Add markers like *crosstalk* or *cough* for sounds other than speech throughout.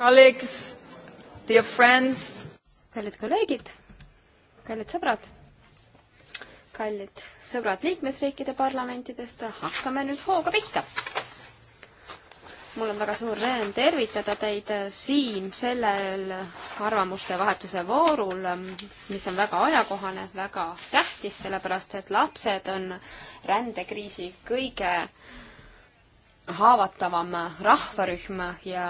Alex, dear friends. kallid kolleegid, kallid sõbrad, kallid sõbrad liikmesriikide parlamentidest, hakkame nüüd hooga pihta. mul on väga suur rõõm tervitada teid siin sellel arvamuste vahetuse voorul, mis on väga ajakohane, väga tähtis, sellepärast et lapsed on rändekriisi kõige haavatavam rahvarühm ja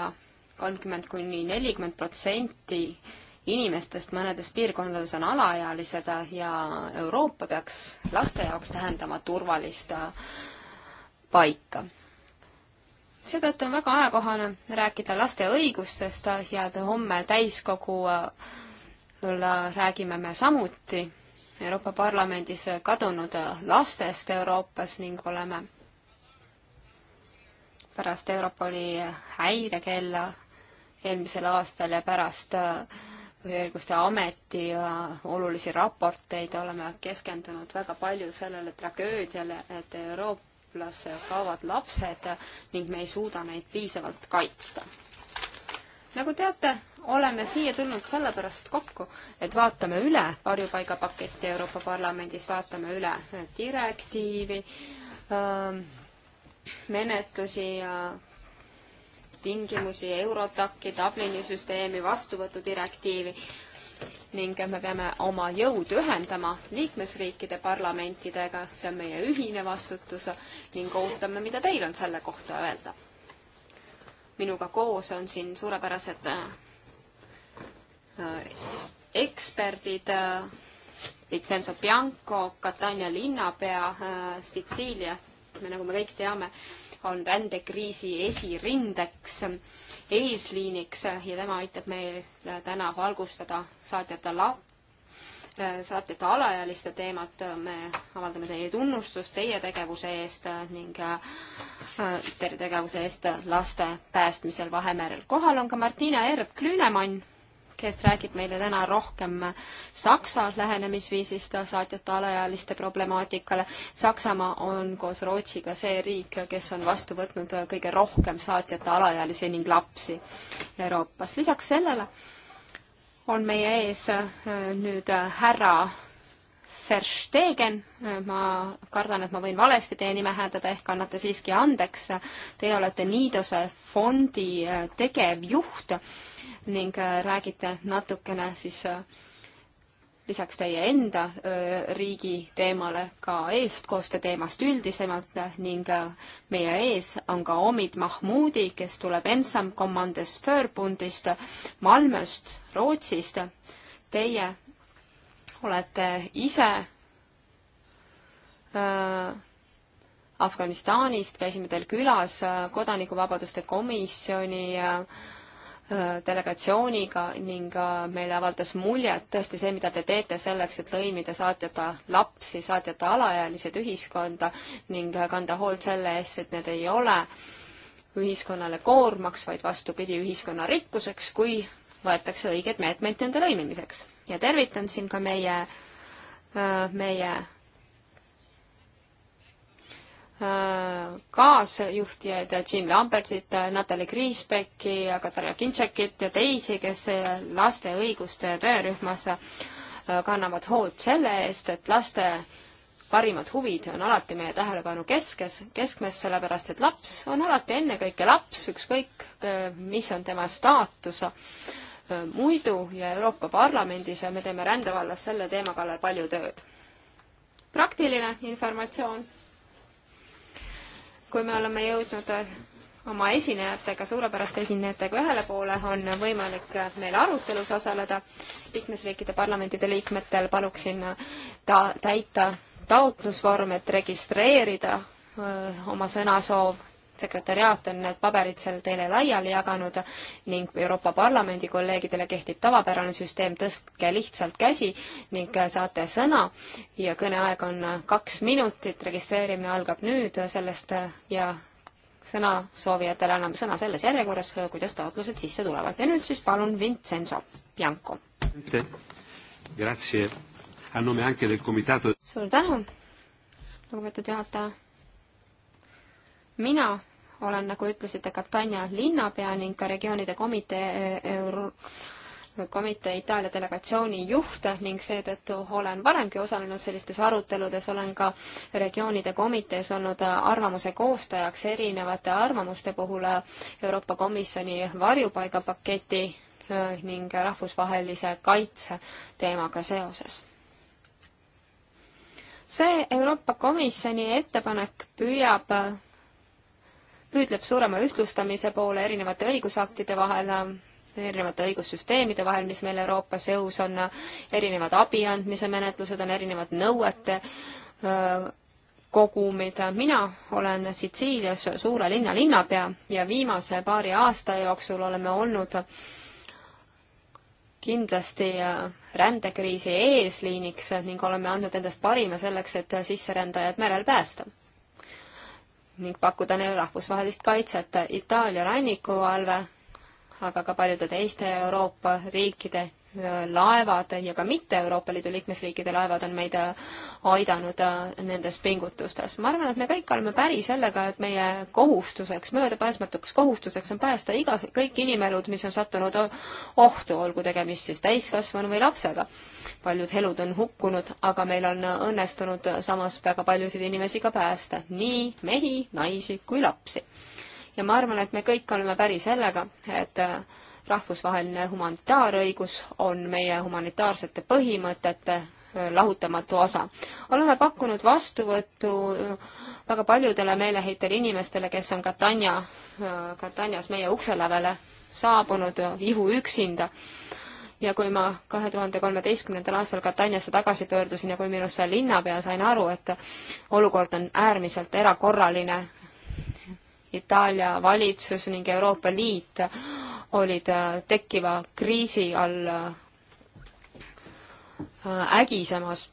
kolmkümmend kuni nelikümmend protsenti inimestest mõnedes piirkondades on alaealised ja Euroopa peaks laste jaoks tähendama turvalist äh, paika. seetõttu on väga ajakohane rääkida laste õigustest ja homme täiskogu äh, räägime me samuti Euroopa Parlamendis kadunud lastest Euroopas ning oleme pärast Europoli häirekella eelmisel aastal ja pärast põhiõiguste äh, ameti äh, olulisi raporteid oleme keskendunud väga palju sellele tragöödiale, et eurooplasse kaovad lapsed ning me ei suuda neid piisavalt kaitsta. nagu teate, oleme siia tulnud sellepärast kokku, et vaatame üle varjupaigapaketti Euroopa Parlamendis, vaatame üle direktiivi, ähm, menetlusi ja tingimusi, Eurotaki, Dublini süsteemi, vastuvõtudirektiivi ning me peame oma jõud ühendama liikmesriikide parlamentidega, see on meie ühine vastutus ning ootame, mida teil on selle kohta öelda. minuga koos on siin suurepärased äh, eksperdid, äh, Vincenzo Bianco, Catania linnapea, äh, Sitsiilia, nagu me kõik teame, on rändekriisi esirindeks, eesliiniks ja tema aitab meil täna valgustada saatjate la-, saatjate alaealiste teemat. me avaldame teile tunnustust teie tegevuse eest ning äh, teie tegevuse eest laste päästmisel Vahemerel. kohal on ka Martina Erb-Klüünemann kes räägib meile täna rohkem Saksa lähenemisviisist saatjate alaealiste problemaatikale. Saksamaa on koos Rootsiga see riik, kes on vastu võtnud kõige rohkem saatjate alaealisi ning lapsi Euroopas. lisaks sellele on meie ees eh, nüüd härra Verstegen, ma kardan, et ma võin valesti teie nime hääldada, ehk annate siiski andeks. Teie olete Niidose fondi äh, tegevjuht ning äh, räägite natukene siis äh, lisaks teie enda riigi teemale ka eestkoostöö teemast üldisemalt ning meie ees on ka Omid Mahmoodi, kes tuleb Ensam Commandes Förbundist Malmöst, Rootsist. Teie olete ise äh, Afganistanist, käisime teil külas äh, kodanikuvabaduste komisjoni äh, äh delegatsiooniga ning äh, meile avaldas muljet tõesti see, mida te teete selleks, et lõimida saatjata lapsi, saatjata alaealised ühiskonda ning äh, kanda hoolt selle eest, et need ei ole ühiskonnale koormaks, vaid vastupidi, ühiskonna rikkuseks, kui võetakse õigeid meetmeid nende lõimimiseks ja tervitan siin ka meie, meie kaasjuhtijaid, Jean Lambertit, Natalja Kriisbecki, Katarina Kintšekit ja teisi, kes laste õiguste töörühmas kannavad hoolt selle eest, et laste parimad huvid on alati meie tähelepanu keskes, keskmes, sellepärast et laps on alati ennekõike laps, ükskõik mis on tema staatus muidu ja Euroopa Parlamendis ja me teeme rändevallas selle teema kallal palju tööd. praktiline informatsioon. kui me oleme jõudnud äh, oma esinejatega, suurepäraste esinejatega ühele poole, on võimalik äh, meil arutelus osaleda. liikmesriikide parlamentide liikmetel paluksin äh, ta täita taotlusvorm, et registreerida öö, oma sõnasoov sekretäriaat on need paberid seal teile laiali jaganud ning Euroopa Parlamendi kolleegidele kehtib tavapärane süsteem, tõstke lihtsalt käsi ning saate sõna ja kõneaeg on kaks minutit, registreerimine algab nüüd sellest ja sõnasoovijatele anname sõna selles järjekorras, kuidas taotlused sisse tulevad. ja nüüd siis palun Vincenzo Bianco. suur tänu, lugupeetud juhataja. mina olen, nagu ütlesite, Catania linnapea ning ka regioonide komitee euro komitee Itaalia delegatsiooni juht ning seetõttu olen varemgi osalenud sellistes aruteludes, olen ka regioonide komitees olnud arvamuse koostajaks erinevate arvamuste puhul Euroopa Komisjoni varjupaigapaketi eh, ning rahvusvahelise kaitse teemaga seoses. see Euroopa Komisjoni ettepanek püüab püüdleb suurema ühtlustamise poole erinevate õigusaktide vahel, erinevate õigussüsteemide vahel, mis meil Euroopas jõus on, erinevad abi andmise menetlused on, erinevad nõuete kogumid. mina olen Sitsiilias suure linna linnapea ja viimase paari aasta jooksul oleme olnud kindlasti rändekriisi eesliiniks ning oleme andnud endast parima selleks, et sisserändajad merel päästa ning pakkuda neile rahvusvahelist kaitset. Itaalia rannikuvalve, aga ka paljude teiste Euroopa riikide laevad ja ka mitte Euroopa Liidu liikmesriikide laevad on meid aidanud nendes pingutustes. ma arvan, et me kõik oleme päri sellega, et meie kohustuseks, möödapääsmatuks kohustuseks on päästa iga, kõik inimelud, mis on sattunud ohtu, olgu tegemist siis täiskasvanu või lapsega. paljud elud on hukkunud, aga meil on õnnestunud samas väga paljusid inimesi ka päästa, nii mehi, naisi kui lapsi. ja ma arvan, et me kõik oleme päri sellega, et rahvusvaheline humanitaarõigus on meie humanitaarsete põhimõtete äh, lahutamatu osa. oleme pakkunud vastuvõttu äh, väga paljudele meeleheitel inimestele, kes on Katania, Katanias äh, meie ukse lävele saabunud ihu üksinda. ja kui ma kahe tuhande kolmeteistkümnendal aastal Kataniasse tagasi pöördusin ja kui minust seal linnapea sain aru, et olukord on äärmiselt erakorraline, Itaalia valitsus ning Euroopa Liit olid äh, tekkiva kriisi all äh, ägisemas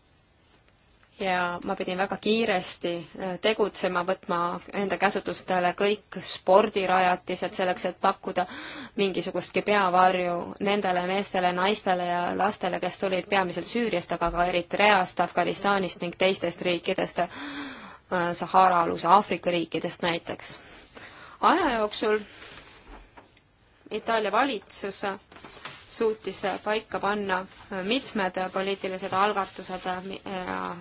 ja ma pidin väga kiiresti äh, tegutsema, võtma enda käsutustele kõik spordirajatised selleks, et pakkuda mingisugustki peavarju nendele meestele, naistele ja lastele, kes tulid peamiselt Süüriast, aga ka Eritreast, Afganistanist ning teistest riikidest, Sahara-aluse Aafrika riikidest näiteks. aja jooksul Itaalia valitsus suutis paika panna mitmed poliitilised algatused ja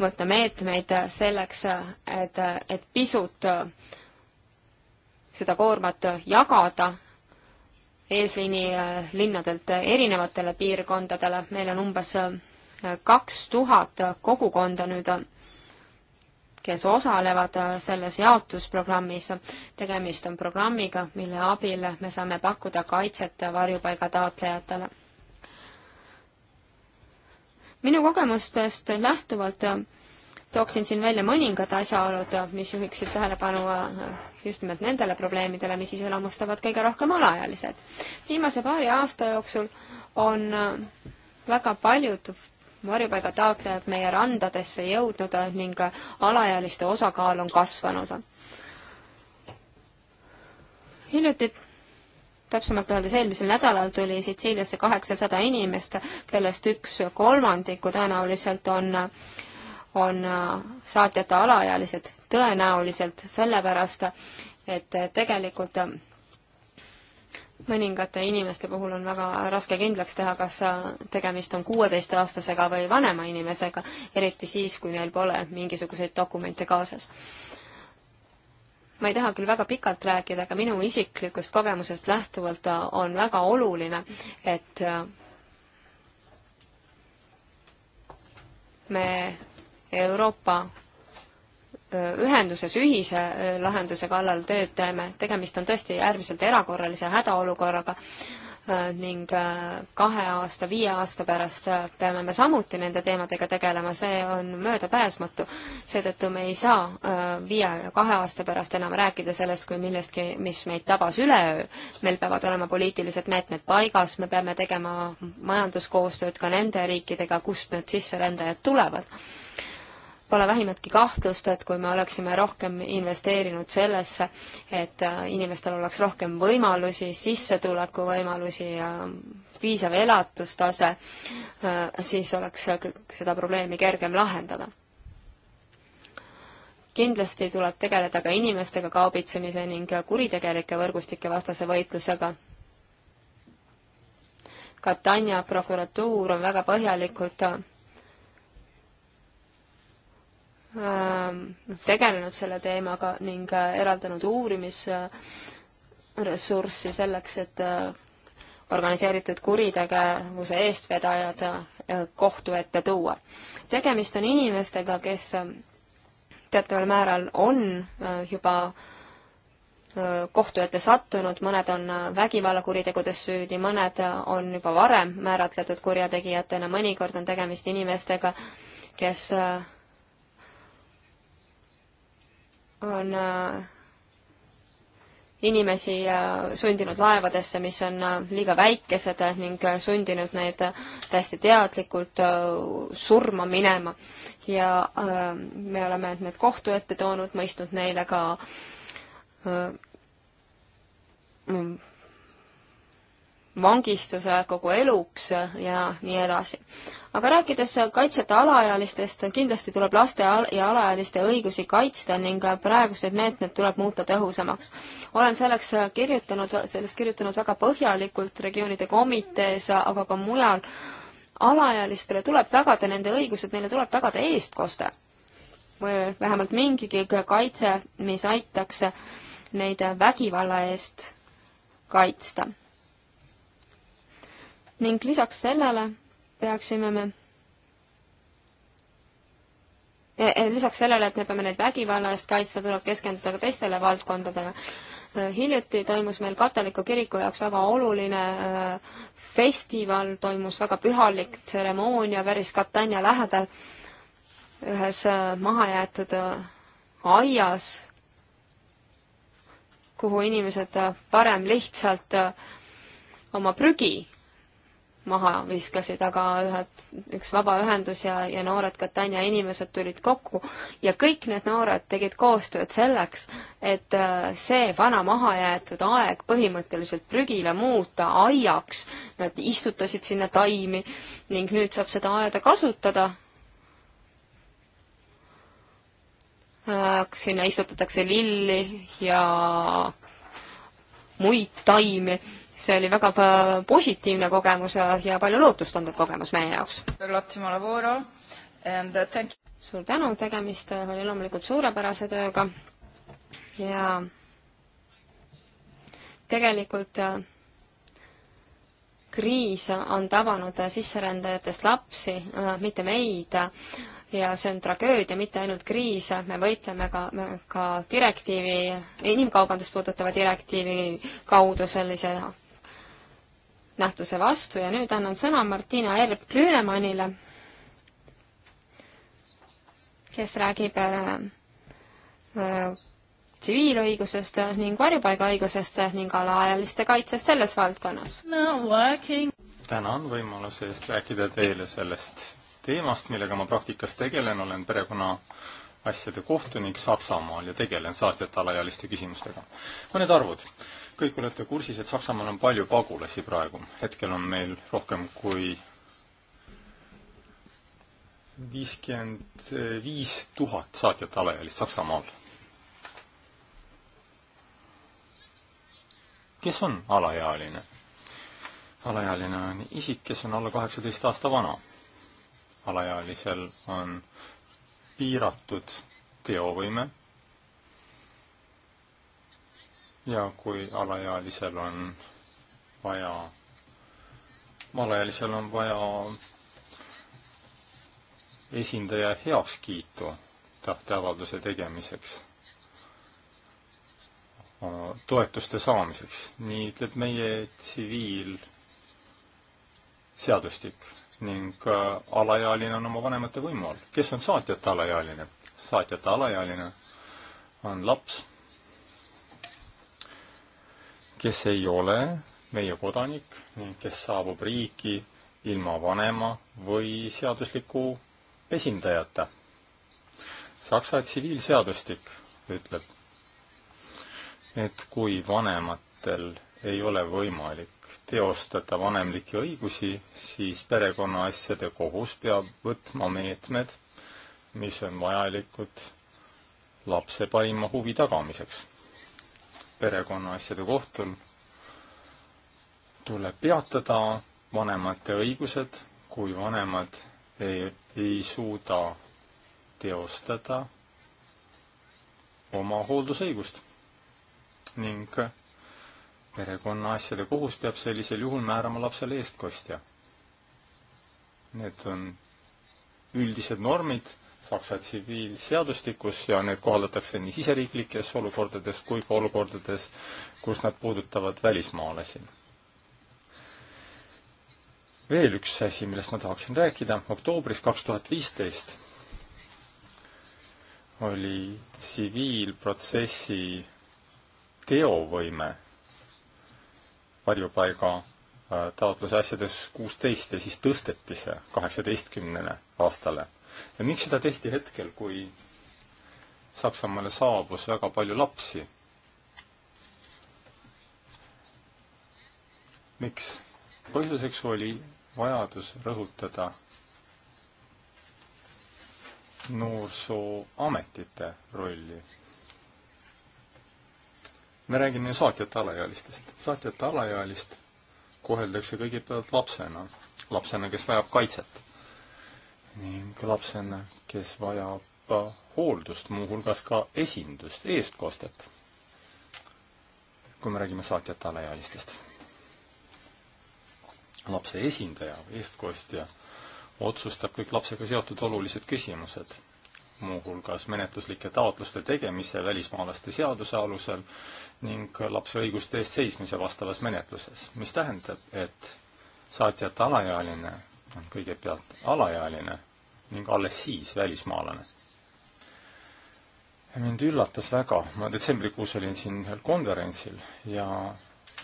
võtta meetmeid selleks, et, et pisut seda koormat jagada eesliini linnadelt erinevatele piirkondadele. meil on umbes kaks tuhat kogukonda nüüd kes osalevad äh, selles jaotusprogrammis. tegemist on programmiga, mille abil me saame pakkuda kaitset varjupaiga taotlejatele. minu kogemustest lähtuvalt äh, tooksin siin välja mõningad asjaolud, äh, mis juhiksid tähelepanu just nimelt nendele probleemidele, mis iseloomustavad kõige rohkem alaealised. viimase paari aasta jooksul on väga paljud varjupaiga taotlejad meie randadesse jõudnud ning alaealiste osakaal on kasvanud. hiljuti täpsemalt öeldes eelmisel nädalal tuli Sitsiiliasse kaheksasada inimest, kellest üks kolmandiku tõenäoliselt on, on saatjate alaealised, tõenäoliselt sellepärast, et tegelikult mõningate inimeste puhul on väga raske kindlaks teha, kas tegemist on kuueteistaastasega või vanema inimesega, eriti siis, kui neil pole mingisuguseid dokumente kaasas. ma ei taha küll väga pikalt rääkida, aga minu isiklikust kogemusest lähtuvalt on väga oluline, et me Euroopa ühenduses ühise äh, lahenduse kallal tööd teeme, tegemist on tõesti äärmiselt erakorralise hädaolukorraga äh, ning äh, kahe aasta, viie aasta pärast peame me samuti nende teemadega tegelema, see on möödapääsmatu. seetõttu me ei saa viie ja kahe aasta pärast enam rääkida sellest kui millestki, mis meid tabas üleöö. meil peavad olema poliitilised meetmed paigas, me peame tegema majanduskoostööd ka nende riikidega, kust need sisserändajad tulevad Pole vähimatki kahtlust, et kui me oleksime rohkem investeerinud sellesse, et äh, inimestel oleks rohkem võimalusi, sissetulekuvõimalusi ja piisav elatustase, äh, siis oleks seda probleemi kergem lahendada kindlasti tuleb tegeleda ka inimestega kaubitsemise ning kuritegelike võrgustike vastase võitlusega. Katania prokuratuur on väga põhjalikult äh, Ähm, tegelenud selle teemaga ning äh, eraldanud uurimisressurssi selleks, et äh, organiseeritud kuritegevuse eestvedajad äh, kohtu ette tuua. tegemist on inimestega, kes teataval määral on juba kohtu ette sattunud, mõned on vägivallakuritegudes süüdi, mõned on juba varem määratletud kurjategijatena, mõnikord on tegemist inimestega, kes on äh, inimesi äh, sundinud laevadesse, mis on äh, liiga väikesed ning sundinud neid täiesti teadlikult surma minema. ja me oleme need kohtu ette toonud, mõistnud neile ka vangistuse kogu eluks ja nii edasi. aga rääkides kaitseta alaealistest, kindlasti tuleb laste ja alaealiste õigusi kaitsta ning praegused meetmed tuleb muuta tõhusamaks. olen selleks kirjutanud, sellest kirjutanud väga põhjalikult regioonide komitees, aga ka mujal. alaealistele tuleb tagada nende õigused, neile tuleb tagada eestkoste või vähemalt mingigi kaitse, mis aitaks neid vägivalla eest kaitsta ning lisaks sellele peaksime me e, e, lisaks sellele, et me peame neid vägivalla eest kaitsma, tuleb keskenduda ka teistele valdkondadele. E, hiljuti toimus meil katoliku kiriku jaoks väga oluline festival, toimus väga pühalik tseremoonia päris Katania lähedal ühes mahajäetud aias, kuhu inimesed varem lihtsalt oma prügi maha viskasid, aga ühed, üks vabaühendus ja, ja noored Katania inimesed tulid kokku ja kõik need noored tegid koostööd selleks, et äh, see vana mahajäetud aeg põhimõtteliselt prügile muuta aiaks. Nad istutasid sinna taimi ning nüüd saab seda aeda kasutada. Äh, sinna istutatakse lilli ja muid taimi see oli väga positiivne kogemus ja palju lootustandev kogemus meie jaoks. Uh, suur tänu, tegemist oli loomulikult suurepärase tööga ja tegelikult äh, kriis on tabanud sisserändajatest lapsi, äh, mitte meid, ja see on tragöödia, mitte ainult kriis, me võitleme ka, ka direktiivi, inimkaubandust puudutava direktiivi kaudu sellise nähtuse vastu ja nüüd annan sõna Martina Erb Grünemannile, kes räägib tsiviilõigusest äh, äh, ning varjupaigaõigusest ning alaealiste kaitsest selles valdkonnas no,. tänan võimaluse eest rääkida teile sellest teemast, millega ma praktikas tegelen, olen perekonna asjade kohtunik Saksamaal ja tegelen saatjate alaealiste küsimustega. mõned arvud kõik olete kursis, et Saksamaal on palju pagulasi praegu. hetkel on meil rohkem kui viiskümmend viis tuhat saatjat alaealist Saksamaal. kes on alaealine? alaealine on isik, kes on alla kaheksateist aasta vana. alaealisel on piiratud teovõime ja kui alaealisel on vaja, alaealisel on vaja esindaja heakskiitu tahteavalduse tegemiseks, äh, toetuste saamiseks, nii ütleb meie tsiviilseadustik ning äh, alaealine on oma vanemate võimu all. kes on saatjata alaealine? saatjata alaealine on laps kes ei ole meie kodanik ning kes saabub riiki ilma vanema või seadusliku esindajata. Saksa tsiviilseadustik ütleb, et kui vanematel ei ole võimalik teostada vanemlikke õigusi, siis perekonnaasjade kohus peab võtma meetmed, mis on vajalikud lapse parima huvi tagamiseks perekonnaasjade kohtul tuleb peatada vanemate õigused, kui vanemad ei, ei suuda teostada oma hooldusõigust. ning perekonnaasjade kohus peab sellisel juhul määrama lapsele eestkostja. Need on üldised normid Saksa tsiviilseadustikus ja need kohaldatakse nii siseriiklikes olukordades kui ka olukordades, kus nad puudutavad välismaalasi. veel üks asi, millest ma tahaksin rääkida, oktoobris kaks tuhat viisteist oli tsiviilprotsessi teovõime varjupaiga äh, taotluse asjades kuusteist ja siis tõsteti see kaheksateistkümnele aastale ja miks seda tehti hetkel, kui Saksamaale saabus väga palju lapsi? miks? põhjuseks oli vajadus rõhutada noorsooametite rolli. me räägime ju saatjate alaealistest. saatjate alaealist koheldakse kõigepealt lapsena, lapsena, kes vajab kaitset ning lapsena, kes vajab äh, hooldust, muuhulgas ka esindust, eestkostet, kui me räägime saatjate alaealistest. lapse esindaja, eestkostja otsustab kõik lapsega seotud olulised küsimused, muuhulgas menetluslike taotluste tegemise välismaalaste seaduse alusel ning lapse õiguste eest seismise vastavas menetluses, mis tähendab, et saatjate alaealine on kõigepealt alaealine ning alles siis välismaalane. mind üllatas väga, ma detsembrikuus olin siin ühel konverentsil ja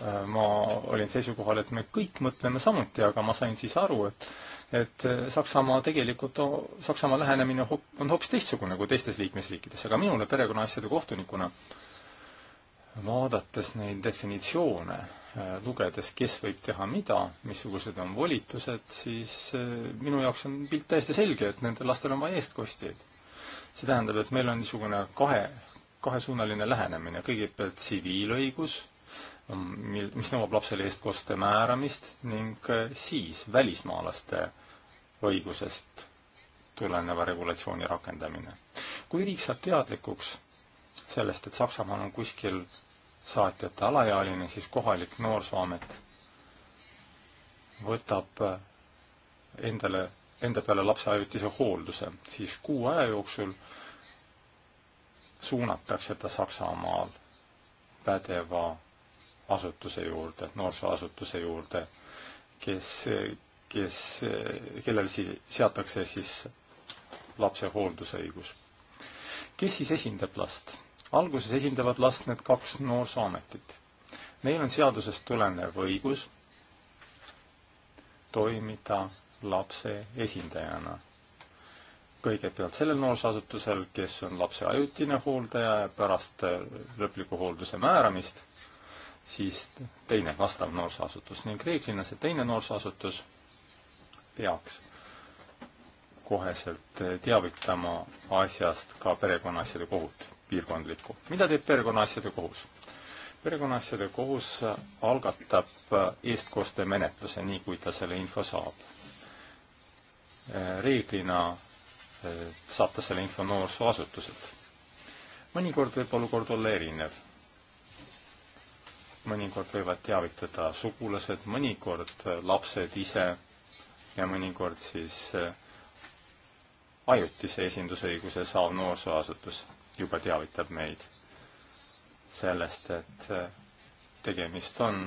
äh, ma olin seisukohal, et me kõik mõtleme samuti, aga ma sain siis aru, et et äh, Saksamaa tegelikult, Saksamaa lähenemine hop, on hoopis teistsugune kui teistes liikmesriikides, aga minule perekonnaasjade kohtunikuna vaadates neid definitsioone Äh, lugedes, kes võib teha mida, missugused on volitused, siis äh, minu jaoks on pilt täiesti selge, et nendel lastel on vaja eestkostjaid. see tähendab, et meil on niisugune kahe, kahesuunaline lähenemine, kõigepealt tsiviilõigus, um, mil, mis nõuab lapsele eestkoste määramist ning äh, siis välismaalaste õigusest tuleneva regulatsiooni rakendamine. kui riik saab teadlikuks sellest, et Saksamaal on kuskil saatjate alaealine, siis kohalik Noorsooamet võtab endale, enda peale lapse ajutise hoolduse, siis kuu aja jooksul suunatakse ta Saksamaal pädeva asutuse juurde, noorsooasutuse juurde, kes, kes, kellel si-, seatakse siis lapse hooldusõigus. kes siis esindab last? alguses esindavad last need kaks noorsooametit. Neil on seadusest tulenev õigus toimida lapse esindajana. kõigepealt sellel noorsooasutusel, kes on lapse ajutine hooldaja ja pärast lõpliku hoolduse määramist, siis teine vastav noorsooasutus ning reeglina see teine noorsooasutus peaks koheselt teavitama asjast ka perekonnaasjade kohut piirkondlikku. mida teeb perekonnaasjade kohus? perekonnaasjade kohus algatab äh, eestkostemenetluse, nii kui ta selle info saab. Äh, reeglina äh, saab ta selle info noorsooasutuselt. mõnikord võib olukord olla erinev. mõnikord võivad teavitada sugulased, mõnikord lapsed ise ja mõnikord siis ajutise esindusõiguse saav noorsooasutus juba teavitab meid sellest, et äh, tegemist on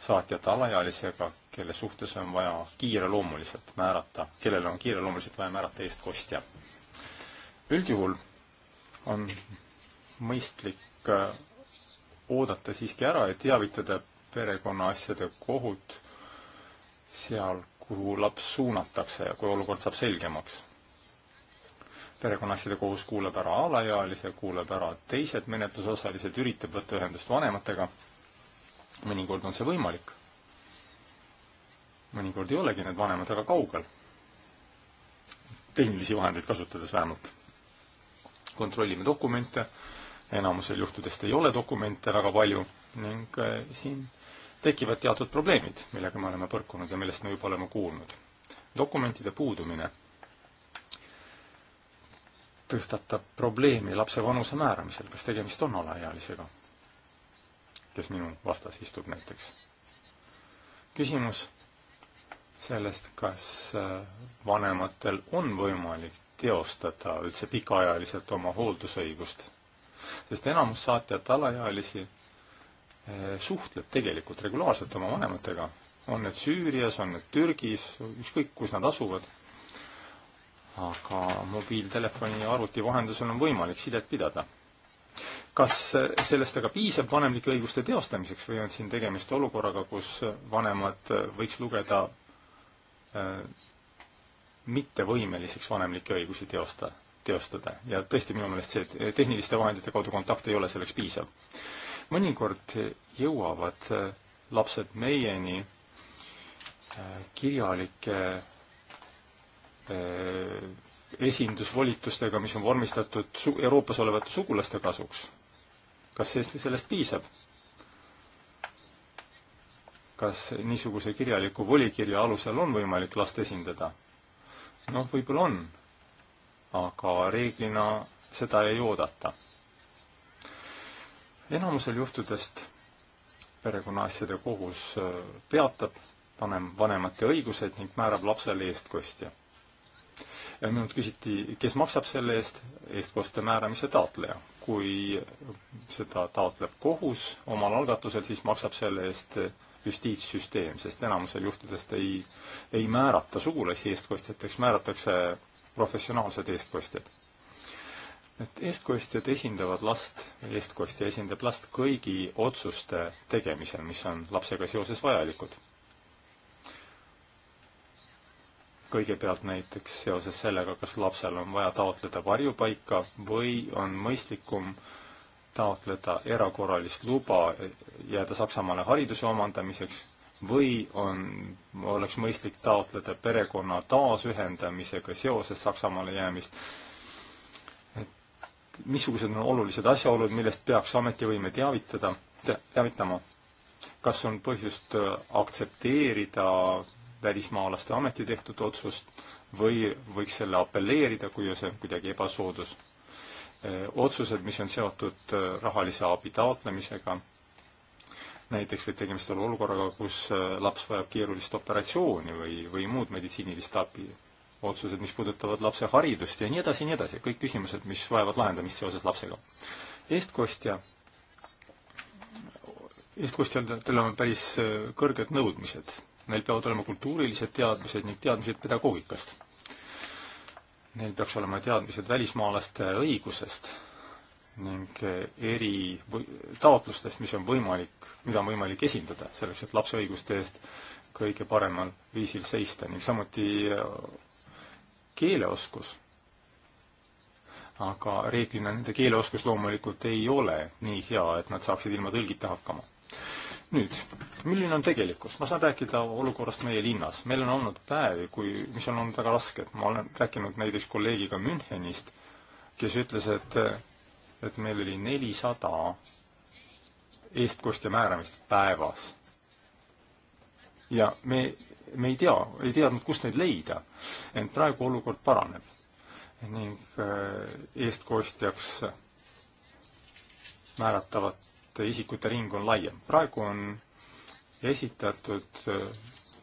saatjate alaealisega, kelle suhtes on vaja kiireloomuliselt määrata, kellele on kiireloomuliselt vaja määrata eestkostja. üldjuhul on mõistlik äh, oodata siiski ära ja teavitada perekonnaasjade kohut seal, kuhu laps suunatakse ja kui olukord saab selgemaks perekonnaasjade kohus kuulab ära alaealise, kuulab ära teised menetlusosalised, üritab võtta ühendust vanematega. mõnikord on see võimalik. mõnikord ei olegi need vanemad väga kaugel. tehnilisi vahendeid kasutades vähemalt. kontrollime dokumente, enamusel juhtudest ei ole dokumente väga palju ning eh, siin tekivad teatud probleemid, millega me oleme põrkunud ja millest me juba oleme kuulnud. dokumentide puudumine tõstatab probleemi lapse vanuse määramisel, kas tegemist on alaealisega, kes minu vastas istub näiteks. küsimus sellest, kas äh, vanematel on võimalik teostada üldse pikaajaliselt oma hooldusõigust, sest enamus saatjat alaealisi äh, suhtleb tegelikult regulaarselt oma vanematega, on need Süürias, on need Türgis, ükskõik kus nad asuvad aga mobiiltelefoni ja arvuti vahendusel on võimalik sidet pidada. kas sellest aga piisab vanemlike õiguste teostamiseks või on siin tegemist olukorraga, kus vanemad võiks lugeda äh, mittevõimeliseks vanemlikke õigusi teosta, teostada ja tõesti minu meelest see tehniliste vahendite kaudu kontakt ei ole selleks piisav. mõnikord jõuavad äh, lapsed meieni äh, kirjalike Äh, esindusvolitustega, mis on vormistatud su-, Euroopas olevate sugulaste kasuks. kas sellest piisab? kas niisuguse kirjaliku volikirja alusel on võimalik last esindada? noh, võib-olla on, aga reeglina seda ei oodata. enamusel juhtudest perekonnaasjade kohus äh, peatab vanem, vanemate õigused ning määrab lapsele eestkostja minult küsiti, kes maksab selle eest, eestkoste määramise taotleja. kui seda taotleb kohus omal algatusel, siis maksab selle eest justiitssüsteem, sest enamusel juhtudest ei, ei määrata sugulasi eestkostjateks, määratakse professionaalsed eestkostjad. et eestkostjad esindavad last, eestkostja esindab last kõigi otsuste tegemisel, mis on lapsega seoses vajalikud kõigepealt näiteks seoses sellega, kas lapsel on vaja taotleda varjupaika või on mõistlikum taotleda erakorralist luba jääda Saksamaale hariduse omandamiseks või on, oleks mõistlik taotleda perekonna taasühendamisega seoses Saksamaale jäämist. et missugused on olulised asjaolud, millest peaks ametivõime teavitada te,, teavitama? kas on põhjust äh, aktsepteerida välismaalaste ameti tehtud otsust või võiks selle apelleerida, kui see on kuidagi ebasoodus. otsused, mis on seotud äh, rahalise abi taotlemisega, näiteks võib tegemist olla olukorraga, kus äh, laps vajab keerulist operatsiooni või, või muud meditsiinilist abi, otsused, mis puudutavad lapse haridust ja nii edasi ja nii edasi, kõik küsimused, mis vajavad lahendamist seoses lapsega. eestkostja eestkostjatel on päris äh, kõrged nõudmised Neil peavad olema kultuurilised teadmised ning teadmised pedagoogikast. Neil peaks olema teadmised välismaalaste õigusest ning eri taotlustest, mis on võimalik, mida on võimalik esindada, selleks et lapse õiguste eest kõige paremal viisil seista ning samuti äh, keeleoskus. aga reeglina nende keeleoskus loomulikult ei ole nii hea, et nad saaksid ilma tõlgita hakkama nüüd, milline on tegelikkus? ma saan rääkida olukorrast meie linnas. meil on olnud päevi, kui, mis on olnud väga rasked. ma olen rääkinud näiteks kolleegiga Münchenist, kes ütles, et, et meil oli nelisada eestkostja määramist päevas. ja me, me ei tea, ei teadnud, kust neid leida. ent praegu olukord paraneb ning äh, eestkostjaks määratavad sealt isikute ring on laiem. praegu on esitatud äh,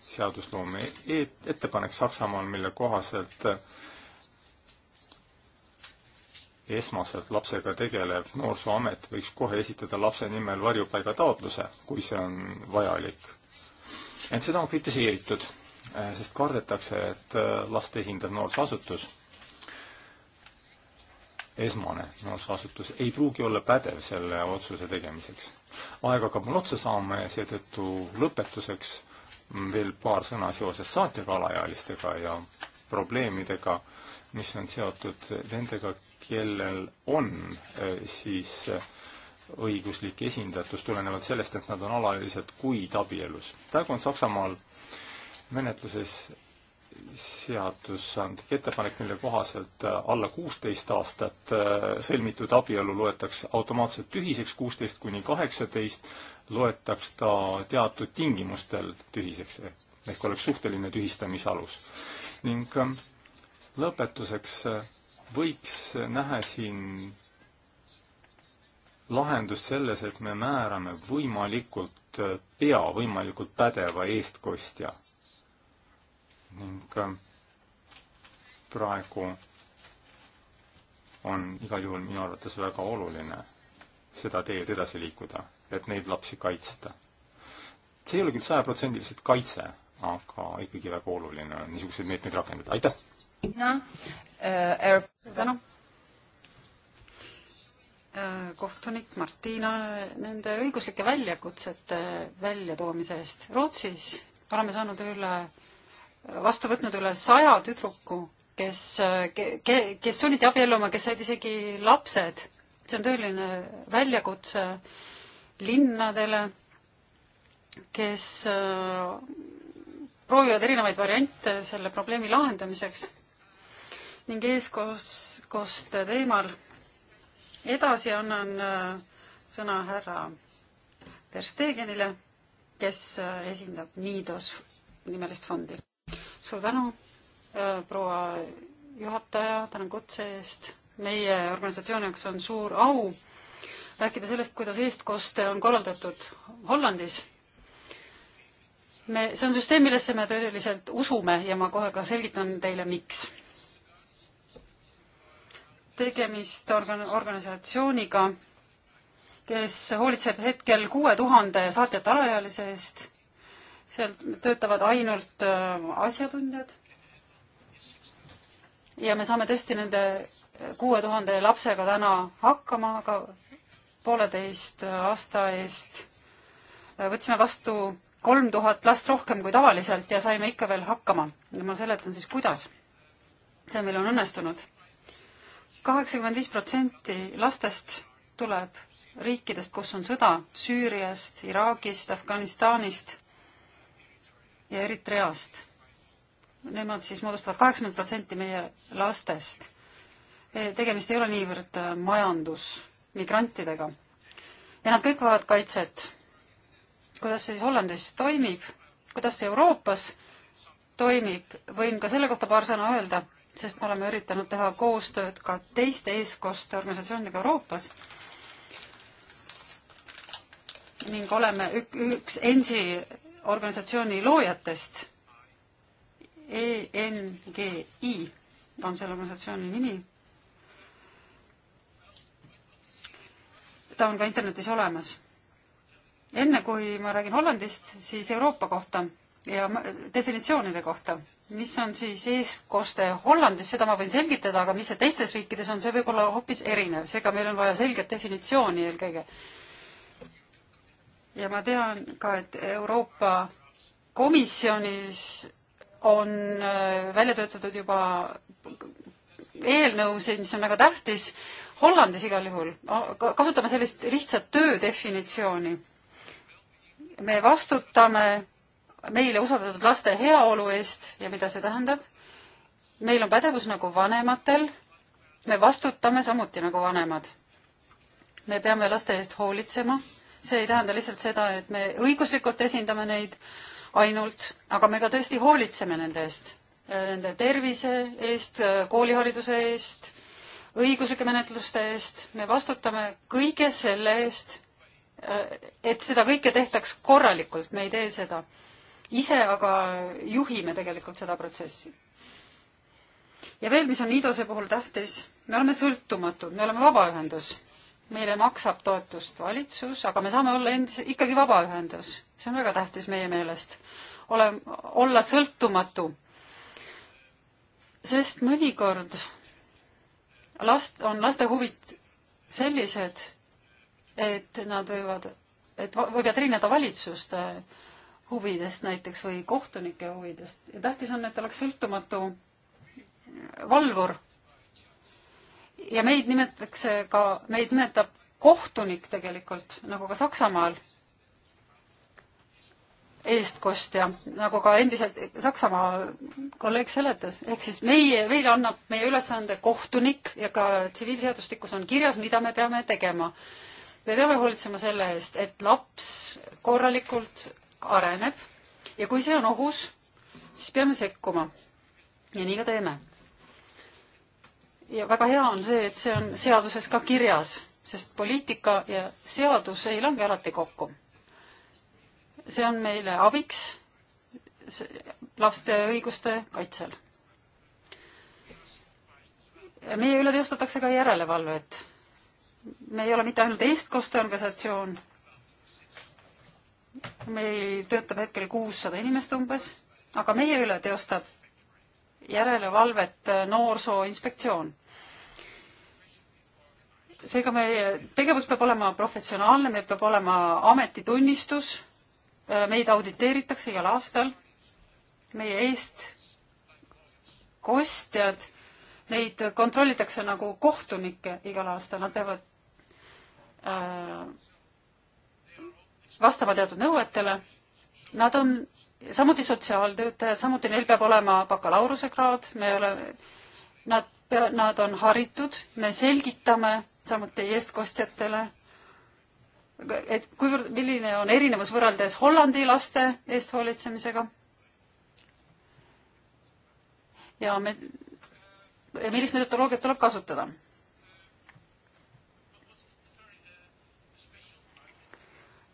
seadusloome e-, ettepanek Saksamaal, mille kohaselt äh, esmaselt lapsega tegelev Noorsooamet võiks kohe esitada lapse nimel varjupaigataotluse, kui see on vajalik. ent seda on kritiseeritud, äh, sest kardetakse, et last esindab noorsooasutus esmane finantsvastutus ei pruugi olla pädev selle otsuse tegemiseks. aeg hakkab mul otsa saama ja seetõttu lõpetuseks veel paar sõna seoses saatjaga alaealistega ja probleemidega, mis on seotud nendega, kellel on eh, siis eh, õiguslik esindatus tulenevalt sellest, et nad on alaealised, kuid abielus. praegu on Saksamaal menetluses seadusandlik ettepanek, mille kohaselt äh, alla kuusteist aastat äh, sõlmitud abielu loetakse automaatselt tühiseks, kuusteist kuni kaheksateist loetaks ta teatud tingimustel tühiseks, ehk oleks suhteline tühistamisalus. ning ähm, lõpetuseks äh, võiks näha siin lahendus selles, et me määrame võimalikult pea, võimalikult pädeva eestkostja ning äh, praegu on igal juhul minu arvates väga oluline seda teed edasi liikuda, et neid lapsi kaitsta. see ei ole küll sajaprotsendiliselt kaitse, aga ikkagi väga oluline on niisuguseid meetmeid rakendada, aitäh! noh, suur tänu! Äh, kohtunik Martina nende õiguslike väljakutsete väljatoomise eest. Rootsis oleme saanud üle vastu võtnud üle saja tüdruku, kes ke,, kes sunniti abielluma, kes said isegi lapsed. see on tõeline väljakutse linnadele, kes äh, proovivad erinevaid variante selle probleemi lahendamiseks ning eeskoste teemal edasi annan äh, sõna härra Verstegenile, kes äh, esindab Niidos nimelist fondi suur tänu, äh, proua juhataja, tänan kutse eest. meie organisatsiooni jaoks on suur au rääkida sellest, kuidas eestkoste on korraldatud Hollandis. me, see on süsteem, millesse me tõeliselt usume ja ma kohe ka selgitan teile, miks. tegemist organ-, organisatsiooniga, kes hoolitseb hetkel kuue tuhande saatjata alaealise eest seal töötavad ainult äh, asjatundjad. ja me saame tõesti nende kuue tuhande lapsega täna hakkama, aga pooleteist aasta eest äh, võtsime vastu kolm tuhat last rohkem kui tavaliselt ja saime ikka veel hakkama. ja ma seletan siis, kuidas see meil on õnnestunud. kaheksakümmend viis protsenti lastest tuleb riikidest, kus on sõda, Süüriast, Iraagist, Afganistanist ja Eritreast. Nemad siis moodustavad kaheksakümmend protsenti meie lastest. E, tegemist ei ole niivõrd äh, majandusmigrantidega. ja nad kõik vajavad kaitset. kuidas see siis Hollandis toimib, kuidas see Euroopas toimib, võin ka selle kohta paar sõna öelda, sest me oleme üritanud teha koostööd ka teiste eestkosteorganisatsioonidega Euroopas ning oleme ük, üks ENSI organisatsiooni loojatest. ENGI on selle organisatsiooni nimi. ta on ka internetis olemas. enne kui ma räägin Hollandist, siis Euroopa kohta ja definitsioonide kohta, mis on siis eestkoste Hollandis, seda ma võin selgitada, aga mis see teistes riikides on, see võib olla hoopis erinev, seega meil on vaja selget definitsiooni eelkõige ja ma tean ka, et Euroopa Komisjonis on äh, välja töötatud juba eelnõusid, mis on väga tähtis, Hollandis igal juhul, kasutame sellist lihtsat töö definitsiooni. me vastutame meile usaldatud laste heaolu eest ja mida see tähendab? meil on pädevus nagu vanematel, me vastutame samuti nagu vanemad. me peame laste eest hoolitsema see ei tähenda lihtsalt seda, et me õiguslikult esindame neid ainult, aga me ka tõesti hoolitseme nende eest, nende tervise eest, koolihariduse eest, õiguslike menetluste eest, me vastutame kõige selle eest, et seda kõike tehtaks korralikult, me ei tee seda ise, aga juhime tegelikult seda protsessi. ja veel, mis on Niidose puhul tähtis, me oleme sõltumatud, me oleme vabaühendus meile maksab toetust valitsus, aga me saame olla endis-, ikkagi vabaühendus. see on väga tähtis meie meelest. ole, olla sõltumatu. sest mõnikord last, on laste huvid sellised, et nad võivad, et võivad erineda valitsuste huvidest näiteks või kohtunike huvidest ja tähtis on, et oleks sõltumatu valvur ja meid nimetatakse ka, meid nimetab kohtunik tegelikult, nagu ka Saksamaal, eestkostja, nagu ka endiselt Saksamaa kolleeg seletas, ehk siis meie, meile annab meie ülesande kohtunik ja ka tsiviilseadustikus on kirjas, mida me peame tegema. me peame hoolitsema selle eest, et laps korralikult areneb ja kui see on ohus, siis peame sekkuma. ja nii ka teeme ja väga hea on see, et see on seaduses ka kirjas, sest poliitika ja seadus ei lange alati kokku. see on meile abiks laste õiguste kaitsel. meie üle teostatakse ka järelevalvet. me ei ole mitte ainult eestkosteorganisatsioon, meil töötab hetkel kuussada inimest umbes, aga meie üle teostab järelevalvet äh, Noorsooinspektsioon. seega meie tegevus peab olema professionaalne, meil peab olema ametitunnistus, äh, meid auditeeritakse igal aastal, meie eest kostjad, neid kontrollitakse nagu kohtunikke igal aastal, nad peavad äh, vastama teatud nõuetele. Nad on samuti sotsiaaltöötajad, samuti neil peab olema bakalaureusekraad, me oleme, nad, nad on haritud, me selgitame samuti eestkostjatele, et kuivõrd, milline on erinevus võrreldes Hollandi laste eest hoolitsemisega. ja me, millist metodoloogiat tuleb kasutada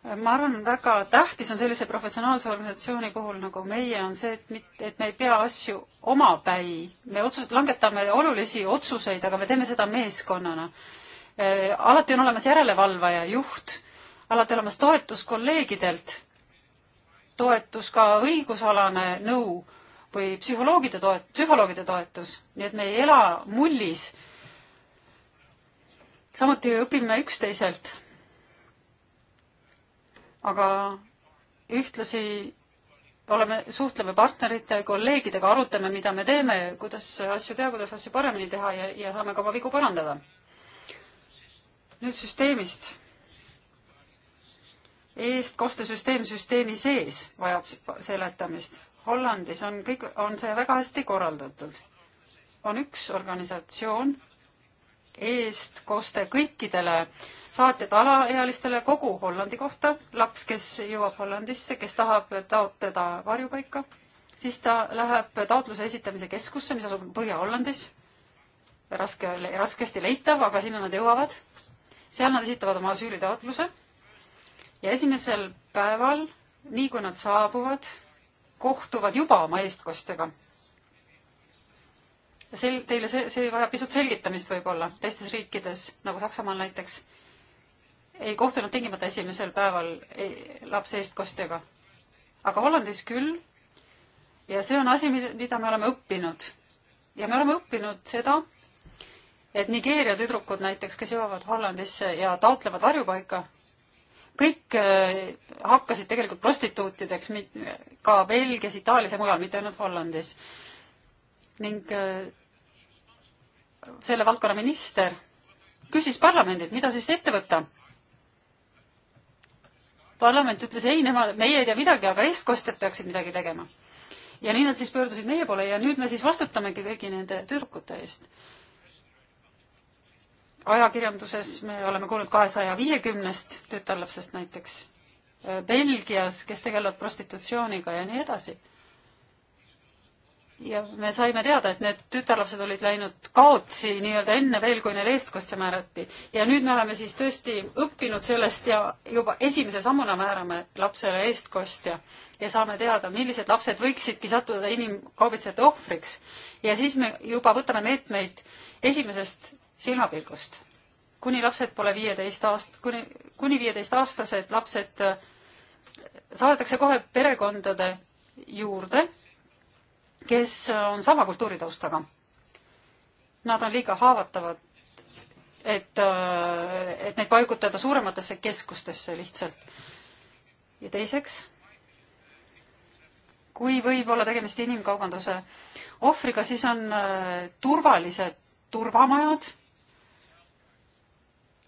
ma arvan, väga tähtis on sellise professionaalse organisatsiooni puhul nagu meie, on see, et mitte, et me ei pea asju omapäi. me otsused, langetame olulisi otsuseid, aga me teeme seda meeskonnana. Äh, alati on olemas järelevalvaja, juht, alati olemas toetus kolleegidelt, toetus ka õigusalane nõu või psühholoogide toet-, psühholoogide toetus, nii et me ei ela mullis. samuti õpime üksteiselt aga ühtlasi oleme, suhtleme partnerite, kolleegidega, arutame, mida me teeme, kuidas asju teha, kuidas asju paremini teha ja, ja saame ka oma vigu parandada. nüüd süsteemist. eestkostesüsteem süsteemi sees vajab seletamist. Hollandis on kõik, on see väga hästi korraldatud. on üks organisatsioon eestkoste kõikidele saatjate alaealistele kogu Hollandi kohta. laps, kes jõuab Hollandisse, kes tahab taotleda varjupaika, siis ta läheb taotluse esitamise keskusse, mis asub Põhja-Hollandis. raske, raskesti leitav, aga sinna nad jõuavad. seal nad esitavad oma asüülitaotluse ja esimesel päeval, nii kui nad saabuvad, kohtuvad juba oma eestkostega sel-, teile see, see vajab pisut selgitamist võib-olla teistes riikides, nagu Saksamaal näiteks, ei kohtunud tingimata esimesel päeval ei, lapse eestkostjaga. aga Hollandis küll ja see on asi, mida me oleme õppinud. ja me oleme õppinud seda, et Nigeeria tüdrukud näiteks, kes jõuavad Hollandisse ja taotlevad varjupaika, kõik äh, hakkasid tegelikult prostituutideks ka Belgias, Itaalias ja mujal, mitte ainult Hollandis. ning äh, selle valdkonna minister küsis parlamendilt, mida siis ette võtta. parlament ütles ei, nemad, meie ei tea midagi, aga eestkostjad peaksid midagi tegema. ja nii nad siis pöördusid meie poole ja nüüd me siis vastutamegi kõigi nende tüdrukute eest. ajakirjanduses me oleme kuulnud kahesaja viiekümnest tütarlapsest näiteks, Belgias, kes tegelevad prostitutsiooniga ja nii edasi ja me saime teada, et need tütarlapsed olid läinud kaotsi nii-öelda enne veel, kui neile eestkostja määrati. ja nüüd me oleme siis tõesti õppinud sellest ja juba esimese sammuna määrame lapsele eestkostja ja saame teada, millised lapsed võiksidki sattuda inimkaubitsejate ohvriks. ja siis me juba võtame meetmeid esimesest silmapilgust. kuni lapsed pole viieteist aast-, kuni, kuni viieteistaastased lapsed äh, saadetakse kohe perekondade juurde kes on sama kultuuritaustaga. Nad on liiga haavatavad, et, äh, et neid paigutada suurematesse keskustesse lihtsalt. ja teiseks, kui võib olla tegemist inimkaubanduse ohvriga, siis on äh, turvalised turvamajad,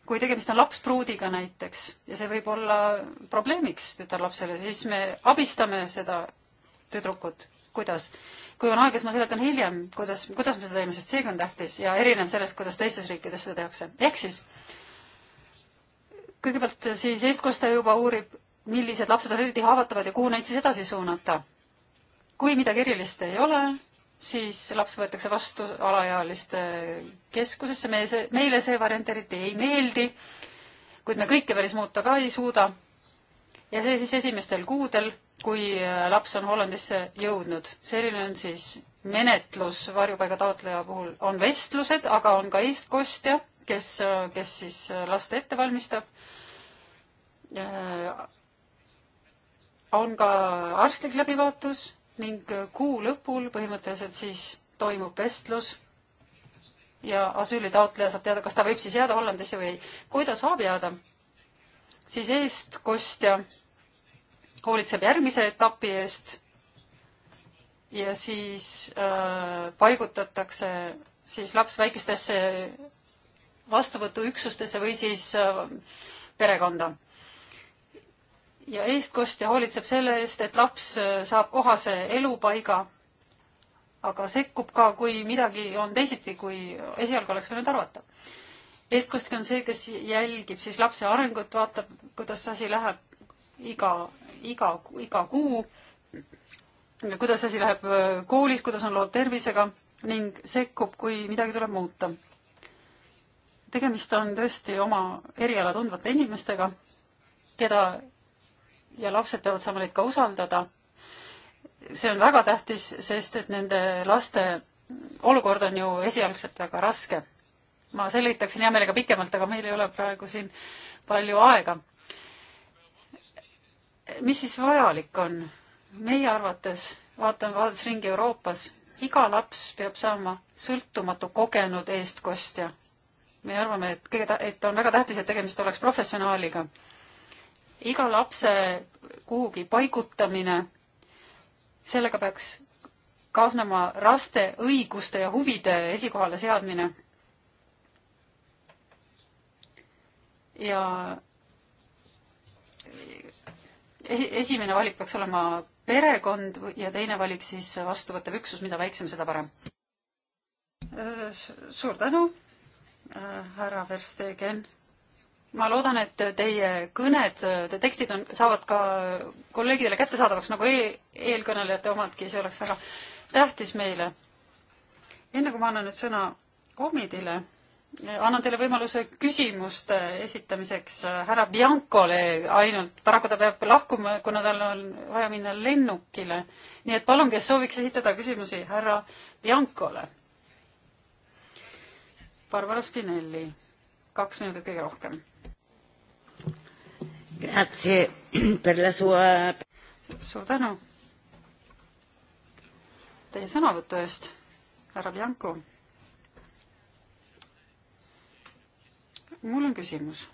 kui tegemist on lapspruudiga näiteks ja see võib olla probleemiks tütarlapsele, siis me abistame seda tüdrukut, kuidas kui on aeg, siis ma seletan hiljem, kuidas, kuidas me seda teeme, sest seegi on tähtis ja erinev sellest, kuidas teistes riikides seda tehakse. ehk siis kõigepealt siis eestkostaja juba uurib, millised lapsed on eriti haavatavad ja kuhu neid siis edasi suunata. kui midagi erilist ei ole, siis laps võetakse vastu alaealiste keskusesse, meie see, meile see variant eriti ei meeldi, kuid me kõike päris muuta ka ei suuda. ja see siis esimestel kuudel kui äh, laps on Hollandisse jõudnud. selline on siis menetlus varjupaiga taotleja puhul. on vestlused, aga on ka eestkostja, kes, äh, kes siis äh, last ette valmistab. on ka arstlik läbivaatus ning kuu lõpul põhimõtteliselt siis toimub vestlus ja asüülitaotleja saab teada, kas ta võib siis jääda Hollandisse või ei. kui ta saab jääda, siis eestkostja hoolitseb järgmise etapi eest ja siis äh, paigutatakse siis laps väikestesse vastuvõtuüksustesse või siis äh, perekonda. ja eestkostja hoolitseb selle eest, et laps äh, saab kohase elupaiga, aga sekkub ka, kui midagi on teisiti, kui esialgu oleks võinud arvata. eestkostja on see, kes jälgib siis lapse arengut, vaatab, kuidas asi läheb iga iga, iga kuu, kuidas asi läheb äh, koolis, kuidas on lood tervisega ning sekkub, kui midagi tuleb muuta. tegemist on tõesti oma eriala tundvate inimestega, keda ja lapsed peavad saama neid ka usaldada. see on väga tähtis, sest et nende laste olukord on ju esialgselt väga raske. ma selgitaksin hea meelega pikemalt, aga meil ei ole praegu siin palju aega mis siis vajalik on? meie arvates, vaatame, vaadates ringi Euroopas, iga laps peab saama sõltumatu kogenud eestkostja. me arvame, et kõige, et on väga tähtis, et tegemist oleks professionaaliga. iga lapse kuhugi paigutamine, sellega peaks kaasnema laste õiguste ja huvide esikohale seadmine. ja esimene valik peaks olema perekond ja teine valik siis vastuvõttev üksus, mida väiksem, seda parem. Äh, suur tänu, äh, härra Verstegen. ma loodan, et teie kõned, tekstid on, saavad ka kolleegidele kättesaadavaks nagu e eelkõnelejate omadki, see oleks väga tähtis meile. enne kui ma annan nüüd sõna Omidile annan teile võimaluse küsimuste esitamiseks härra Biancole ainult, paraku ta peab lahkuma, kuna tal on vaja minna lennukile. nii et palun, kes sooviks esitada küsimusi härra Biancole. Barbara Spinelli, kaks minutit kõige rohkem. Grazie per la sua. suur tänu teie sõnavõtu eest, härra Bianco mul on küsimus.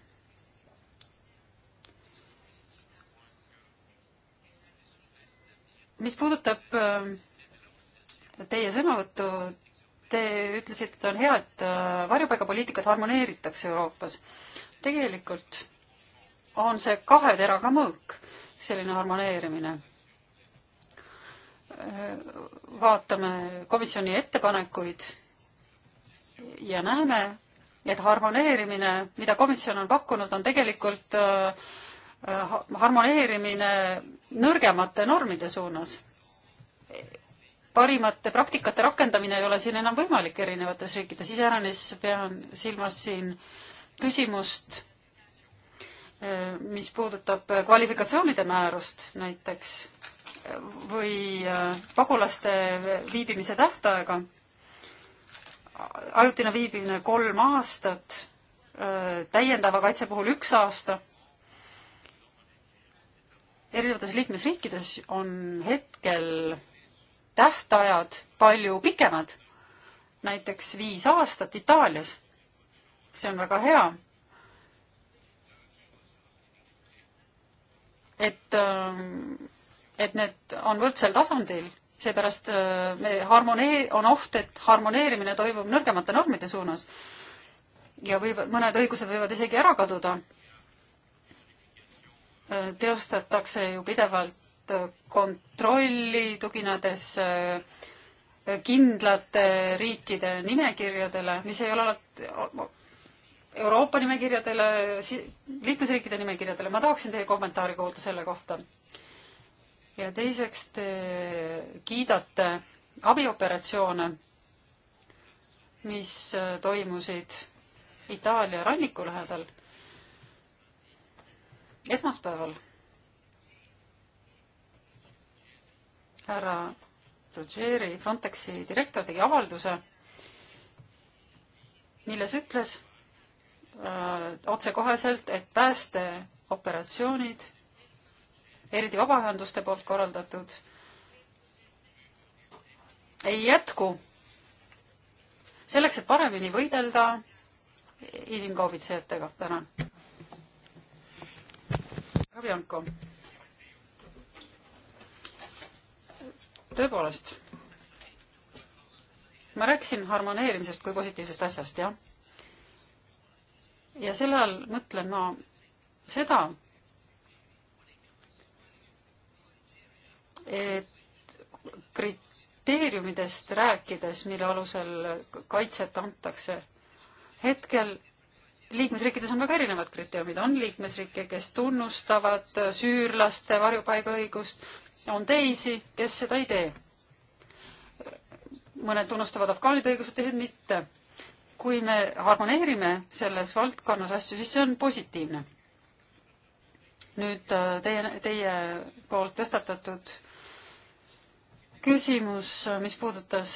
mis puudutab äh, teie sõnavõttu, te ütlesite, et on hea, et äh, varjupaigapoliitikat harmoneeritakse Euroopas. tegelikult on see kahe teraga mõõk, selline harmoneerimine äh, vaatame komisjoni ettepanekuid ja näeme, et harmoneerimine, mida komisjon on pakkunud, on tegelikult äh, harmoneerimine nõrgemate normide suunas. parimate praktikate rakendamine ei ole siin enam võimalik erinevates riikides, iseäranis pean silmas siin küsimust, äh, mis puudutab kvalifikatsioonide määrust näiteks äh, või pagulaste viibimise tähtaega ajutine viibimine kolm aastat, äh, täiendava kaitse puhul üks aasta. erinevates liikmesriikides on hetkel tähtajad palju pikemad, näiteks viis aastat Itaalias. see on väga hea. et, äh, et need on võrdsel tasandil seepärast äh, me harmonee-, on oht, et harmoneerimine toimub nõrgemate normide suunas. ja võivad, mõned õigused võivad isegi ära kaduda. Äh, teostatakse ju pidevalt äh, kontrolli, tuginedes kindlate riikide nimekirjadele, mis ei ole alati Euroopa nimekirjadele, liikmesriikide nimekirjadele, ma tahaksin teie kommentaari kuulda selle kohta ja teiseks te kiidate abioperatsioone, mis äh, toimusid Itaalia ranniku lähedal esmaspäeval. härra Rogeri, Frontexi direktor, tegi avalduse, milles ütles öö, äh, otsekoheselt, et päästeoperatsioonid eriti vabaühenduste poolt korraldatud, ei jätku. selleks, et paremini võidelda inimkaubitsejatega, tänan. Ravi Anko. tõepoolest, ma rääkisin harmoneerimisest kui positiivsest asjast, jah ja sel ajal mõtlen ma seda, et kriteeriumidest rääkides, mille alusel kaitset antakse, hetkel liikmesriikides on väga erinevad kriteeriumid, on liikmesriike, kes tunnustavad süürlaste varjupaigaõigust, on teisi, kes seda ei tee. mõned tunnustavad afgaanide õigused, teised mitte. kui me harmoneerime selles valdkonnas asju, siis see on positiivne. nüüd äh, teie, teie poolt tõstatatud küsimus, mis puudutas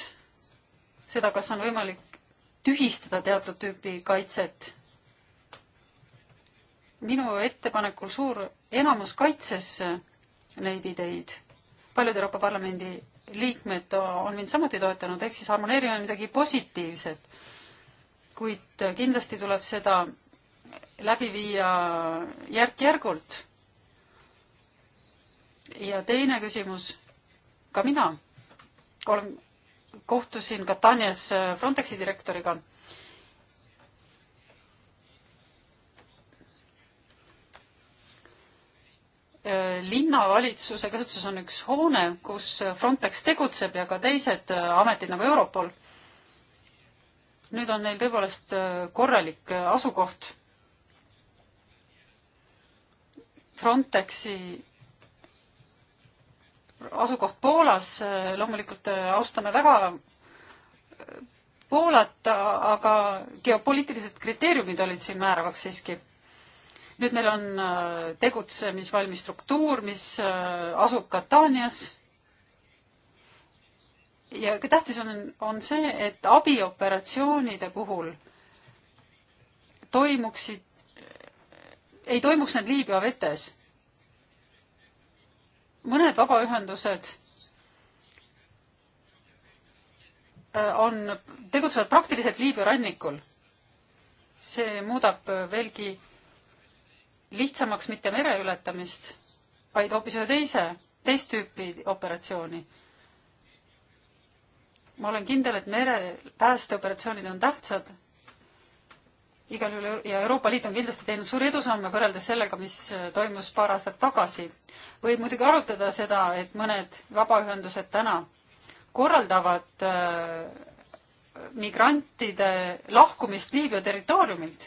seda, kas on võimalik tühistada teatud tüüpi kaitset. minu ettepanekul suur enamus kaitses neid ideid. paljud Euroopa Parlamendi liikmed on mind samuti toetanud, ehk siis harmoneerimine on midagi positiivset. kuid kindlasti tuleb seda läbi viia järk-järgult. ja teine küsimus ka mina olen, kohtusin Katanias äh, Frontexi direktoriga. Äh, linnavalitsuse käsutuses on üks hoone, kus Frontex tegutseb ja ka teised äh, ametid nagu Europol. nüüd on neil tõepoolest korralik asukoht Frontexi asukoht Poolas, loomulikult äh, austame väga äh, Poolat, aga geopoliitilised kriteeriumid olid siin määravaks siiski. nüüd meil on äh, tegutsemisvalmis struktuur, mis asub Katanias. ja tähtis on, on see, et abioperatsioonide puhul toimuksid, ei toimuks need Liibüa vetes mõned vabaühendused äh, on, tegutsevad praktiliselt Liibüa rannikul. see muudab äh, veelgi lihtsamaks mitte mere ületamist, vaid hoopis ühe teise, teist tüüpi operatsiooni. ma olen kindel, et merepäästeoperatsioonid on tähtsad igal juhul ja Euroopa Liit on kindlasti teinud suuri edusamme võrreldes sellega, mis äh, toimus paar aastat tagasi. võib muidugi arutada seda, et mõned vabaühendused täna korraldavad äh, migrantide lahkumist Liibüa territooriumilt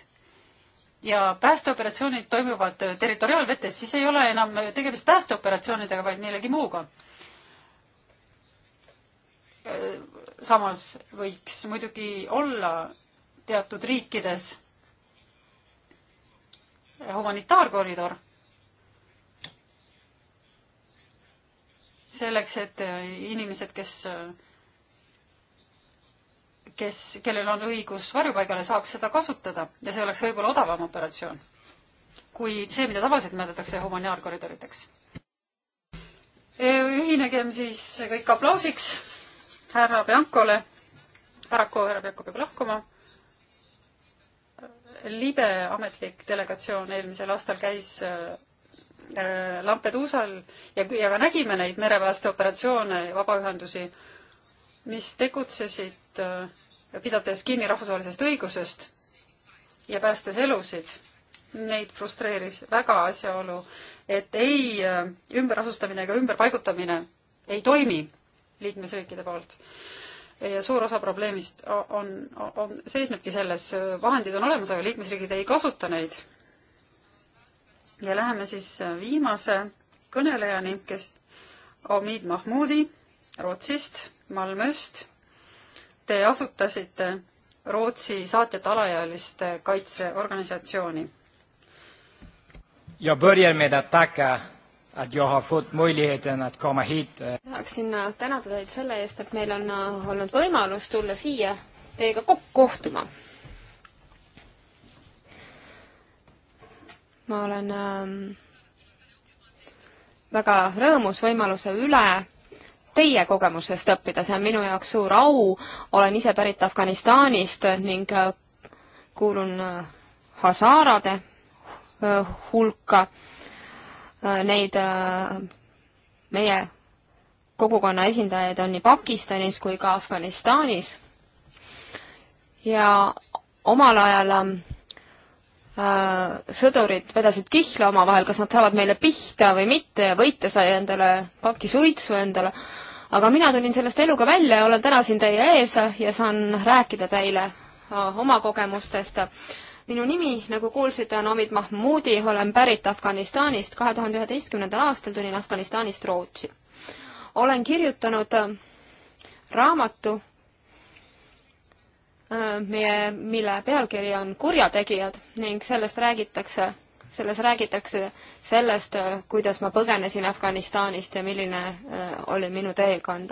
ja päästeoperatsioonid toimuvad äh, territoriaalvetes, siis ei ole enam tegemist päästeoperatsioonidega, vaid millegi muuga. samas võiks muidugi olla teatud riikides humanitaarkoridor. selleks, et äh, inimesed, kes, äh, kes, kellel on õigus varjupaigale, saaks seda kasutada ja see oleks võib-olla odavam operatsioon kui see, mida tavaliselt mõeldakse humanitaarkoridorideks. Äh, ühinegem siis kõik aplausiks härra Biancole. paraku härra Bianco peab lahkuma libe ametlik delegatsioon eelmisel aastal käis äh, äh, Lampeduusal ja, ja ka nägime neid merepäästeoperatsioone ja vabaühendusi, mis tegutsesid äh, pidades kinni rahvusvahelisest õigusest ja päästes elusid. Neid frustreeris väga asjaolu, et ei ümberasustamine ega ümberpaigutamine ei toimi liikmesriikide poolt ja suur osa probleemist on, on, seisnebki selles, vahendid on olemas, aga liikmesriigid ei kasuta neid. ja läheme siis viimase kõnelejani, kes Omid Mahmoodi Rootsist, Malmöst. Te asutasite Rootsi saatjate alaealiste kaitseorganisatsiooni. Jag börjar med att tacka att jag har fått möjligheten att komma hit. Eh. tahaksin eh, tänada teid selle eest, et meil on eh, olnud võimalus tulla siia teiega kokku kohtuma. ma olen ehm, väga rõõmus võimaluse üle teie kogemustest õppida, see on minu jaoks suur au. olen ise pärit Afganistanist ning kuulun Hazarade hulka Äh, neid äh, meie kogukonna esindajaid on nii Pakistanis kui ka Afganistanis. ja omal ajal ähm, äh, sõdurid vedasid kihla omavahel, kas nad saavad meile pihta või mitte ja võitja sai endale paki suitsu endale. aga mina tulin sellest eluga välja ja olen täna siin teie ees ja saan rääkida teile oma kogemustest minu nimi, nagu kuulsite, on Omid Mahmoodi, olen pärit Afganistanist. kahe tuhande üheteistkümnendal aastal tulin Afganistanist Rootsi. olen kirjutanud äh, raamatu, äh, meie, mille pealkiri on Kurjategijad ning sellest räägitakse, selles räägitakse sellest, äh, kuidas ma põgenesin Afganistanist ja milline oli minu teekond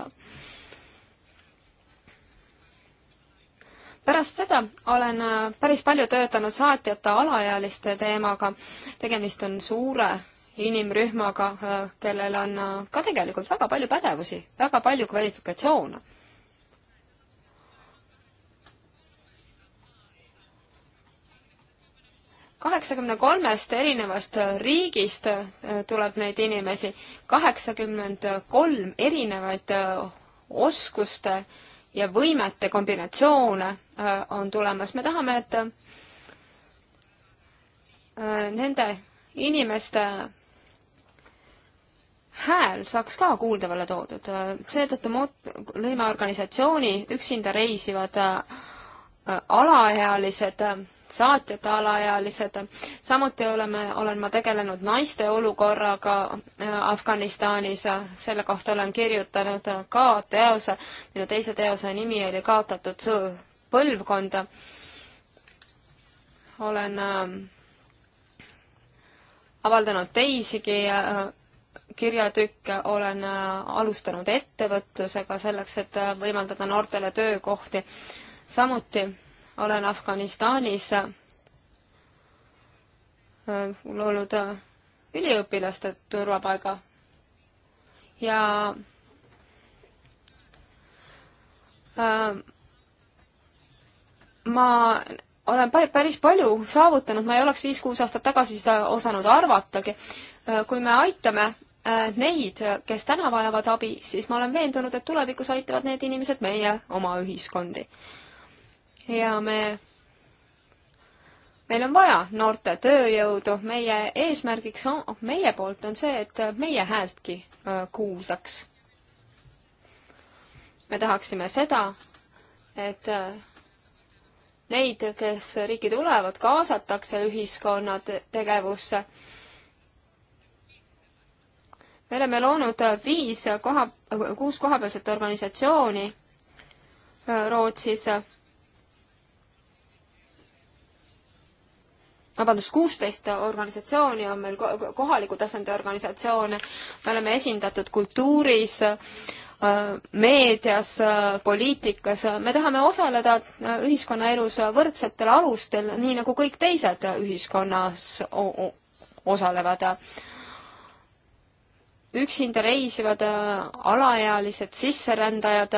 pärast seda olen äh, päris palju töötanud saatjate alaealiste teemaga. tegemist on suure inimrühmaga, äh, kellel on äh, ka tegelikult väga palju pädevusi, väga palju kvalifikatsioone. kaheksakümne kolmest erinevast riigist tuleb neid inimesi, kaheksakümmend kolm erinevaid oskuste äh, ja võimete kombinatsioone äh, on tulemas. me tahame, et äh, nende inimeste hääl saaks ka kuuldavale toodud. seetõttu lõime organisatsiooni Üksinda reisivad äh, alaealised saatjad, alaealised. samuti oleme, olen ma tegelenud naiste olukorraga äh, Afganistanis, selle kohta olen kirjutanud ka teose, minu teise teose nimi oli Kaotatud põlvkonda. olen äh, avaldanud teisigi äh, kirjatükke, olen alustanud ettevõtlusega selleks, et võimaldada noortele töökohti. samuti olen Afganistanis äh, olnud äh, üliõpilaste turvapaiga ja äh, ma olen päris palju saavutanud, ma ei oleks viis-kuus aastat tagasi seda osanud arvatagi. kui me aitame neid, kes täna vajavad abi, siis ma olen veendunud, et tulevikus aitavad need inimesed meie oma ühiskondi ja me, meil on vaja noorte tööjõudu, meie eesmärgiks on, oh, meie poolt on see, et meie häältki kuuldaks. me tahaksime seda, et neid, kes riiki tulevad, kaasatakse ühiskonna tegevusse. me oleme loonud viis koha, kuus kohapealset organisatsiooni Rootsis vabandust, kuusteist organisatsiooni on meil kohaliku tasandi organisatsioone, me oleme esindatud kultuuris, äh, meedias, äh, poliitikas, me tahame osaleda äh, ühiskonnaelus võrdsetel alustel, nii nagu kõik teised ühiskonnas osalevad. üksinda reisivad alaealised sisserändajad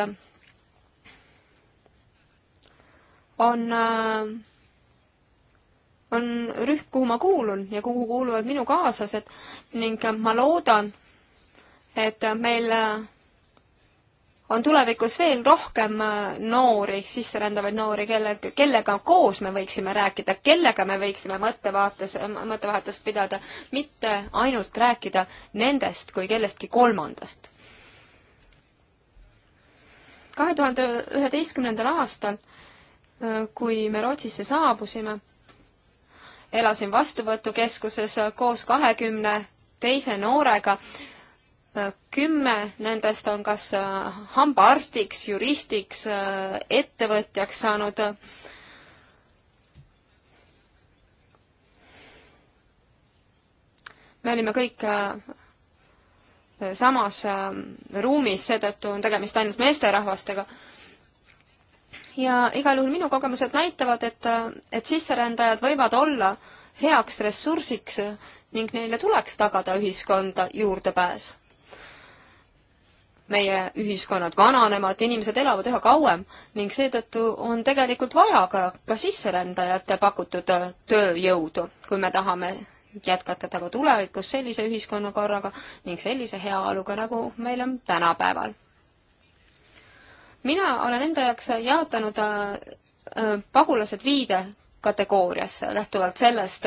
on on rühm, kuhu ma kuulun ja kuhu kuuluvad minu kaaslased ning äh, ma loodan, et äh, meil äh, on tulevikus veel rohkem noori, sisserändavaid noori, kelle, kellega koos me võiksime rääkida, kellega me võiksime mõttevaatus, mõttevahetust pidada, mitte ainult rääkida nendest kui kellestki kolmandast. kahe tuhande üheteistkümnendal aastal, kui me Rootsisse saabusime, elasin vastuvõtukeskuses koos kahekümne teise noorega. kümme nendest on kas äh, hambaarstiks, juristiks, äh, ettevõtjaks saanud. me olime kõik äh, samas ruumis, seetõttu on tegemist ainult meesterahvastega ja igal juhul minu kogemused näitavad, et, et sisserändajad võivad olla heaks ressursiks ning neile tuleks tagada ühiskonda juurdepääs. meie ühiskonnad vananevad, inimesed elavad üha kauem ning seetõttu on tegelikult vaja ka, ka sisserändajate pakutud tööjõudu, kui me tahame jätkata taga nagu tulevikus sellise ühiskonnakorraga ning sellise heaoluga, nagu meil on tänapäeval mina olen enda jaoks jaotanud äh, äh, pagulased viide kategooriasse, lähtuvalt sellest,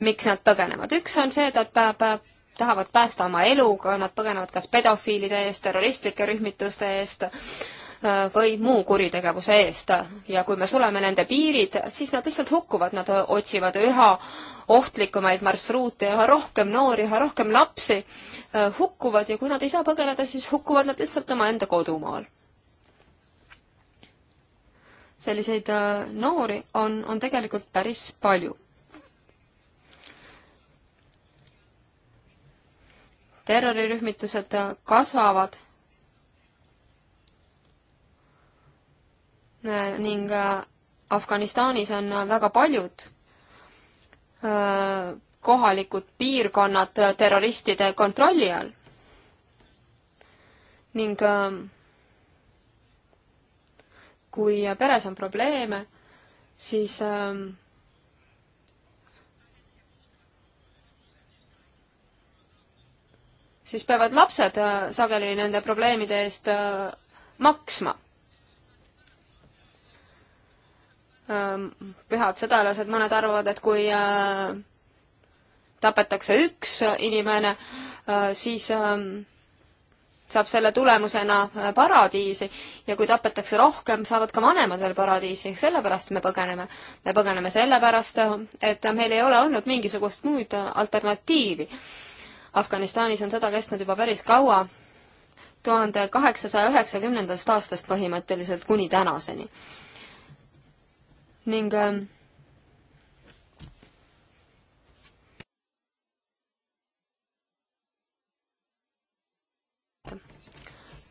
miks nad põgenevad. üks on see, et nad pä-, pä-, tahavad päästa oma eluga, nad põgenevad kas pedofiilide eest, terroristlike rühmituste eest äh, või muu kuritegevuse eest. ja kui me suleme nende piirid, siis nad lihtsalt hukkuvad, nad otsivad üha ohtlikumaid marsruute, üha rohkem noori, üha rohkem lapsi, hukkuvad ja kui nad ei saa põgeneda, siis hukkuvad nad lihtsalt omaenda kodumaal selliseid äh, noori on, on tegelikult päris palju. terrorirühmitused äh, kasvavad äh, ning Afganistanis on väga paljud kohalikud piirkonnad terroristide kontrolli all. ning äh, kui peres on probleeme, siis ähm, siis peavad lapsed äh, sageli nende probleemide eest äh, maksma ähm,. pühad sõdalased, mõned arvavad, et kui äh, tapetakse üks inimene, äh, siis ähm, saab selle tulemusena äh, paradiisi ja kui tapetakse rohkem, saavad ka vanemad veel paradiisi, sellepärast me põgeneme. me põgeneme sellepärast, äh, et meil ei ole olnud mingisugust muud äh, alternatiivi. Afganistanis on sõda kestnud juba päris kaua, tuhande kaheksasaja üheksakümnendast aastast põhimõtteliselt kuni tänaseni. ning ähm,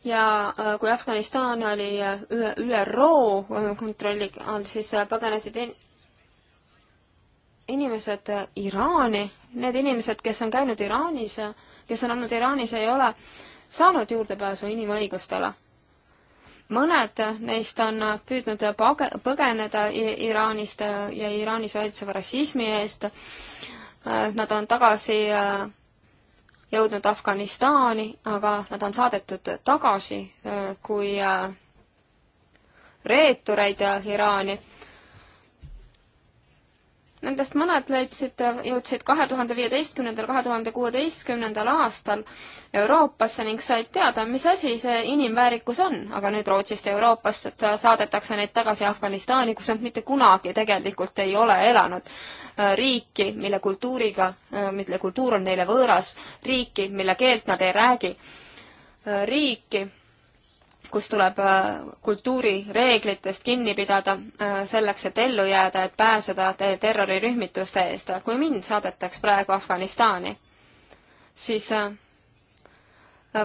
ja äh, kui Afganistan oli äh, ÜRO äh, kontrolli all, siis põgenesid in inimesed Iraani. Need inimesed, kes on käinud Iraanis, kes on olnud Iraanis, ei ole saanud juurdepääsu inimõigustele. mõned neist on püüdnud page-, põgeneda Iraanist ja Iraanis valitseva rassismi eest. Nad on tagasi jõudnud Afganistani, aga nad on saadetud tagasi äh, kui äh, reetureid äh, Iraani Nendest mõned leidsid, jõudsid kahe tuhande viieteistkümnendal, kahe tuhande kuueteistkümnendal aastal Euroopasse ning said teada, mis asi see inimväärikus on, aga nüüd Rootsist Euroopasse saadetakse neid tagasi Afganistani, kus nad mitte kunagi tegelikult ei ole elanud. Äh, riiki, mille kultuuriga, äh, mille kultuur on neile võõras, riiki, mille keelt nad ei räägi, äh, riiki kus tuleb äh, kultuurireeglitest kinni pidada äh, selleks, et ellu jääda, et pääseda terrorirühmituste eest. kui mind saadetaks praegu Afganistani, siis äh,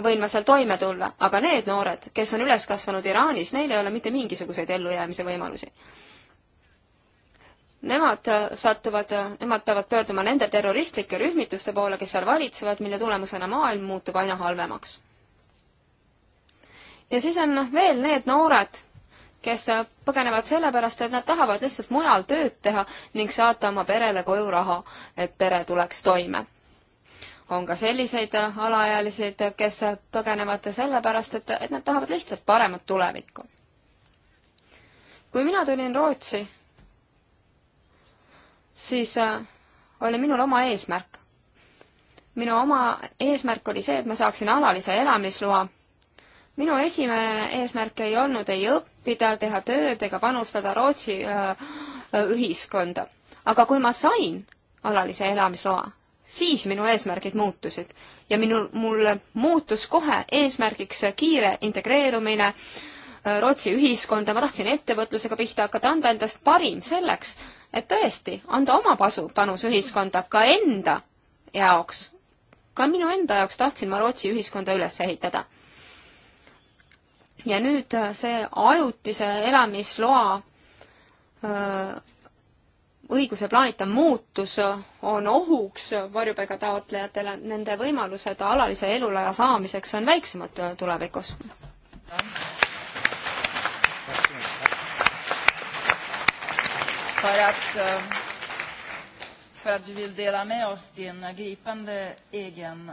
võin ma seal toime tulla, aga need noored, kes on üles kasvanud Iraanis, neil ei ole mitte mingisuguseid ellujäämise võimalusi. Nemad satuvad, nemad peavad pöörduma nende terroristlike rühmituste poole, kes seal valitsevad, mille tulemusena maailm muutub aina halvemaks ja siis on noh, veel need noored, kes põgenevad sellepärast, et nad tahavad lihtsalt mujal tööd teha ning saata oma perele koju raha, et pere tuleks toime. on ka selliseid äh, alaealisi, äh, kes põgenevad sellepärast, et, et nad tahavad lihtsalt paremat tulevikku. kui mina tulin Rootsi, siis äh, oli minul oma eesmärk. minu oma eesmärk oli see, et ma saaksin alalise elamisloa minu esimene eesmärk ei olnud ei õppida, teha tööd ega panustada Rootsi äh, äh, ühiskonda. aga kui ma sain alalise elamisloa, siis minu eesmärgid muutusid ja minu, mul muutus kohe eesmärgiks kiire integreerumine äh, Rootsi ühiskonda, ma tahtsin ettevõtlusega pihta hakata, anda endast parim selleks, et tõesti anda oma pasu, panus ühiskonda ka enda jaoks. ka minu enda jaoks tahtsin ma Rootsi ühiskonda üles ehitada ja nüüd äh, see ajutise elamisloa äh, õiguse plaanitav muutus äh, on ohuks varjupaiga taotlejatele, nende võimalused alalise elulaja saamiseks on väiksemad tulevikus. För att, för att du vill dela med oss din gripande egen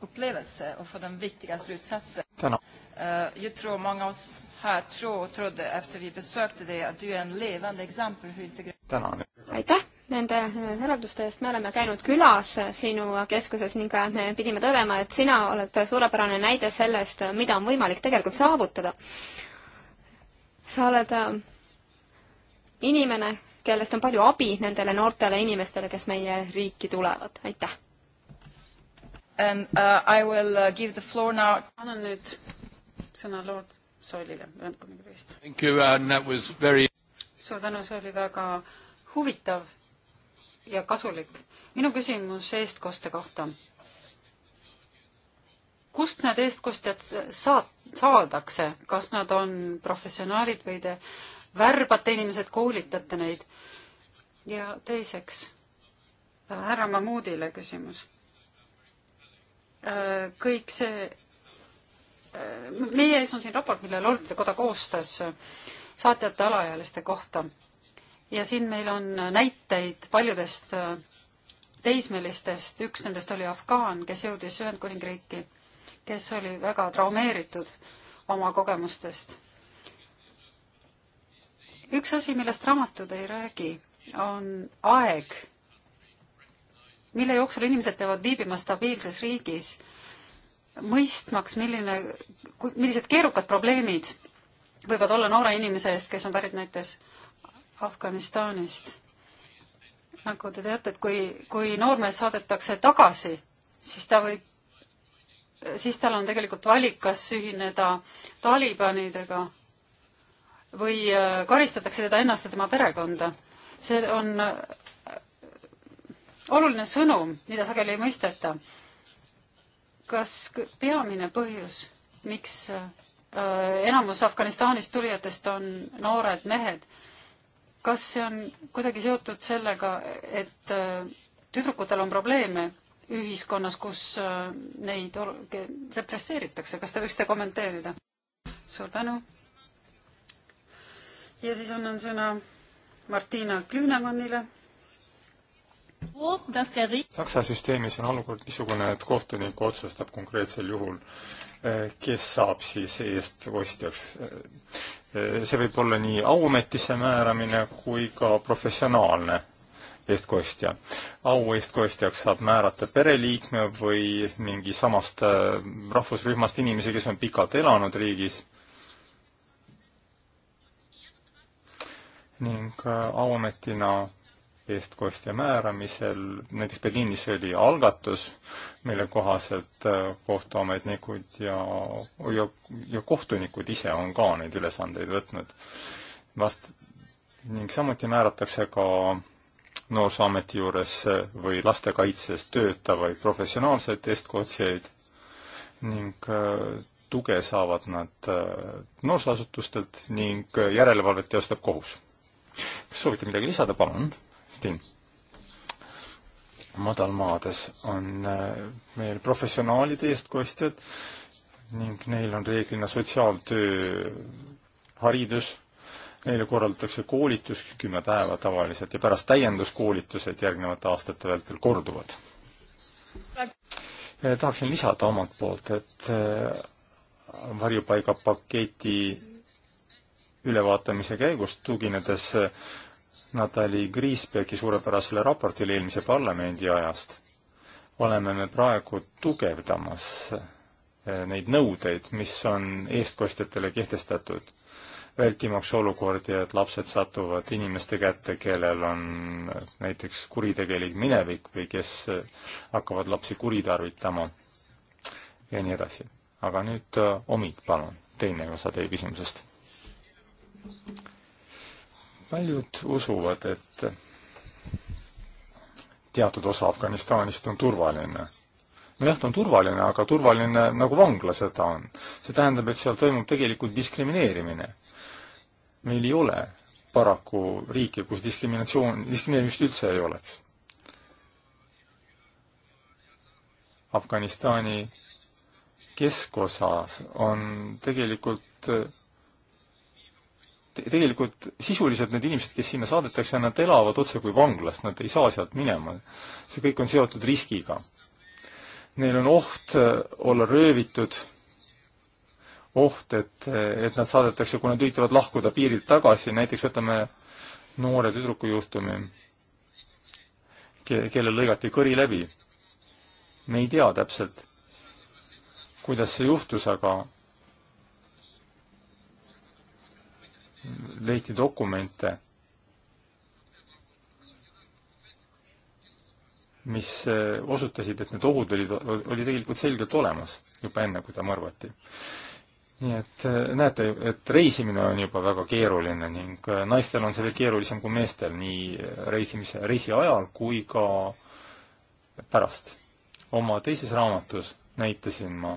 upplevelse och få de viktiga slutsatser tänan. Eh, jag tror många av oss här tror, trodde efter vi besökte dig att du är en levande exempel hur integration... tänan. aitäh nende järelduste eh, eest, me oleme käinud külas eh, sinu keskuses ning me pidime tõdema, et sina oled suurepärane näide sellest, mida on võimalik tegelikult saavutada. sa oled inimene, kellest on palju abi nendele noortele inimestele, kes meie riiki tulevad, aitäh! And uh, I will uh, give the floor now. annan nüüd sõna Lord Soolile Ühendkuningriigist. Thank you and that was very suur tänu, see oli väga huvitav ja kasulik. minu küsimus eestkoste kohta. kust need eestkostjad saad-, saadakse, kas nad on professionaalid või te värbate inimesed, koolitate neid? ja teiseks, härra Mahmoodile küsimus Äh, kõik see, äh, meie ees on siin raport, mille Lordide Koda koostas äh, saatjate alaealiste kohta. ja siin meil on näiteid paljudest teismelistest, üks nendest oli afgaan, kes jõudis Ühendkuningriiki, kes oli väga traumeeritud oma kogemustest. üks asi, millest raamatud ei räägi, on aeg mille jooksul inimesed peavad viibima stabiilses riigis, mõistmaks, milline, millised keerukad probleemid võivad olla noore inimese eest, kes on pärit näiteks Afganistanist. nagu te teate, et kui, kui noormees saadetakse tagasi, siis ta võib, siis tal on tegelikult valik, kas ühineda Talibanidega või äh, karistatakse teda ennast ja tema perekonda. see on oluline sõnum, mida sageli ei mõisteta. kas peamine põhjus, miks äh, enamus Afganistanist tulijatest on noored mehed, kas see on kuidagi seotud sellega, et äh, tüdrukutel on probleeme ühiskonnas, kus äh, neid represseeritakse, kas te võiksite kommenteerida? suur tänu. ja siis annan sõna Martina Klüünemannile Saksa süsteemis on olukord niisugune, et kohtunik otsustab konkreetsel juhul, eh, kes saab siis eestostjaks. Eh, see võib olla nii auametisse määramine kui ka professionaalne eestkostja. au eestkostjaks saab määrata pereliikme või mingi samast eh, rahvusrühmast inimese, kes on pikalt elanud riigis ning auametina eestkostja määramisel, näiteks Berliinis oli algatus, mille kohaselt äh, kohtuametnikud ja, ja, ja kohtunikud ise on ka neid ülesandeid võtnud. vast- ning samuti määratakse ka Noorsooameti juures äh, või lastekaitses töötavaid professionaalseid eestkostjaid ning äh, tuge saavad nad noorsooasutustelt ning järelevalvet teostab kohus. kas soovite midagi lisada, palun? hästi. madalmaades on äh, meil professionaalid eestkostjad ning neil on reeglina sotsiaaltöö haridus, neile korraldatakse koolitus kümme päeva tavaliselt ja pärast täienduskoolitused järgnevate aastate vältel korduvad. tahaksin lisada omalt poolt, et äh, varjupaigapaketi ülevaatamise käigus, tuginedes äh, Natali Griisbecki suurepärasele raportile eelmise parlamendi ajast oleme me praegu tugevdamas eh, neid nõudeid, mis on eestkostjatele kehtestatud, vältimaks olukordi, et lapsed satuvad inimeste kätte, kellel on eh, näiteks kuritegelik minevik või kes eh, hakkavad lapsi kuritarvitama ja nii edasi. aga nüüd Omid, palun, teine osa teie küsimusest paljud usuvad, et teatud osa Afganistanist on turvaline nojah, ta on turvaline, aga turvaline nagu vangla seda on. see tähendab, et seal toimub tegelikult diskrimineerimine. meil ei ole paraku riiki, kus diskriminatsioon, diskrimineerimist üldse ei oleks. Afganistani keskosas on tegelikult tegelikult sisuliselt need inimesed, kes sinna saadetakse, nad elavad otse kui vanglas, nad ei saa sealt minema. see kõik on seotud riskiga. Neil on oht äh, olla röövitud, oht, et, äh, et nad saadetakse, kui nad üritavad lahkuda piirilt tagasi, näiteks võtame noore tüdruku juhtumi, kellel lõigati kõri läbi. me ei tea täpselt, kuidas see juhtus, aga leiti dokumente, mis eh, osutasid, et need ohud olid, oli tegelikult selgelt olemas juba enne, kui ta mõrvati. nii et eh, näete, et reisimine on juba väga keeruline ning eh, naistel on see veel keerulisem kui meestel nii reisimise, reisi ajal kui ka pärast. oma teises raamatus näitasin ma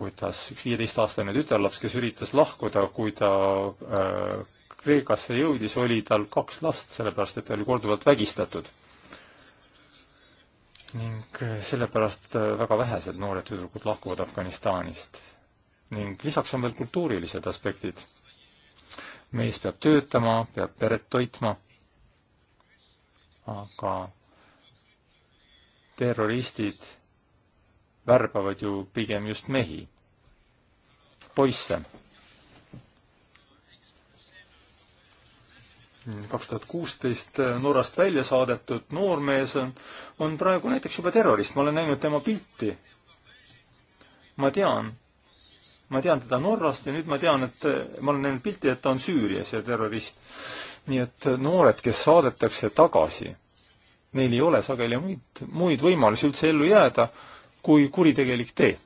kuidas üks viieteistaastane tütarlaps, kes üritas lahkuda, kui ta äh, Kreekasse jõudis, oli tal kaks last, sellepärast et ta oli korduvalt vägistatud. ning äh, sellepärast äh, väga vähesed noored tüdrukud lahkuvad Afganistanist. ning lisaks on veel kultuurilised aspektid. mees peab töötama, peab peret toitma, aga terroristid värbavad ju pigem just mehi, poisse. kaks tuhat kuusteist äh, Norrast välja saadetud noormees on, on praegu näiteks juba terrorist, ma olen näinud tema pilti. ma tean, ma tean teda Norrast ja nüüd ma tean, et äh, ma olen näinud pilti, et ta on Süürias ja terrorist. nii et äh, noored, kes saadetakse tagasi, neil ei ole sageli muid, muid võimalusi üldse ellu jääda kui kuritegelik tee.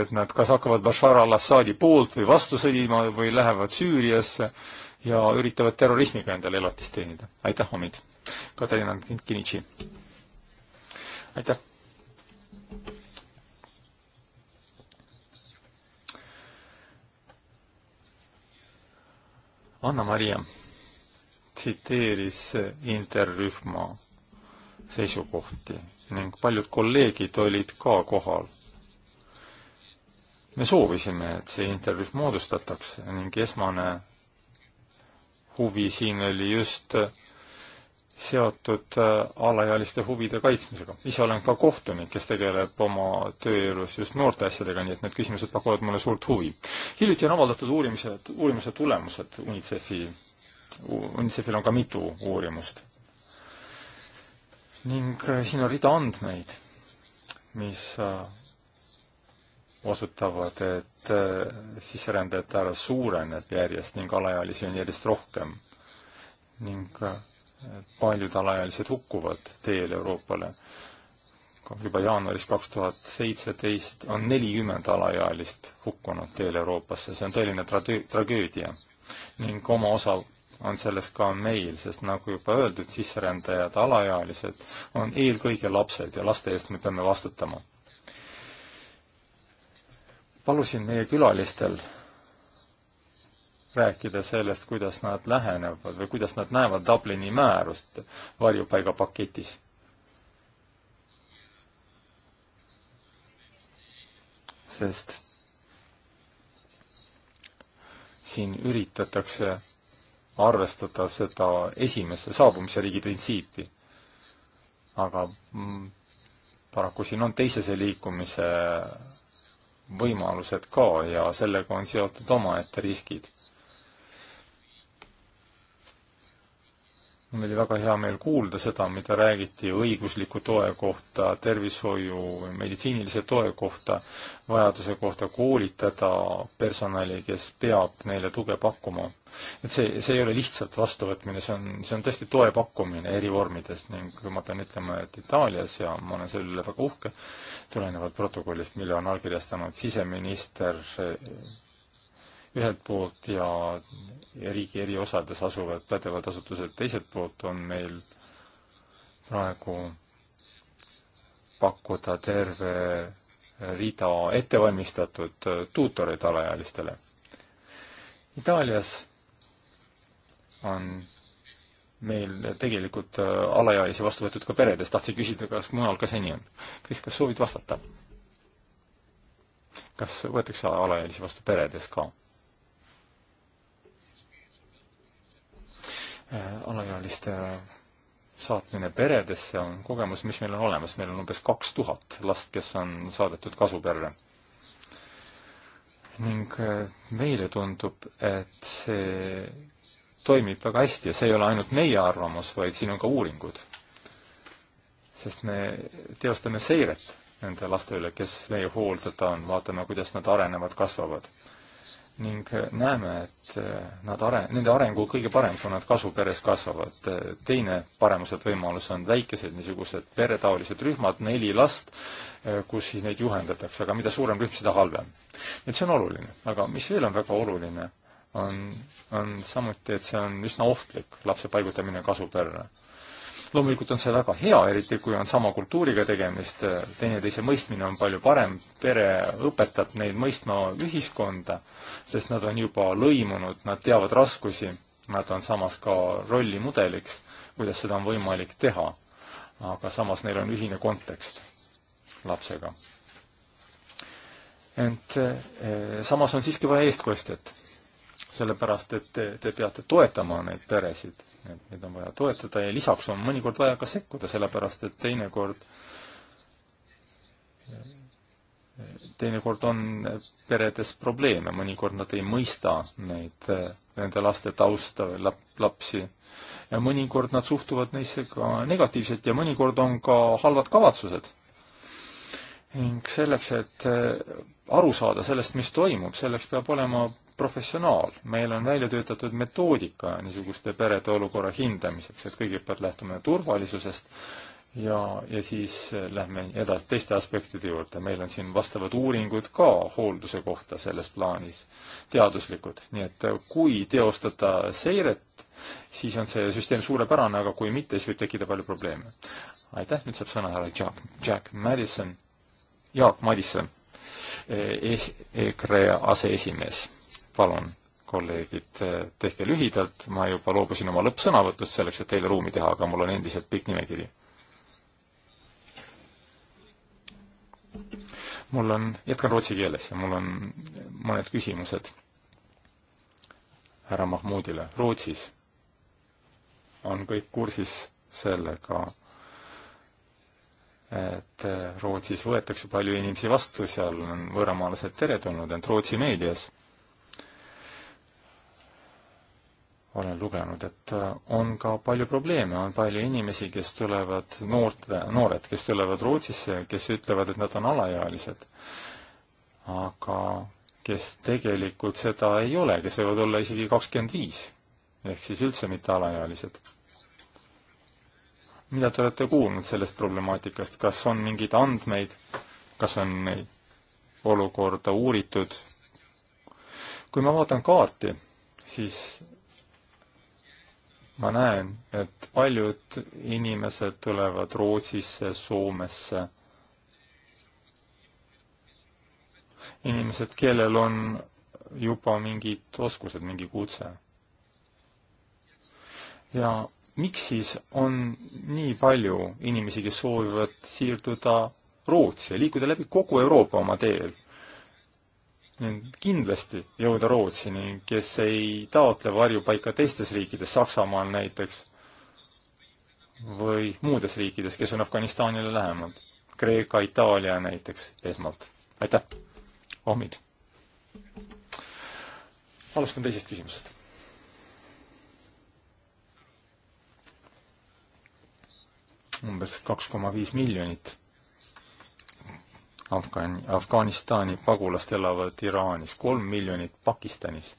et nad kas hakkavad Bashar al-Assadi poolt või vastu sõdima või lähevad Süüriasse ja üritavad terrorismiga endale elatist teenida. aitäh, Omid! Katariina Kinitši. aitäh! Anna-Maria tsiteeris interrühma seisukohti ning paljud kolleegid olid ka kohal. me soovisime, et see intervjuus moodustatakse ning esmane huvi siin oli just seotud äh, alaealiste huvide kaitsmisega. ise olen ka kohtunik, kes tegeleb oma tööelus just noorte asjadega, nii et need küsimused pakuvad mulle suurt huvi. hiljuti on avaldatud uurimise, uurimuse tulemused UNICEF-i UNICEF-il on ka mitu uurimust. ning äh, siin on rida andmeid, mis äh, osutavad, et äh, sisserändajate arv suureneb järjest ning alaealisi on järjest rohkem. ning paljud alaealised hukkuvad teel Euroopale. juba jaanuaris kaks tuhat seitseteist on nelikümmend alaealist hukkunud teel Euroopasse, see on tõeline tragöödia ning oma osa on selles ka meil, sest nagu juba öeldud, sisserändajad, alaealised on eelkõige lapsed ja laste eest me peame vastutama. palusin meie külalistel rääkida sellest, kuidas nad lähenevad või kuidas nad näevad Dublini määrust varjupaigapaketis. sest siin üritatakse arvestada seda esimesse saabumisriigi printsiipi. aga mm, paraku siin on teisese liikumise võimalused ka ja sellega on seotud omaette riskid mul oli väga hea meel kuulda seda, mida räägiti õigusliku toe kohta, tervishoiu, meditsiinilise toe kohta, vajaduse kohta koolitada personali, kes peab neile tuge pakkuma. et see, see ei ole lihtsalt vastuvõtmine, see on, see on tõesti toe pakkumine eri vormides ning ma pean ütlema, et Itaalias, ja ma olen selle üle väga uhke, tulenevalt protokollist, mille on allkirjastanud siseminister ühelt poolt ja, ja riigi eri osades asuvad pädevad asutused teiselt poolt on meil praegu pakkuda terve rida ettevalmistatud tuutoreid alaealistele. Itaalias on meil tegelikult äh, alaealisi vastu võetud ka peredes, tahtsin küsida, kas mujal ka see nii on. Kris, kas soovid vastata? kas võetakse alaealisi vastu peredes ka? Äh, alaealiste äh, saatmine peredesse on kogemus, mis meil on olemas, meil on umbes kaks tuhat last, kes on saadetud kasuperre. ning äh, meile tundub, et see toimib väga hästi ja see ei ole ainult meie arvamus, vaid siin on ka uuringud. sest me teostame seiret nende laste üle, kes meie hooldada on, vaatame, kuidas nad arenevad, kasvavad ning näeme, et äh, nad are-, nende areng on kõige parem, kui nad kasvuperes kasvavad. teine paremuselt võimalus on väikesed niisugused peretaolised rühmad, neli last, äh, kus siis neid juhendatakse, aga mida suurem rühm, seda halvem. et see on oluline, aga mis veel on väga oluline, on, on samuti, et see on üsna ohtlik, lapse paigutamine kasuperre loomulikult on see väga hea, eriti kui on sama kultuuriga tegemist, teineteise mõistmine on palju parem, pere õpetab neid mõistma ühiskonda, sest nad on juba lõimunud, nad teavad raskusi, nad on samas ka rollimudeliks, kuidas seda on võimalik teha. aga samas neil on ühine kontekst lapsega. ent eh, samas on siiski vaja eestkostjat, sellepärast et te, te peate toetama neid peresid et neid on vaja toetada ja lisaks on mõnikord vaja ka sekkuda, sellepärast et teinekord teinekord on peredes probleeme, mõnikord nad ei mõista neid, nende laste tausta või lap-, lapsi. ja mõnikord nad suhtuvad neisse ka negatiivselt ja mõnikord on ka halvad kavatsused. ning selleks, et aru saada sellest, mis toimub, selleks peab olema professionaal, meil on välja töötatud metoodika niisuguste perede olukorra hindamiseks, et kõigepealt lähtume turvalisusest ja, ja siis lähme edasi teiste aspektide juurde, meil on siin vastavad uuringud ka hoolduse kohta selles plaanis, teaduslikud, nii et kui teostada seiret, siis on see süsteem suurepärane, aga kui mitte, siis võib tekkida palju probleeme. aitäh, nüüd saab sõna härra Jack, Jack Madison, Jaak Madison EKRE e-, e-, aseesimees palun, kolleegid, tehke lühidalt, ma juba loobusin oma lõppsõnavõtust selleks, et teile ruumi teha, aga mul on endiselt pikk nimekiri. mul on, jätkan rootsi keeles ja mul on mõned küsimused härra Mahmudile. Rootsis on kõik kursis sellega, et Rootsis võetakse palju inimesi vastu, seal on võõramaalased teretulnud, ent Rootsi meedias olen lugenud, et äh, on ka palju probleeme, on palju inimesi, kes tulevad, noorte, noored, kes tulevad Rootsisse, kes ütlevad, et nad on alaealised. aga kes tegelikult seda ei ole, kes võivad olla isegi kakskümmend viis, ehk siis üldse mitte alaealised. mida te olete kuulnud sellest problemaatikast, kas on mingeid andmeid, kas on olukorda uuritud? kui ma vaatan kaarti, siis ma näen, et paljud inimesed tulevad Rootsisse, Soomesse. inimesed, kellel on juba mingid oskused, mingi kutse. ja miks siis on nii palju inimesi, kes soovivad siirduda Rootsi ja liikuda läbi kogu Euroopa oma teel? kindlasti jõuda Rootsini, kes ei taotle varjupaika teistes riikides, Saksamaal näiteks, või muudes riikides, kes on Afganistanile lähemad. Kreeka, Itaalia näiteks esmalt. aitäh, Omid! alustan teisest küsimusest. umbes kaks koma viis miljonit Afgani, Afganistani pagulast elavad Iraanis, kolm miljonit Pakistanis.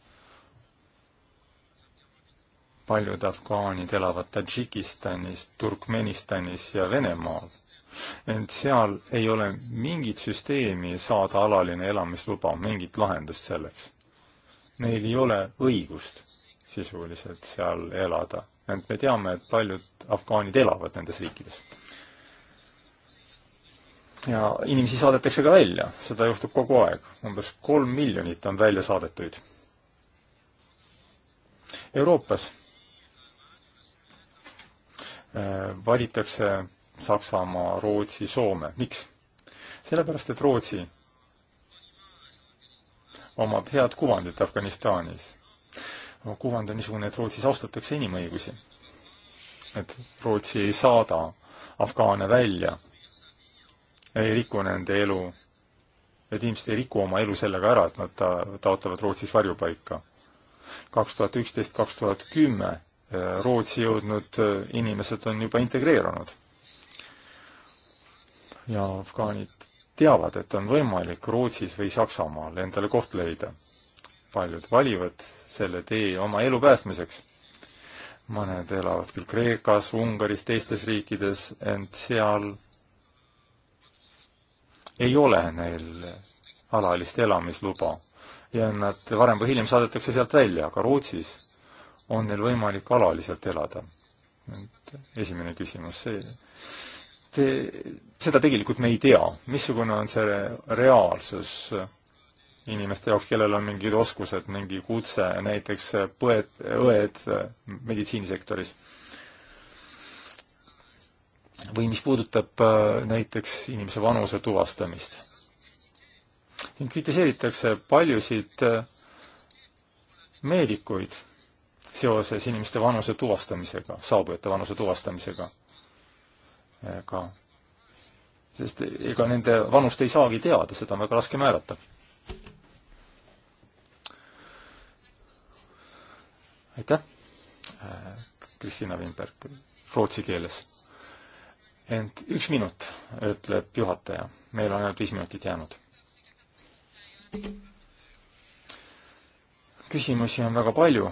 paljud afgaanid elavad Tadžikistanis, Turkmenistanis ja Venemaal. ent seal ei ole mingit süsteemi saada alaline elamisluba, mingit lahendust selleks. Neil ei ole õigust sisuliselt seal elada, ent me teame, et paljud afgaanid elavad nendes riikides ja inimesi saadetakse ka välja, seda juhtub kogu aeg. umbes kolm miljonit on välja saadetuid. Euroopas äh, valitakse Saksamaa, Rootsi, Soome. miks? sellepärast, et Rootsi omab head kuvandit Afganistanis. kuvand on niisugune, et Rootsis austatakse inimõigusi. et Rootsi ei saada afgaane välja ei riku nende elu, et inimesed ei riku oma elu sellega ära, et nad ta-, taotlevad Rootsis varjupaika. kaks tuhat üksteist, kaks tuhat kümme äh, Rootsi jõudnud äh, inimesed on juba integreerunud. ja afgaanid teavad, et on võimalik Rootsis või Saksamaal endale koht leida. paljud valivad selle tee oma elu päästmiseks. mõned elavad küll Kreekas, Ungaris, teistes riikides, ent seal ei ole neil alalist elamisluba ja nad varem või hiljem saadetakse sealt välja, aga Rootsis on neil võimalik alaliselt elada. esimene küsimus, see, te, seda tegelikult me ei tea, missugune on see reaalsus inimeste jaoks, kellel on mingid oskused, mingi kutse, näiteks põed, õed meditsiinisektoris või mis puudutab äh, näiteks inimese vanuse tuvastamist. siin kritiseeritakse paljusid äh, meedikuid seoses inimeste vanuse tuvastamisega, saabujate vanuse tuvastamisega. ega, sest ega nende vanust ei saagi teada, seda on väga raske määrata. aitäh, äh, Kristina Wimberg, rootsi keeles ent üks minut, ütleb juhataja. meil on ainult viis minutit jäänud. küsimusi on väga palju.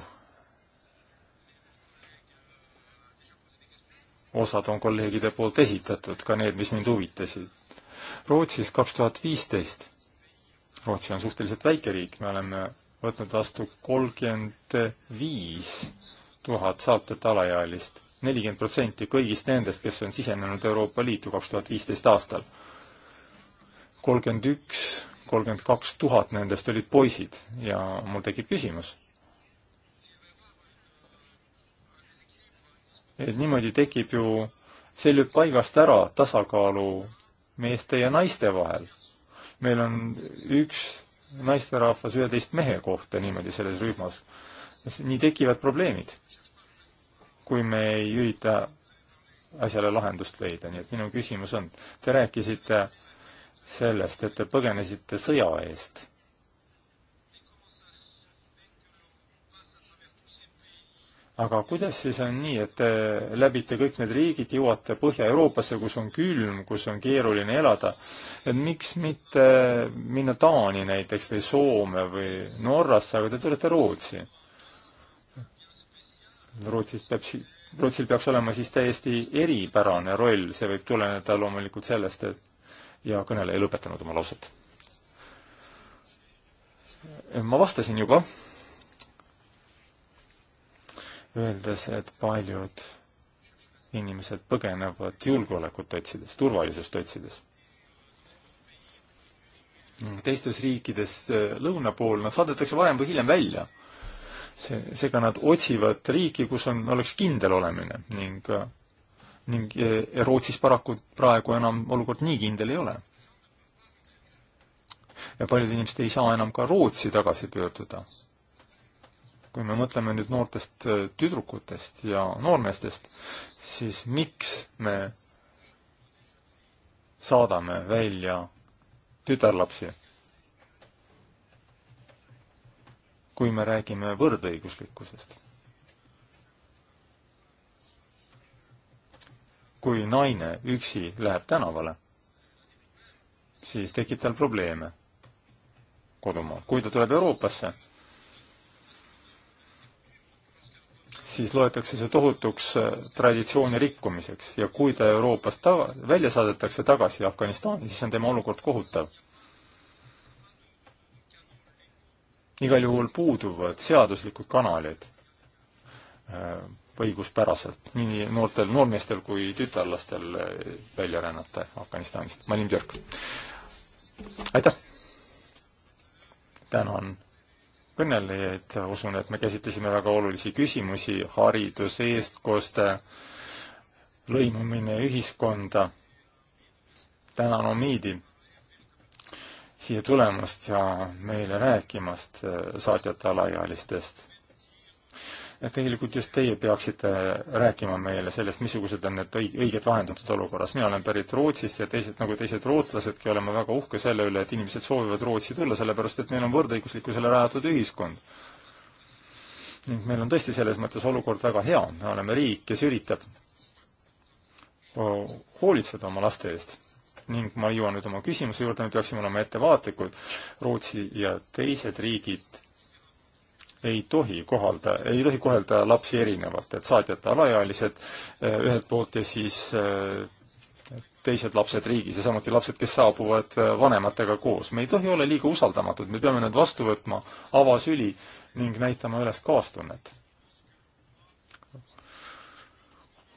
osad on kolleegide poolt esitatud, ka need, mis mind huvitasid. Rootsis kaks tuhat viisteist, Rootsi on suhteliselt väike riik, me oleme võtnud vastu kolmkümmend viis tuhat saatjat alaealist nelikümmend protsenti kõigist nendest, kes on sisenenud Euroopa Liitu kaks tuhat viisteist aastal. kolmkümmend üks, kolmkümmend kaks tuhat nendest olid poisid ja mul tekib küsimus. et niimoodi tekib ju, see lööb paigast ära tasakaalu meeste ja naiste vahel. meil on üks naisterahvas üheteist mehe kohta niimoodi selles rühmas. nii tekivad probleemid kui me ei ürita asjale lahendust leida, nii et minu küsimus on, te rääkisite sellest, et te põgenesite sõja eest. aga kuidas siis on nii, et te läbite kõik need riigid, jõuate Põhja-Euroopasse, kus on külm, kus on keeruline elada, et miks mitte minna Taani näiteks või Soome või Norrasse, aga te tulete Rootsi Rootsis peab si-, Rootsil peaks olema siis täiesti eripärane roll, see võib tuleneda loomulikult sellest, et ja kõneleja ei lõpetanud oma lauset. ma vastasin juba, öeldes, et paljud inimesed põgenevad julgeolekut otsides, turvalisust otsides. teistes riikides eh, lõuna pool nad saadetakse varem või hiljem välja see, seega nad otsivad riiki, kus on, oleks kindel olemine ning ning e, Rootsis paraku praegu enam olukord nii kindel ei ole. ja paljud inimesed ei saa enam ka Rootsi tagasi pöörduda. kui me mõtleme nüüd noortest e, tüdrukutest ja noormeestest, siis miks me saadame välja tütarlapsi kui me räägime võrdõiguslikkusest. kui naine üksi läheb tänavale, siis tekib tal probleeme kodumaal. kui ta tuleb Euroopasse, siis loetakse see tohutuks äh, traditsiooni rikkumiseks ja kui ta Euroopast ta välja saadetakse tagasi Afganistani, siis on tema olukord kohutav. igal juhul puuduvad seaduslikud kanalid äh, õiguspäraselt nii noortel noormeestel kui tütarlastel äh, välja rännata Afganistanist. Malim Björk. aitäh! tänan kõnelejaid, usun, et me käsitlesime väga olulisi küsimusi, haridus, eestkoste, lõimumine ühiskonda. tänan Omiidi siia tulemast ja meile rääkimast äh, saatjate alaealistest. ja tegelikult just teie peaksite rääkima meile sellest, missugused on need õig-, õiged lahendatud olukorras. mina olen pärit Rootsist ja teised, nagu teised rootsalasedki, oleme väga uhke selle üle, et inimesed soovivad Rootsi tulla, sellepärast et meil on võrdõiguslikkusele rajatud ühiskond. ning meil on tõesti selles mõttes olukord väga hea, me oleme riik, kes üritab hoolitseda oma laste eest ning ma jõuan nüüd oma küsimuse juurde, me peaksime olema ettevaatlikud, Rootsi ja teised riigid ei tohi kohalda, ei tohi kohelda lapsi erinevalt, et saatjate alaealised eh, ühelt poolt ja siis eh, teised lapsed riigis ja samuti lapsed, kes saabuvad eh, vanematega koos. me ei tohi olla liiga usaldamatud, me peame nad vastu võtma avasüli ning näitama üles kaastunnet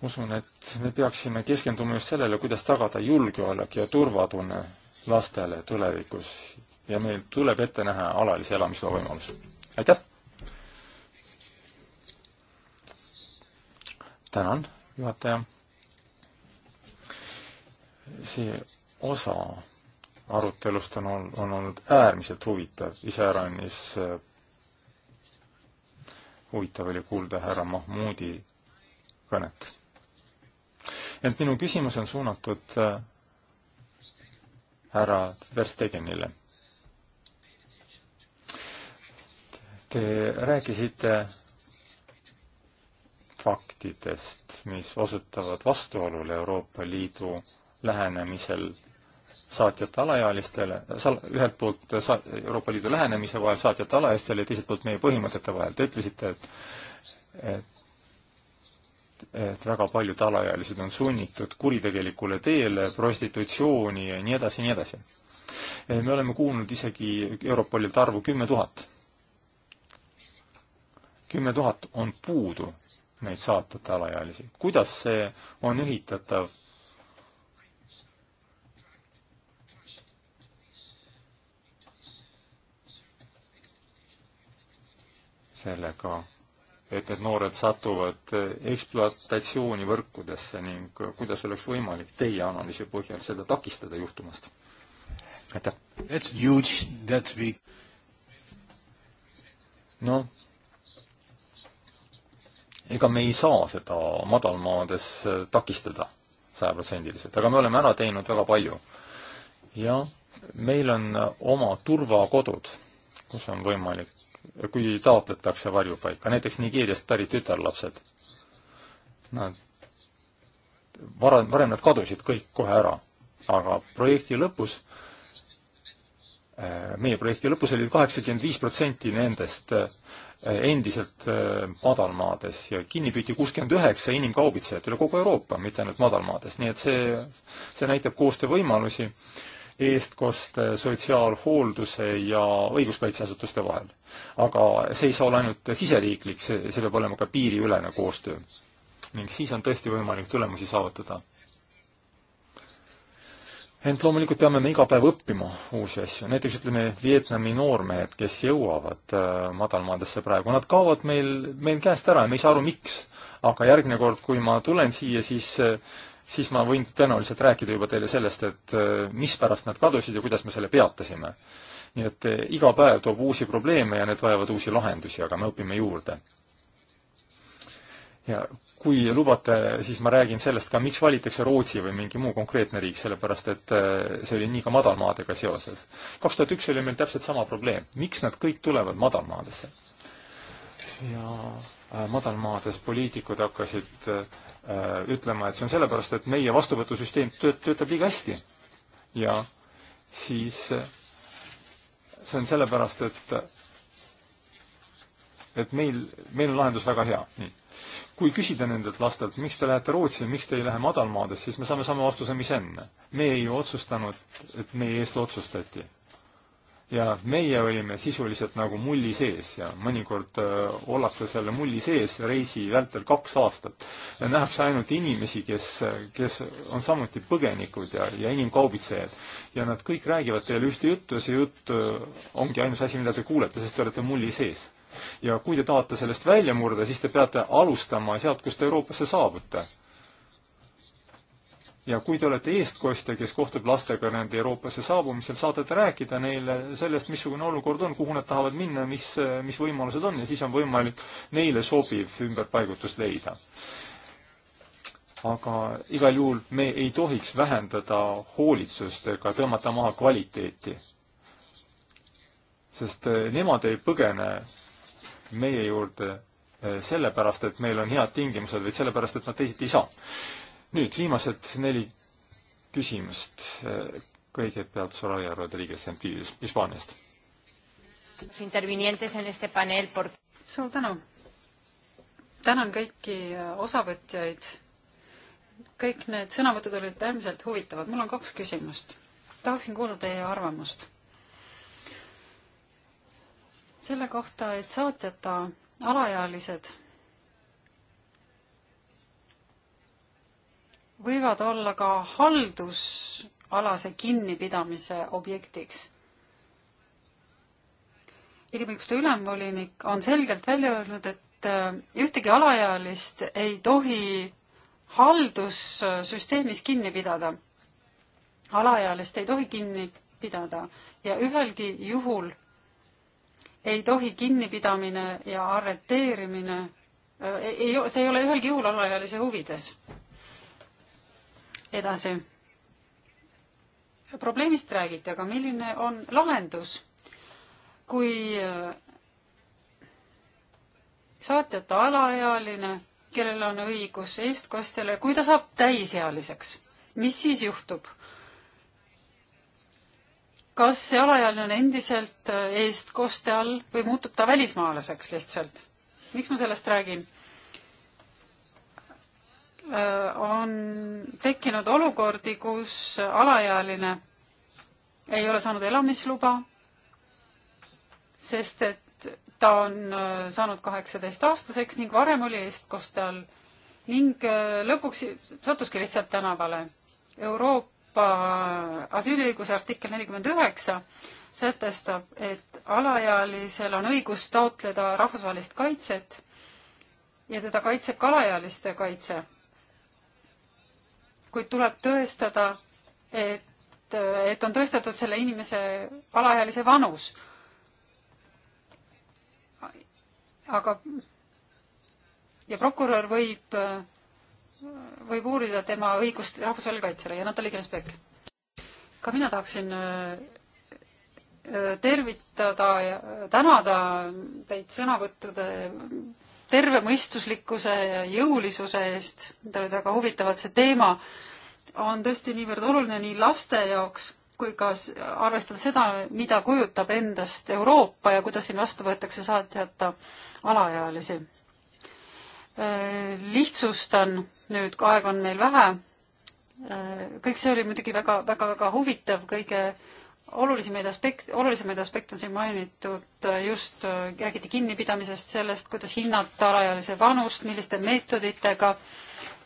usun, et me peaksime keskenduma just sellele, kuidas tagada julgeolek ja turvatunne lastele tulevikus ja meil tuleb ette näha alalise elamisloa võimalus. aitäh! tänan, juhataja. see osa arutelust on, on olnud äärmiselt huvitav, iseäranis äh, huvitav oli kuulda härra Mahmoodi kõnet ent minu küsimus on suunatud äh, härra Verstegenile. Te rääkisite faktidest, mis osutavad vastuolule Euroopa Liidu lähenemisel saatjate alaealistele, sal-, ühelt poolt sa-, Euroopa Liidu lähenemise vahel saatjate alaealistele ja teiselt poolt meie põhimõtete vahel. Te ütlesite, et et et väga paljud alaealised on sunnitud kuritegelikule teele, prostitutsiooni ja nii edasi ja nii edasi. Eh, me oleme kuulnud isegi Europolilt arvu kümme tuhat. kümme tuhat on puudu neid saatjate alaealisi. kuidas see on ühitatav sellega et need noored satuvad ekspluatatsioonivõrkudesse ning kuidas oleks võimalik teie analüüsi põhjal seda takistada juhtumast? aitäh! noh, ega me ei saa seda madalmaades takistada sajaprotsendiliselt, aga me oleme ära teinud väga palju. ja meil on oma turvakodud, kus on võimalik kui taotletakse varjupaika, näiteks Nigeeriast pärit tütarlapsed. Nad, varem, varem nad kadusid kõik kohe ära, aga projekti lõpus, äh, meie projekti lõpus oli kaheksakümmend viis protsenti nendest äh, endiselt äh, madalmaades ja kinni püüti kuuskümmend üheksa inimkaubitsejat üle kogu Euroopa, mitte ainult madalmaades, nii et see, see näitab koostöövõimalusi äh, eestkoste, sotsiaalhoolduse ja õiguskaitseasutuste vahel. aga see ei saa olla ainult siseriiklik, see, see peab olema ka piiriülene koostöö. ning siis on tõesti võimalik tulemusi saavutada. ent loomulikult peame me iga päev õppima uusi asju, näiteks ütleme, Vietnami noormehed, kes jõuavad äh, madalmaadesse praegu, nad kaovad meil, meil käest ära ja me ei saa aru, miks. aga järgmine kord, kui ma tulen siia, siis äh, siis ma võin tõenäoliselt rääkida juba teile sellest, et äh, mispärast nad kadusid ja kuidas me selle peatasime. nii et äh, iga päev toob uusi probleeme ja need vajavad uusi lahendusi, aga me õpime juurde. ja kui lubate, siis ma räägin sellest ka, miks valitakse Rootsi või mingi muu konkreetne riik, sellepärast et äh, see oli nii ka madalmaadega seoses. kaks tuhat üks oli meil täpselt sama probleem, miks nad kõik tulevad madalmaadesse? ja Äh, madalmaades poliitikud hakkasid äh, ütlema, et see on sellepärast, et meie vastuvõtusüsteem töötab liiga hästi. ja siis äh, see on sellepärast, et et meil, meil on lahendus väga hea. nii. kui küsida nendelt lastelt, miks te lähete Rootsi, miks te ei lähe madalmaades, siis me saame sama vastuse, mis enne. me ei otsustanud, et meie eest otsustati ja meie olime sisuliselt nagu mulli sees ja mõnikord äh, ollakse selle mulli sees reisi vältel kaks aastat. ja nähakse ainult inimesi, kes, kes on samuti põgenikud ja, ja inimkaubitsejad. ja nad kõik räägivad teile ühte juttu ja see jutt äh, ongi ainus asi, mida te kuulete, sest te olete mulli sees. ja kui te tahate sellest välja murda, siis te peate alustama sealt, kust te Euroopasse saabute ja kui te olete eestkostja, kes kohtub lastega nende Euroopasse saabumisel, saate te rääkida neile sellest, missugune olukord on, kuhu nad tahavad minna, mis, mis võimalused on ja siis on võimalik neile sobiv ümberpaigutus leida. aga igal juhul me ei tohiks vähendada hoolitsust ega tõmmata maha kvaliteeti. sest eh, nemad ei põgene meie juurde eh, sellepärast, et meil on head tingimused, vaid sellepärast, et nad teisiti ei saa nüüd viimased neli küsimust. kõigepealt Soraya Rodriguez MTV-s Hispaaniast. suur tänu. tänan kõiki äh, osavõtjaid. kõik need sõnavõtud olid äärmiselt huvitavad. mul on kaks küsimust. tahaksin kuulda teie arvamust selle kohta, et saatjata alaealised võivad olla ka haldusalase kinnipidamise objektiks. inimõiguste ülemvolinik on selgelt välja öelnud, et äh, ühtegi alaealist ei tohi haldussüsteemis kinni pidada. alaealist ei tohi kinni pidada ja ühelgi juhul ei tohi kinnipidamine ja arreteerimine, äh, ei, see ei ole ühelgi juhul alaealise huvides edasi. probleemist räägiti, aga milline on lahendus, kui äh, saatjata alaealine, kellel on õigus eestkostjale, kui ta saab täisealiseks, mis siis juhtub? kas see alaealine on endiselt äh, eestkoste all või muutub ta välismaalaseks lihtsalt? miks ma sellest räägin? Äh, on tekkinud olukordi, kus alaealine ei ole saanud elamisluba, sest et ta on äh, saanud kaheksateistaastaseks ning varem oli eestkostel ning äh, lõpuks sattuski lihtsalt tänavale. Euroopa asüüliõiguse artikkel nelikümmend üheksa sätestab, et alaealisel on õigus taotleda rahvusvahelist kaitset ja teda kaitseb ka alaealiste kaitse kuid tuleb tõestada, et, et on tõestatud selle inimese alaealise vanus. aga ja prokurör võib, võib uurida tema õigust rahvusvahelisele kaitsele ja Natalja Kirsberg. ka mina tahaksin äh, tervitada ja tänada teid sõnavõttude tervemõistuslikkuse ja jõulisuse eest, need olid väga huvitavad, see teema on tõesti niivõrd oluline nii laste jaoks kui ka arvestada seda, mida kujutab endast Euroopa ja kuidas siin vastu võetakse saatjata alaealisi. Äh, lihtsustan nüüd, aega on meil vähe. Äh, kõik see oli muidugi väga, väga, väga huvitav, kõige äh, olulisemaid aspekt, olulisemaid aspekte on siin mainitud äh, just, äh, räägiti kinnipidamisest, sellest, kuidas hinnata alaealise vanust, milliste meetoditega,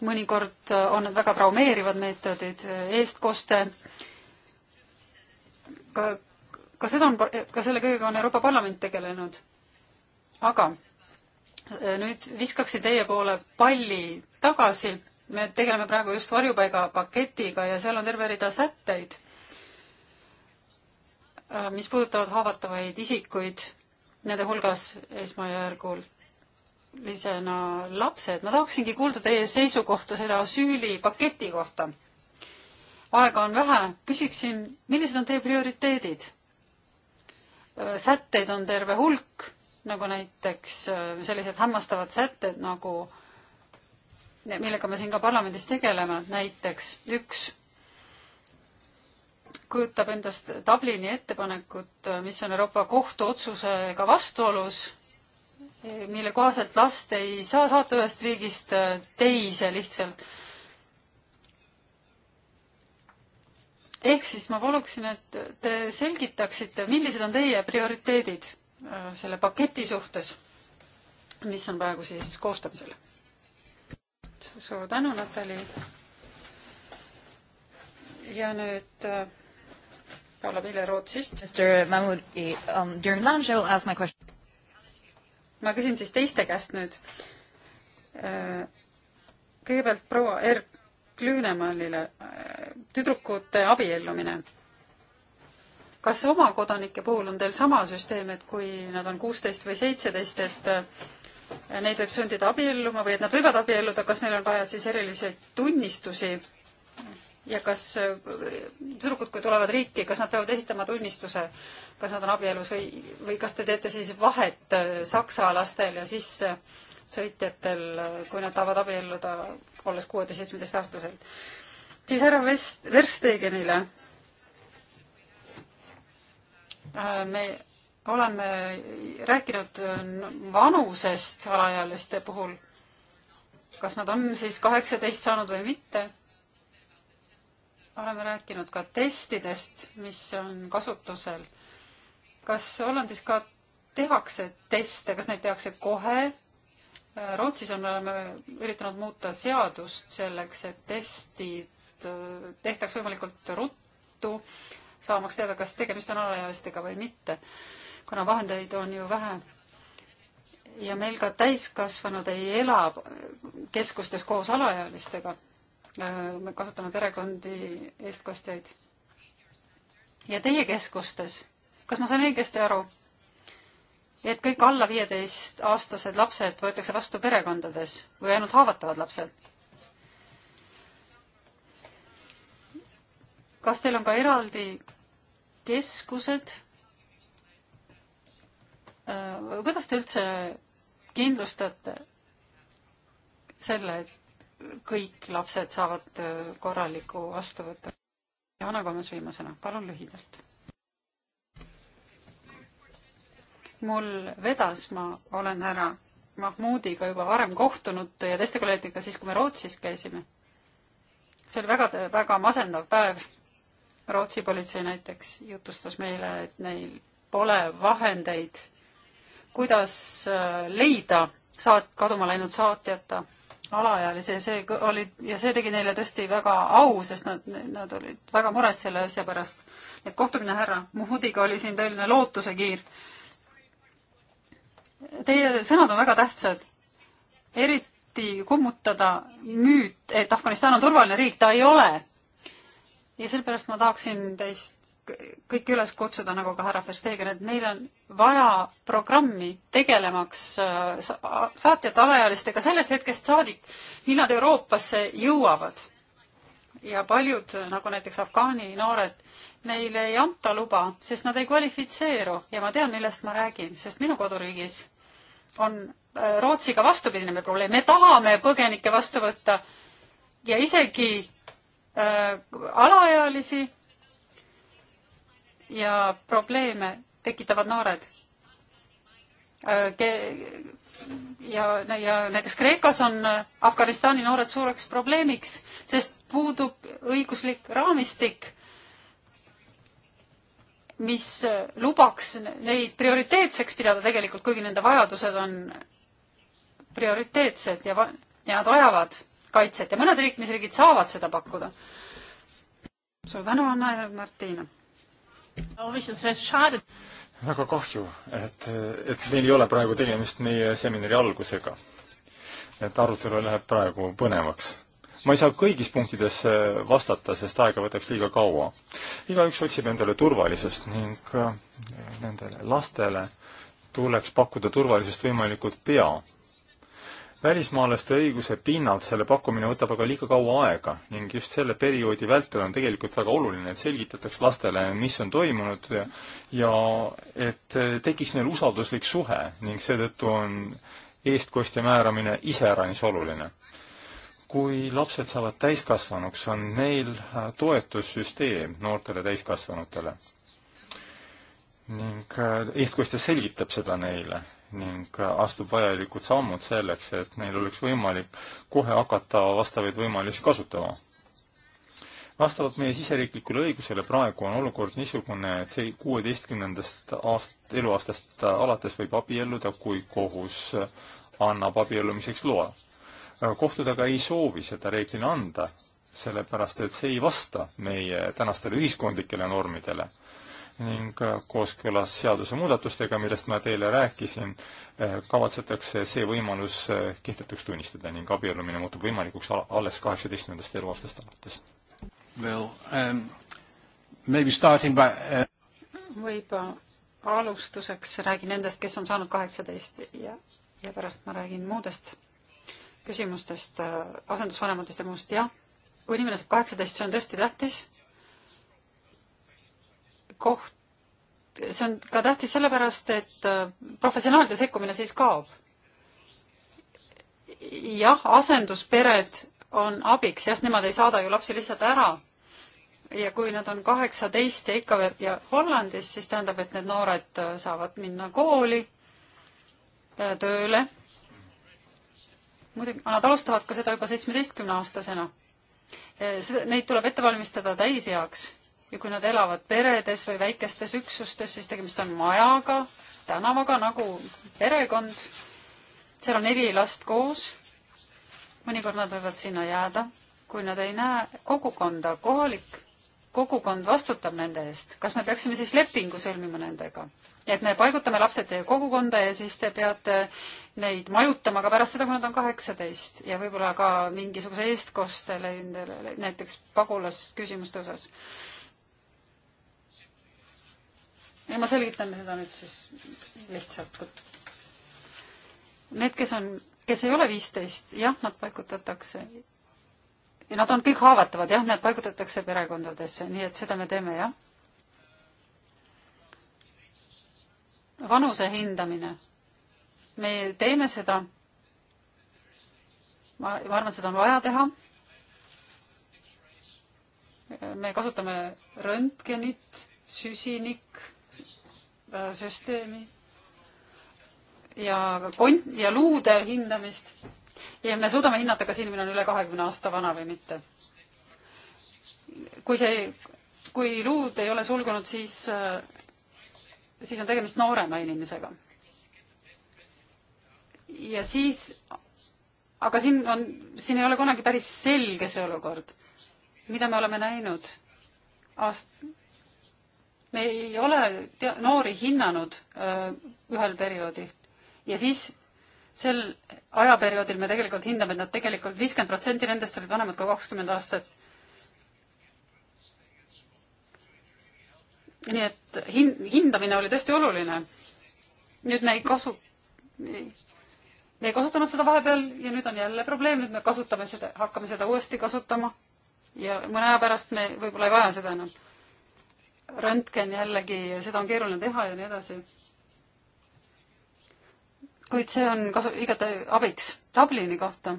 mõnikord äh, on need väga traumeerivad meetodid, eestkoste, ka, ka seda on, ka selle kõigega on Euroopa Parlament tegelenud. aga nüüd viskaksin teie poole palli tagasi, me tegeleme praegu just varjupaigapaketiga ja seal on terve rida sätteid Äh, mis puudutavad haavatavaid isikuid, nende hulgas esmajärgul lisena lapsed. ma tahaksingi kuulda teie seisukohta selle asüülipaketi kohta. aega on vähe, küsiksin, millised on teie prioriteedid? Äh, sätteid on terve hulk, nagu näiteks äh, sellised hämmastavad sätted nagu, millega me siin ka parlamendis tegeleme, näiteks üks kujutab endast Dublini ettepanekut, mis on Euroopa Kohtu otsusega vastuolus, mille kohaselt last ei saa saata ühest riigist teise lihtsalt. ehk siis ma paluksin, et te selgitaksite, millised on teie prioriteedid äh, selle paketi suhtes, mis on praegu siis koostamisel. suur tänu, Natali. ja nüüd äh, Paula Pille Rootsist. Um, ma küsin siis teiste käest nüüd. Äh, kõigepealt proua Erk Lüünemallile, äh, tüdrukute abiellumine. kas oma kodanike puhul on teil sama süsteem, et kui nad on kuusteist või seitseteist, et äh, neid võib sundida abielluma või et nad võivad abielluda, kas neil on vaja siis erilisi tunnistusi ja kas äh, tüdrukud, kui tulevad riiki, kas nad peavad esitama tunnistuse, kas nad on abielus või, või kas te teete siis vahet äh, saksa lastel ja sissesõitjatel, äh, kui nad tahavad abielluda, olles kuueteist-seitsmeteistaastaselt? siis härra Vest-, Verstegenile. me oleme rääkinud vanusest alaealiste puhul. kas nad on siis kaheksateist saanud või mitte oleme rääkinud ka testidest, mis on kasutusel. kas Hollandis ka tehakse teste, kas neid tehakse kohe? Rootsis on, me oleme üritanud muuta seadust selleks, et testid äh, tehtaks võimalikult ruttu, saamaks teada, kas tegemist on alaealistega või mitte, kuna vahendeid on ju vähe. ja meil ka täiskasvanud ei ela keskustes koos alaealistega me kasutame perekondi eestkostjaid. ja teie keskustes, kas ma saan õigesti aru, et kõik alla viieteist aastased lapsed võetakse vastu perekondades või ainult haavatavad lapsed? kas teil on ka eraldi keskused? Äh, kuidas te üldse kindlustate selle, et kõik lapsed saavad äh, korraliku vastuvõtu. Jana Kolmas viimasena, palun lühidalt. mul vedas, ma olen härra Mahmudiga juba varem kohtunud ja teiste kolleegidega siis, kui me Rootsis käisime. see oli väga, väga masendav päev. Rootsi politsei näiteks jutustas meile, et neil pole vahendeid, kuidas äh, leida saat-, kaduma läinud saatjata alaealisi ja see oli, ja see tegi neile tõesti väga au, sest nad, nad olid väga mures selle asja pärast. et kohtumine härra Muhudiga oli siin tõeline lootusekiir. Teie sõnad on väga tähtsad. eriti kummutada müüt, et Afganistan on turvaline riik, ta ei ole. ja sellepärast ma tahaksin teist kõiki üles kutsuda, nagu ka härra Verstegen, et meil on vaja programmi tegelemaks äh, saatjate alaealistega sellest hetkest saadik, millal nad Euroopasse jõuavad. ja paljud, nagu näiteks Afgaani noored, neile ei anta luba, sest nad ei kvalifitseeru ja ma tean, millest ma räägin, sest minu koduriigis on äh, Rootsiga vastupidine probleem, me tahame põgenikke vastu võtta ja isegi äh, alaealisi ja probleeme tekitavad noored. Äh, ja, ja näiteks Kreekas on äh, Afganistani noored suureks probleemiks, sest puudub õiguslik raamistik, mis äh, lubaks neid prioriteetseks pidada tegelikult, kuigi nende vajadused on prioriteetsed ja, ja nad vajavad kaitset ja mõned liikmesriigid saavad seda pakkuda. suur tänu, Anna ja Martina väga kahju, et, et meil ei ole praegu tegemist meie seminari algusega. et arutelu läheb praegu põnevaks. ma ei saa kõigis punktides äh, vastata, sest aega võtaks liiga kaua. igaüks otsib endale turvalisust ning äh, nendele lastele tuleks pakkuda turvalisust võimalikult pea välismaalaste õiguse pinnalt selle pakkumine võtab aga liiga kaua aega ning just selle perioodi vältel on tegelikult väga oluline, et selgitataks lastele, mis on toimunud ja, ja et eh, tekiks neil usalduslik suhe ning seetõttu on eestkostja määramine iseäranis oluline. kui lapsed saavad täiskasvanuks, on neil eh, toetussüsteem noortele täiskasvanutele ning eh, eestkostja selgitab seda neile ning astub vajalikud sammud selleks, et neil oleks võimalik kohe hakata vastavaid võimalusi kasutama. vastavalt meie siseriiklikule õigusele praegu on olukord niisugune, et see kuueteistkümnendast aast-, eluaastast alates võib abielluda, kui kohus annab abiellumiseks loa. kohtud aga ei soovi seda reeglina anda, sellepärast et see ei vasta meie tänastele ühiskondlikele normidele ning äh, kooskõlas seadusemuudatustega, millest ma teile rääkisin, äh, kavatsetakse see võimalus äh, kehtetuks tunnistada ning abiellumine muutub võimalikuks alles kaheksateistkümnendast eluaastast alates. Well um,, maybe starting by uh... võib-olla alustuseks räägin nendest, kes on saanud kaheksateist ja, ja pärast ma räägin muudest küsimustest, asendusvanematest ja muust, jah. kui inimene saab kaheksateist, see on tõesti tähtis koht, see on ka tähtis sellepärast, et äh, professionaalide sekkumine siis kaob. jah, asenduspered on abiks, jah, nemad ei saada ju lapsi lihtsalt ära. ja kui nad on kaheksateist ja ikka veel ja Hollandis, siis tähendab, et need noored äh, saavad minna kooli, äh, tööle. muidugi, nad alustavad ka seda juba seitsmeteistkümne aastasena. Neid tuleb ette valmistada täiseaks ja kui nad elavad peredes või väikestes üksustes, siis tegemist on majaga, tänavaga nagu perekond. seal on neli last koos. mõnikord nad võivad sinna jääda, kui nad ei näe kogukonda, kohalik kogukond vastutab nende eest, kas me peaksime siis lepingu sõlmima nendega? et me paigutame lapsed teie kogukonda ja siis te peate neid majutama ka pärast seda, kui nad on kaheksateist ja võib-olla ka mingisuguse eestkostele endale, näiteks pagulasküsimuste osas ja ma selgitan seda nüüd siis lihtsalt. Need, kes on, kes ei ole viisteist, jah, nad paigutatakse ja nad on kõik haavatavad, jah, need paigutatakse perekondadesse, nii et seda me teeme, jah. vanuse hindamine. me teeme seda. ma, ma arvan, seda on vaja teha. me kasutame röntgenit, süsinik süsteemi ja kont- ja luude hindamist ja me suudame hinnata, kas inimene on üle kahekümne aasta vana või mitte. kui see, kui luud ei ole sulgunud, siis, siis on tegemist noorema inimesega. ja siis, aga siin on, siin ei ole kunagi päris selge see olukord, mida me oleme näinud aast-, me ei ole tea-, noori hinnanud öö, ühel perioodil ja siis sel ajaperioodil me tegelikult hindame, et nad tegelikult viiskümmend protsenti nendest olid vanemad kui kakskümmend aastat. nii et hin-, hindamine oli tõesti oluline. nüüd me ei kasu-, me ei kasutanud seda vahepeal ja nüüd on jälle probleem, nüüd me kasutame seda, hakkame seda uuesti kasutama ja mõne aja pärast me võib-olla ei vaja seda enam röntgen jällegi, seda on keeruline teha ja nii edasi. kuid see on kasu, igati abiks Dublini kohta.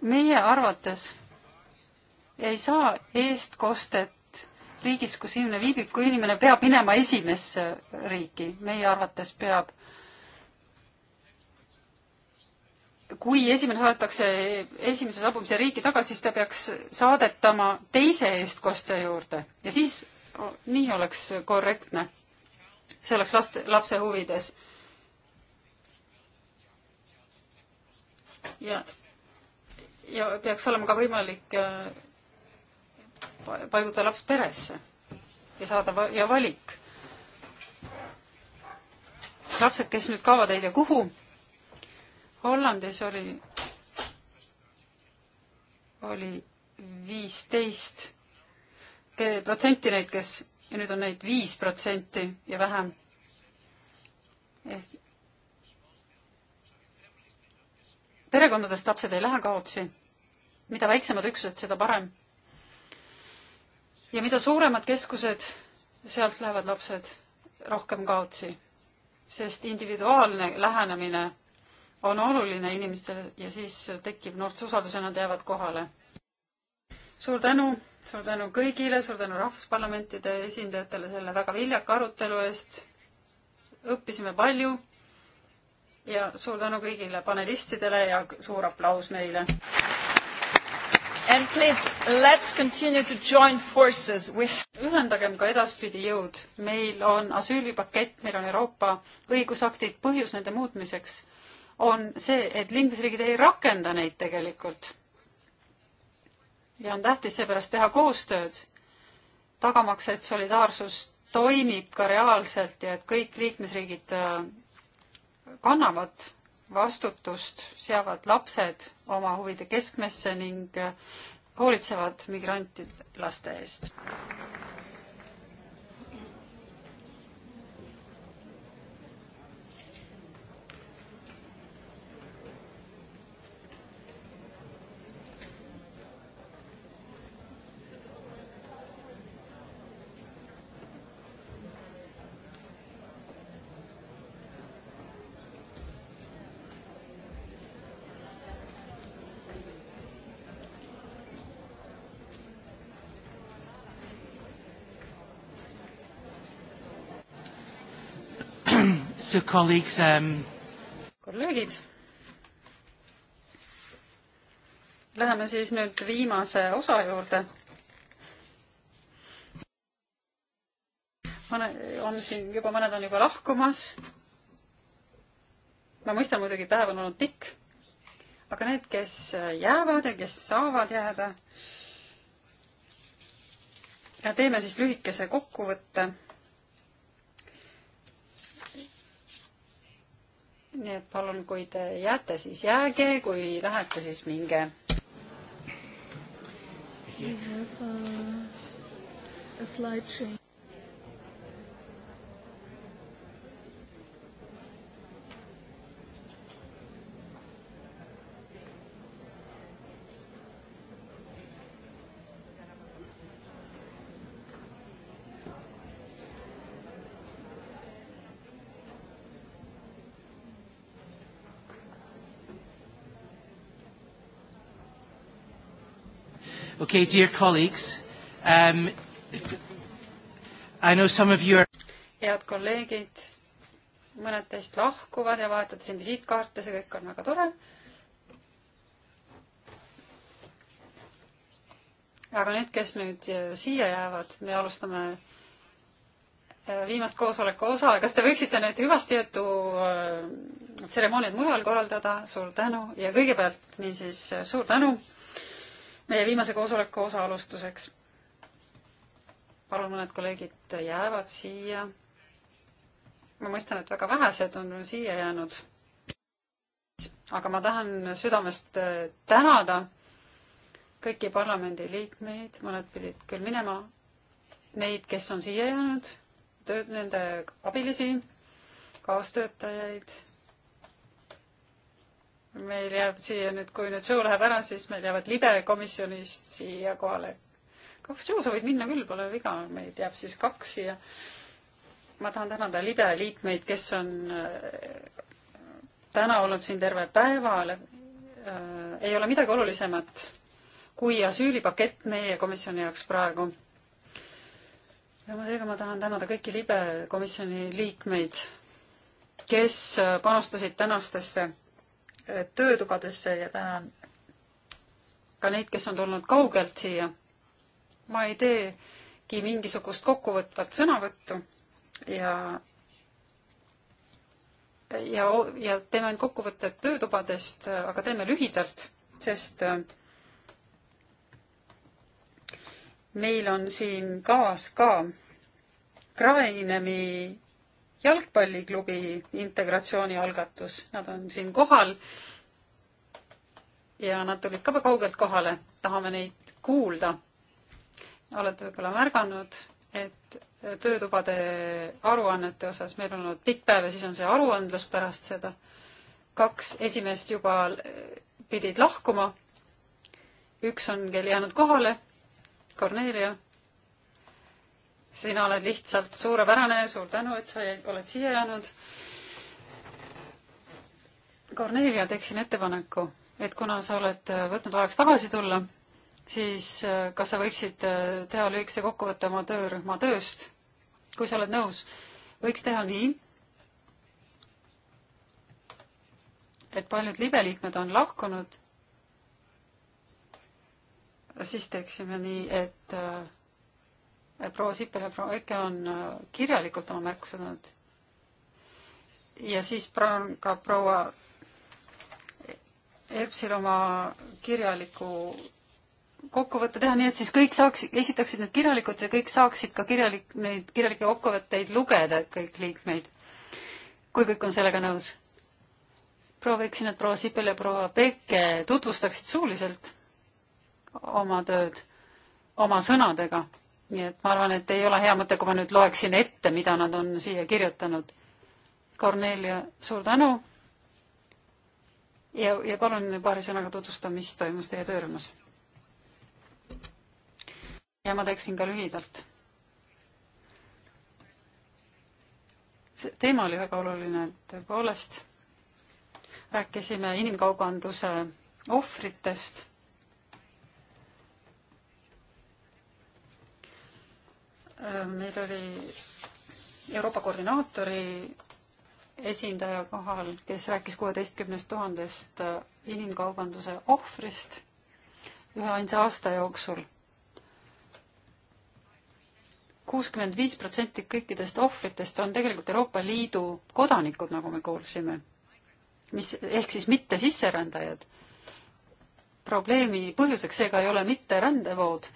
meie arvates ei saa eestkostet riigis, kus inimene viibib, kui inimene peab minema esimesse riiki, meie arvates peab äh, kui esimene saadetakse esimese saabumise riiki tagasi, siis ta peaks saadetama teise eestkostja juurde ja siis nii oleks korrektne. see oleks laste, lapse huvides. ja, ja peaks olema ka võimalik äh, paigutada laps peresse ja saada va ja valik. lapsed, kes nüüd kaovad ei tea kuhu Hollandis oli, oli viisteist protsenti neid, kes ja nüüd on neid viis protsenti ja vähem. ehk perekondadest lapsed ei lähe kaotsi. mida väiksemad üksused, seda parem. ja mida suuremad keskused, sealt lähevad lapsed rohkem kaotsi, sest individuaalne lähenemine on oluline inimestele ja siis tekib noortes usaldus ja nad jäävad kohale. suur tänu, suur tänu kõigile, suur tänu rahvusparlamentide esindajatele selle väga viljaka arutelu eest. õppisime palju ja suur tänu kõigile panelistidele ja suur aplaus neile. And please, let's continue to join forces. We... ühendagem ka edaspidi jõud. meil on asüülipakett, meil on Euroopa õigusaktid, põhjus nende muutmiseks on see, et liikmesriigid ei rakenda neid tegelikult. ja on tähtis seepärast teha koostööd, tagamaks, et solidaarsus toimib ka reaalselt ja et kõik liikmesriigid äh, kannavad vastutust, seavad lapsed oma huvide keskmesse ning äh, hoolitsevad migrantid laste eest. So colleagues, um... kolleegid, läheme siis nüüd viimase osa juurde. on siin juba, mõned on juba lahkumas. ma mõistan muidugi, päev on olnud pikk, aga need, kes jäävad ja kes saavad jääda, ja teeme siis lühikese kokkuvõtte nii et palun, kui te jääte, siis jääge, kui lähete, siis minge. We have uh, a slide change. Okay, dear colleagues, um, I know some of you are head kolleegid, mõned teist lahkuvad ja vaatate siin visiitkaarte, see kõik on väga tore. aga need, kes nüüd siia jäävad, me alustame äh, viimast koosoleku osa, kas te võiksite nüüd hüvastijätu äh, tseremooniad mujal korraldada, suur tänu ja kõigepealt niisiis äh, suur tänu meie viimase koosoleku osa alustuseks. palun, mõned kolleegid jäävad siia. ma mõistan, et väga vähesed on siia jäänud. aga ma tahan südamest äh, tänada kõiki parlamendiliikmeid, mõned pidid küll minema, neid, kes on siia jäänud, tööd, nende abilisi, kaastöötajaid meil jääb siia nüüd, kui nüüd show läheb ära, siis meil jäävad libe komisjonist siia kohale. kaks show sa võid minna küll, pole viga, meid jääb siis kaks siia. ma tahan tänada libe liikmeid, kes on äh, täna olnud siin terve päeva. Äh, ei ole midagi olulisemat kui asüülipakett meie komisjoni jaoks praegu. ja ma seega ma tahan tänada kõiki libe komisjoni liikmeid, kes äh, panustasid tänastesse töötubadesse ja tänan ka neid, kes on tulnud kaugelt siia. ma ei teegi mingisugust kokkuvõtvat sõnavõttu ja ja, ja teeme ainult kokkuvõtted töötubadest, aga teeme lühidalt, sest äh, meil on siin kavas ka Kraenemi jalgpalliklubi integratsiooni algatus, nad on siin kohal. ja nad tulid ka kaugelt kohale, tahame neid kuulda. olete võib-olla märganud, et töötubade aruannete osas meil on olnud pikk päev ja siis on see aruandlus pärast seda. kaks esimest juba pidid lahkuma. üks on küll jäänud kohale, Kornelia sina oled lihtsalt suurepärane, suur tänu, et sa oled siia jäänud. Kornelia, teeksin ettepaneku, et kuna sa oled võtnud ajaks tagasi tulla, siis äh, kas sa võiksid äh, teha lühikese kokkuvõtte oma töörühma tööst, kui sa oled nõus, võiks teha nii, et paljud libeliikmed on lahkunud, siis teeksime nii, et äh, proua Sipel ja proua Eke on äh, kirjalikult oma märkused andnud. ja siis on ka proua Erpsil oma kirjaliku kokkuvõtte teha, nii et siis kõik saaks, esitaksid need kirjalikult ja kõik saaksid ka kirjalik, neid kirjalikke kokkuvõtteid lugeda, kõik liikmeid. kui kõik on sellega nõus? prooviksin, et proua Sipel ja proua Peke tutvustaksid suuliselt oma tööd oma sõnadega nii et ma arvan, et ei ole hea mõte, kui ma nüüd loeksin ette, mida nad on siia kirjutanud. Kornelia, suur tänu. ja, ja palun paari sõnaga tutvusta, mis toimus teie töörühmas. ja ma teeksin ka lühidalt. see teema oli väga oluline, tõepoolest. rääkisime inimkaubanduse ohvritest Äh, meil oli Euroopa koordinaatori esindaja kohal, kes rääkis kuueteistkümnest tuhandest äh, inimkaubanduse ohvrist üheainsa aasta jooksul. kuuskümmend viis protsenti kõikidest ohvritest on tegelikult Euroopa Liidu kodanikud, nagu me kuulsime, mis ehk siis mitte sisserändajad. probleemi põhjuseks seega ei ole mitte rändevood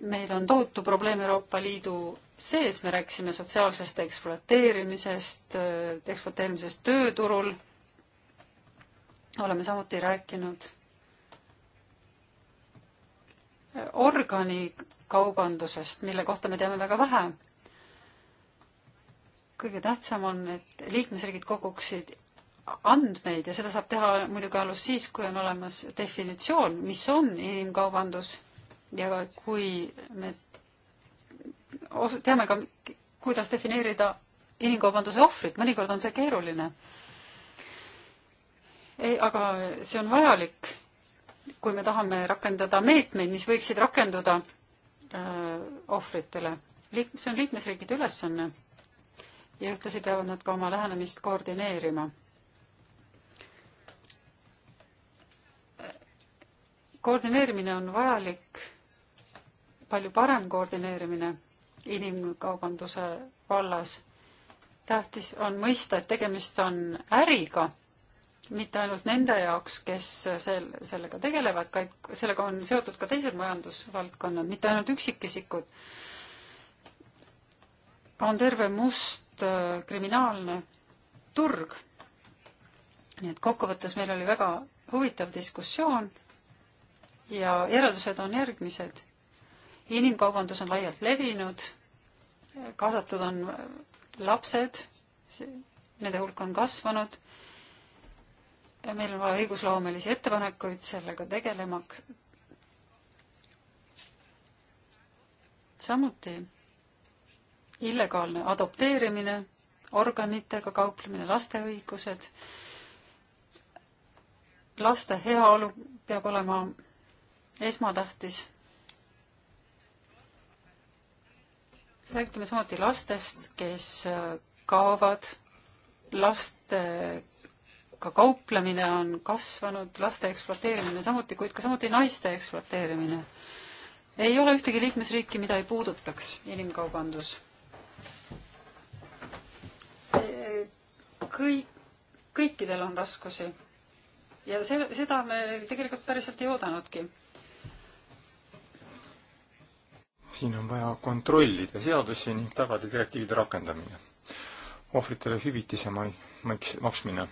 meil on tohutu probleem Euroopa Liidu sees, me rääkisime sotsiaalsest ekspluateerimisest, äh, ekspluateerimisest tööturul. oleme samuti rääkinud äh, organikaubandusest, mille kohta me teame väga vähe. kõige tähtsam on, et liikmesriigid koguksid andmeid ja seda saab teha muidugi alles siis, kui on olemas definitsioon, mis on inimkaubandus ja kui me teame ka, kuidas defineerida inimkaubanduse ohvrit, mõnikord on see keeruline. ei, aga see on vajalik, kui me tahame rakendada meetmeid, mis võiksid rakenduda öö, äh, ohvritele. liik-, see on liikmesriikide ülesanne ja ühtlasi peavad nad ka oma lähenemist koordineerima. koordineerimine on vajalik palju parem koordineerimine inimkaubanduse vallas. tähtis on mõista, et tegemist on äriga, mitte ainult nende jaoks, kes sel-, sellega tegelevad, vaid sellega on seotud ka teised majandusvaldkonnad, mitte ainult üksikisikud. on terve must äh, kriminaalne turg. nii et kokkuvõttes meil oli väga huvitav diskussioon ja järeldused on järgmised inimkaubandus on laialt levinud, kaasatud on lapsed, nende hulk on kasvanud. meil on vaja õigusloomelisi ettepanekuid sellega tegelemaks. samuti illegaalne adopteerimine, organitega kauplemine, laste õigused, laste heaolu peab olema esmatähtis räägime samuti lastest, kes äh, kaovad, lastega ka kauplemine on kasvanud, laste ekspluateerimine samuti, kuid ka samuti naiste ekspluateerimine. ei ole ühtegi liikmesriiki, mida ei puudutaks inimkaubandus. kõik, kõikidel on raskusi ja see, seda me tegelikult päriselt ei oodanudki siin on vaja kontrollida seadusi ning tagada direktiivide rakendamine. ohvritele hüvitise maks-, maksmine.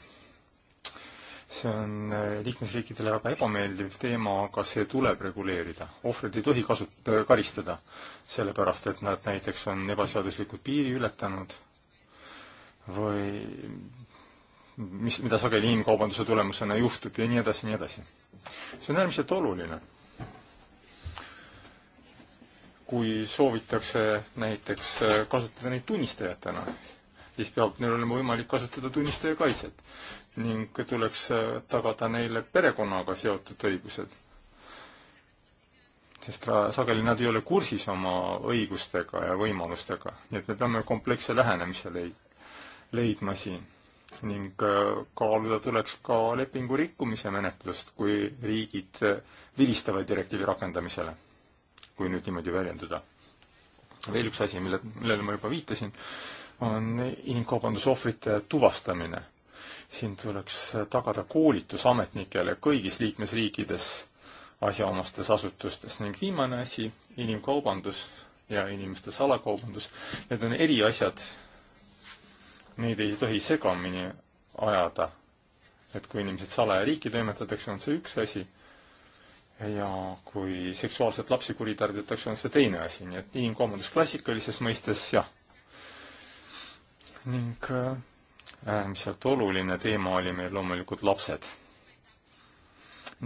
see on äh, liikmesriikidele väga ebameeldiv teema, aga see tuleb reguleerida. ohvrid ei tohi kasut-, äh, karistada, sellepärast et nad näiteks on ebaseaduslikult piiri ületanud või mis, mida sageli inimkaubanduse tulemusena juhtub ja nii edasi ja nii edasi. see on äärmiselt oluline kui soovitakse näiteks äh, kasutada neid tunnistajatena, siis peab neil olema võimalik kasutada tunnistaja kaitset ning tuleks äh, tagada neile perekonnaga seotud õigused. sest sageli nad ei ole kursis oma õigustega ja võimalustega, nii et me peame kompleksse lähenemise leid-, leidma siin. ning äh, kaaluda tuleks ka lepingu rikkumise menetlust, kui riigid vilistavad direktiivi rakendamisele kui nüüd niimoodi väljenduda. veel üks asi, mille, millele ma juba viitasin, on inimkaubanduse ohvrite tuvastamine. siin tuleks tagada koolitus ametnikele kõigis liikmesriikides asjaomastes asutustes ning viimane asi, inimkaubandus ja inimeste salakaubandus, need on eri asjad, neid ei tohi segamini ajada. et kui inimesed salaja riiki toimetatakse, on see üks asi, ja kui seksuaalselt lapsi kuritarvitatakse, on see teine asi, nii et inimkaubandus klassikalises mõistes jah. ning äh, äärmiselt oluline teema oli meil loomulikult lapsed.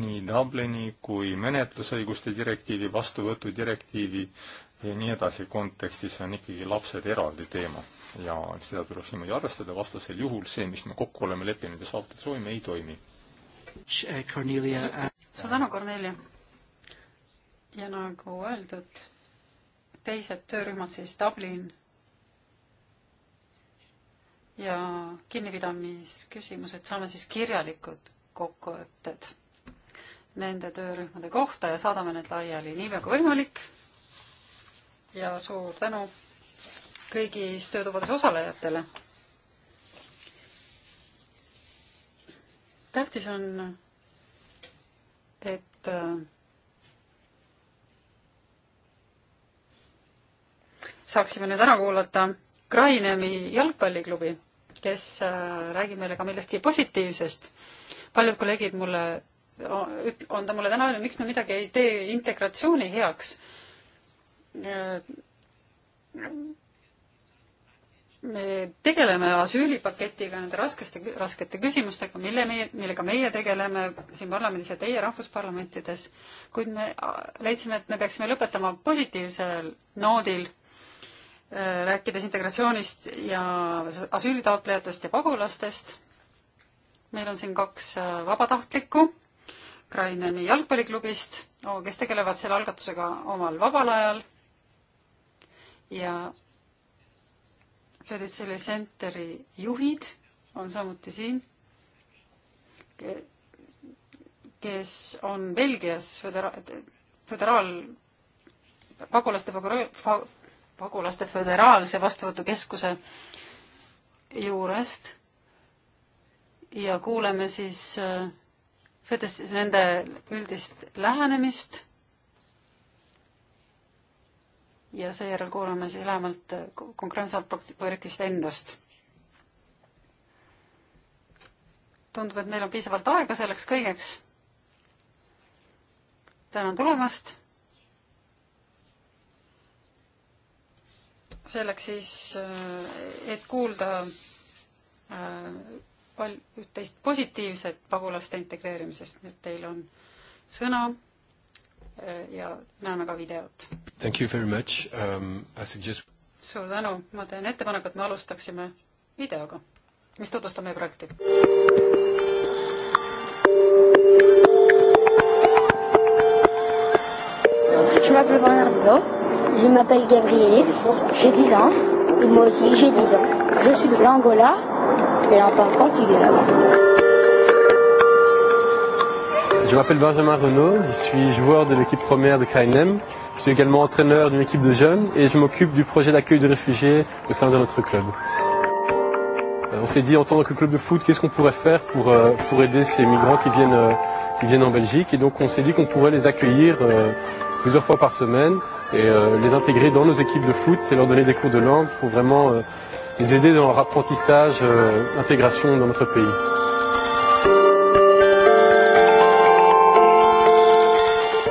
nii Dublini kui menetlusõiguste direktiivi, vastuvõtu direktiivi ja nii edasi kontekstis on ikkagi lapsed eraldi teema ja seda tuleks niimoodi arvestada, vastasel juhul see, mis me kokku oleme leppinud ja saavutada soovime, ei toimi. Äh, Cornelia äh, suur tänu, Korneli! ja nagu öeldud, teised töörühmad siis Dublin ja kinnipidamisküsimused, saame siis kirjalikud kokkuvõtted nende töörühmade kohta ja saadame need laiali niipea kui võimalik. ja suur tänu kõigis töötubades osalejatele. tähtis on et äh, saaksime nüüd ära kuulata Krainemi jalgpalliklubi, kes äh, räägib meile ka millestki positiivsest. paljud kolleegid mulle, on ta mulle täna öelnud, miks me midagi ei tee integratsiooni heaks äh, me tegeleme asüülipaketiga, nende raskeste, raskete küsimustega, mille meie, millega meie tegeleme siin parlamendis ja teie rahvusparlamentides, kuid me leidsime, et me peaksime lõpetama positiivsel noodil, äh, rääkides integratsioonist ja asüülitaotlejatest ja pagulastest. meil on siin kaks äh, vabatahtlikku Kraineni jalgpalliklubist, kes tegelevad selle algatusega omal vabal ajal ja Feritseli Centeri juhid on samuti siin, kes on Belgias födera-, föderaal, pagulaste pagula-, pagulaste föderaalse vastuvõtukeskuse juurest ja kuuleme siis äh, FEDES-is nende üldist lähenemist ja seejärel kuulame siis lähemalt konkreetselt projektist endast. tundub, et meil on piisavalt aega selleks kõigeks. tänan tulemast. selleks siis, äh, et kuulda äh, pal-, üht-teist positiivset pagulaste integreerimisest, nii et teil on sõna Äh, ja näeme ka videot. Thank you very much um,, I suggest suur tänu, ma teen ettepaneku, et me alustaksime videoga, mis tutvustab meie projekti. Je m'appelle Bernardino, je m'appelle Gabriele, j'ai 10 ans, et moi aussi j'ai 10 ans. Je suis de l'Angola, et en par contre il est là-bas. Je m'appelle Benjamin Renault, je suis joueur de l'équipe première de KNM. Je suis également entraîneur d'une équipe de jeunes et je m'occupe du projet d'accueil de réfugiés au sein de notre club. Euh, on s'est dit en tant que club de foot, qu'est-ce qu'on pourrait faire pour, euh, pour aider ces migrants qui viennent, euh, qui viennent en Belgique Et donc on s'est dit qu'on pourrait les accueillir plusieurs fois par semaine et les intégrer dans nos équipes de foot et leur donner des cours de langue pour vraiment les aider dans leur apprentissage, intégration dans notre pays.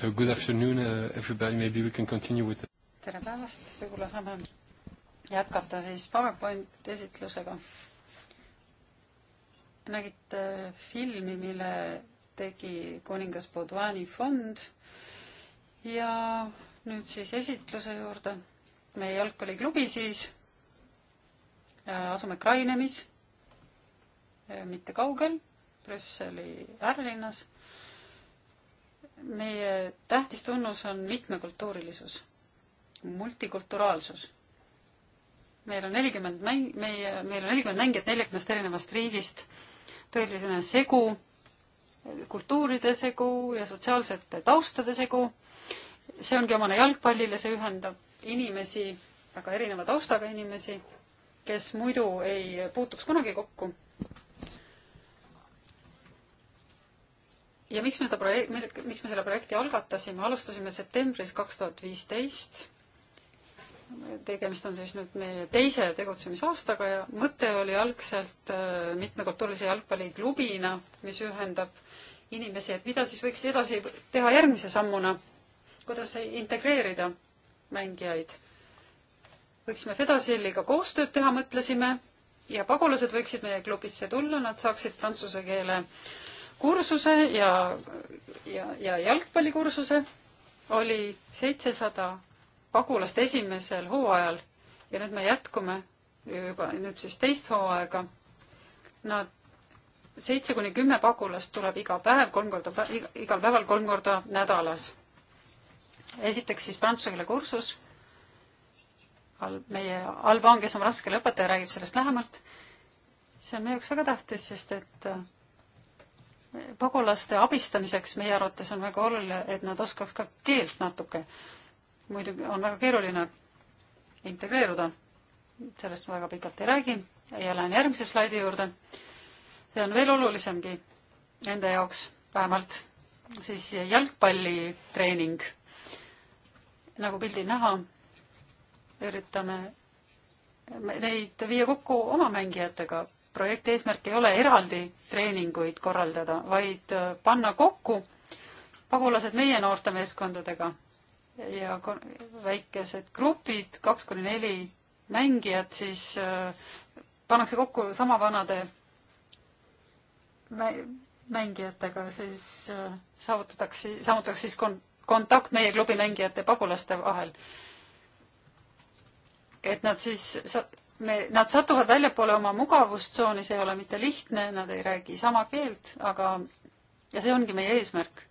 So good afternoon uh, everybody, maybe we can continue with tere päevast, võib-olla saame jätkata siis PowerPoint esitlusega. nägite filmi, mille tegi kuningas Bodvani fond ja nüüd siis esitluse juurde. meie jalgpalliklubi siis, asume Krainemis, mitte kaugel, Brüsseli äärelinnas meie tähtis tunnus on mitmekultuurilisus, multikulturaalsus. meil on nelikümmend mäng, meie, meil on nelikümmend mängijat neljakümnest erinevast riigist, tõeline segu, kultuuride segu ja sotsiaalsete taustade segu. see ongi omane jalgpallile, see ühendab inimesi, väga erineva taustaga inimesi, kes muidu ei puutuks kunagi kokku ja miks me seda projek-, miks me selle projekti algatasime, alustasime septembris kaks tuhat viisteist, tegemist on siis nüüd meie teise tegutsemisaastaga ja mõte oli algselt äh, mitmekultuurilise jalgpalliklubina, mis ühendab inimesi, et mida siis võiks edasi teha järgmise sammuna, kuidas integreerida mängijaid. võiksime Fedasilliga koostööd teha, mõtlesime, ja pagulased võiksid meie klubisse tulla, nad saaksid prantsuse keele kursuse ja, ja, ja jalgpallikursuse, oli seitsesada pagulast esimesel hooajal ja nüüd me jätkume juba nüüd siis teist hooaega. Nad, seitse kuni kümme pagulast tuleb iga päev, kolm korda, igal päeval kolm korda nädalas. esiteks siis prantsuse keele kursus al-, meie Alban, kes on raskel õpetaja, räägib sellest lähemalt. see on meie jaoks väga tähtis, sest et pagulaste abistamiseks meie arvates on väga oluline, et nad oskaks ka keelt natuke. muidugi on väga keeruline integreeruda. sellest ma väga pikalt ei räägi ja lähen järgmise slaidi juurde. see on veel olulisemgi nende jaoks vähemalt siis jalgpallitreening. nagu pildil näha, üritame neid viia kokku oma mängijatega projekti eesmärk ei ole eraldi treeninguid korraldada, vaid äh, panna kokku pagulased meie noortemeeskondadega ja väikesed grupid, kaks kuni neli mängijat, siis äh, pannakse kokku sama vanade mängijatega, siis äh, saavutatakse, saavutatakse siis kon-, kontakt meie klubi mängijate ja pagulaste vahel. et nad siis sa-, me, nad satuvad väljapoole oma mugavustsooni, see ei ole mitte lihtne, nad ei räägi sama keelt, aga ja see ongi meie eesmärk.